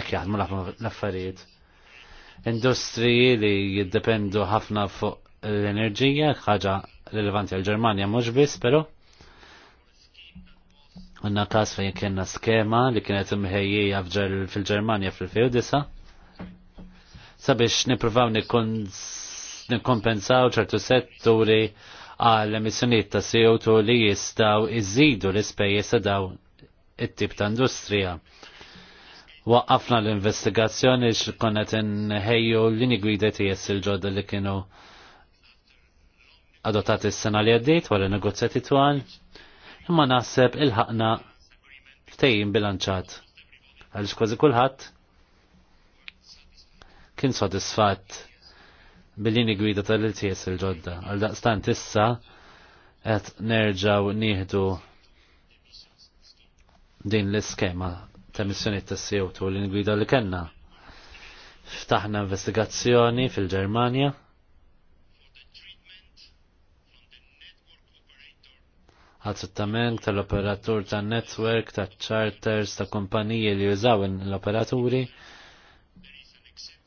Ekk jaħdmu l-affarijiet industriji li jiddependu ħafna fuq l-enerġija, ħaġa rilevanti għal ġermanja mhux biss, però għanna kas fejn kienna skema li kienet imħejjija fil-Ġermanja fil-2009 sabiex nipruvaw nikkompensaw ċertu setturi għal emissjoniet ta' CO2 li jistaw iżidu l-ispejjeż ta' daw it-tip ta' industrija. Waqqafna l-investigazzjoni x'konet inħejju l-lini gwida tiegħek il-ġodda li kienu adottati s-sena li għaddit wara negozjati twal, imma naħseb il-ħaqna ftejjin bilanċat. Għaliex kważi kullħat kien sodisfatt bil-lini gwida tal tijess il-ġodda. Għal daqstant issa qed nerġaw nieħdu din l-iskema emissjoni ta' CO2 li ngwida li kellna. Ftaħna investigazzjoni fil-Ġermanja. għal tal-operatur ta' network ta' charters ta' kumpaniji li jużaw l-operaturi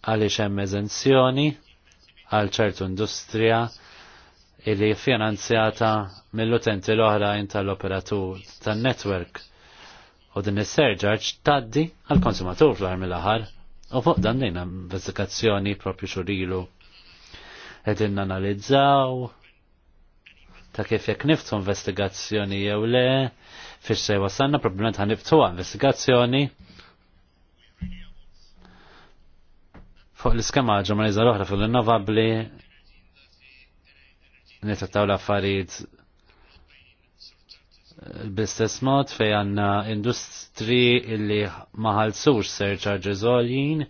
għaliex hemm eżenzjoni għal ċertu industrija illi finanzjata mill-utenti l-oħrajn tal-operatur tan-network u din is-serġarġ taddi għal konsumatur fl-għar mill-aħħar u fuq dan lejna investigazzjoni propju xurilu qegħdin nanalizzaw ta' kif jekk niftu investigazzjoni jew le fiex se wasanna probabbilment ħan niftuha investigazzjoni fuq l-iskema l oħra fil-innovabbli nitrattaw l-affarijiet bl-istess mod fej għanna industri illi maħalsux surcharges għoljien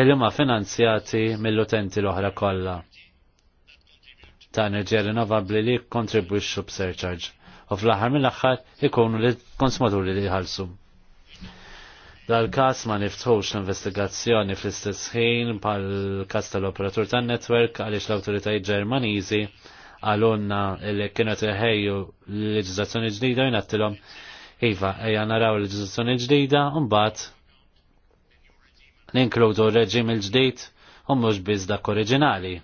illi ma finanzjati mill-utenti l-oħra kollha. Ta' enerġija rinnovabli li kontribwixxu b'surcharge u fl-aħħar mill-aħħar ikunu li konsumaturi li jħallsu. Dal-kas ma niftħux l-investigazzjoni fl-istess ħin pal-kas tal-operatur tan-netwerk għaliex l-awtoritajiet Ġermaniżi għalunna li kienu teħeju l-leġizazzjoni ġdida t-tilom, Iva, eja naraw l-leġizazzjoni ġdida, bat, ninkludu reġim il-ġdid u mux biz dak oriġinali.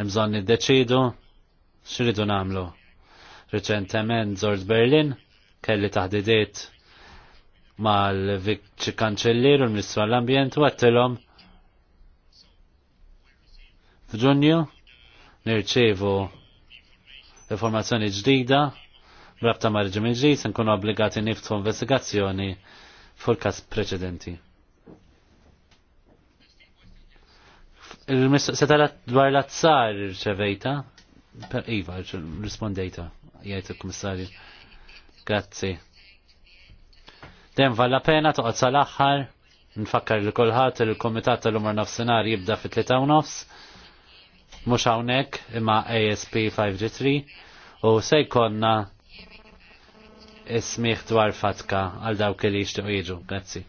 Imżon niddeċidu xridu namlu. Reċentement Zord Berlin kelli taħdidiet mal vikċi Kanċellir u l-Ministru għall-Ambjent u għattilhom f'Ġunju nirċevu informazzjoni ġdida rabta ma' reġim ġdid nkunu obbligati niftu investigazzjoni fuq każ preċedenti. Il-mistoqsija dwar l-azzar per Iva, rispondejta, jgħid il-Kummissarju. Grazzi. Dem valla pena toqgħod sal-aħħar, nfakkar li kulħadd il-Kumitat tal-Umar Nofsinhar jibda fit u nofs mux għawnek imma ASP 5G3 u se jkonna ismiħ dwar fatka għal dawk li jishtiqu jiġu. Grazzi.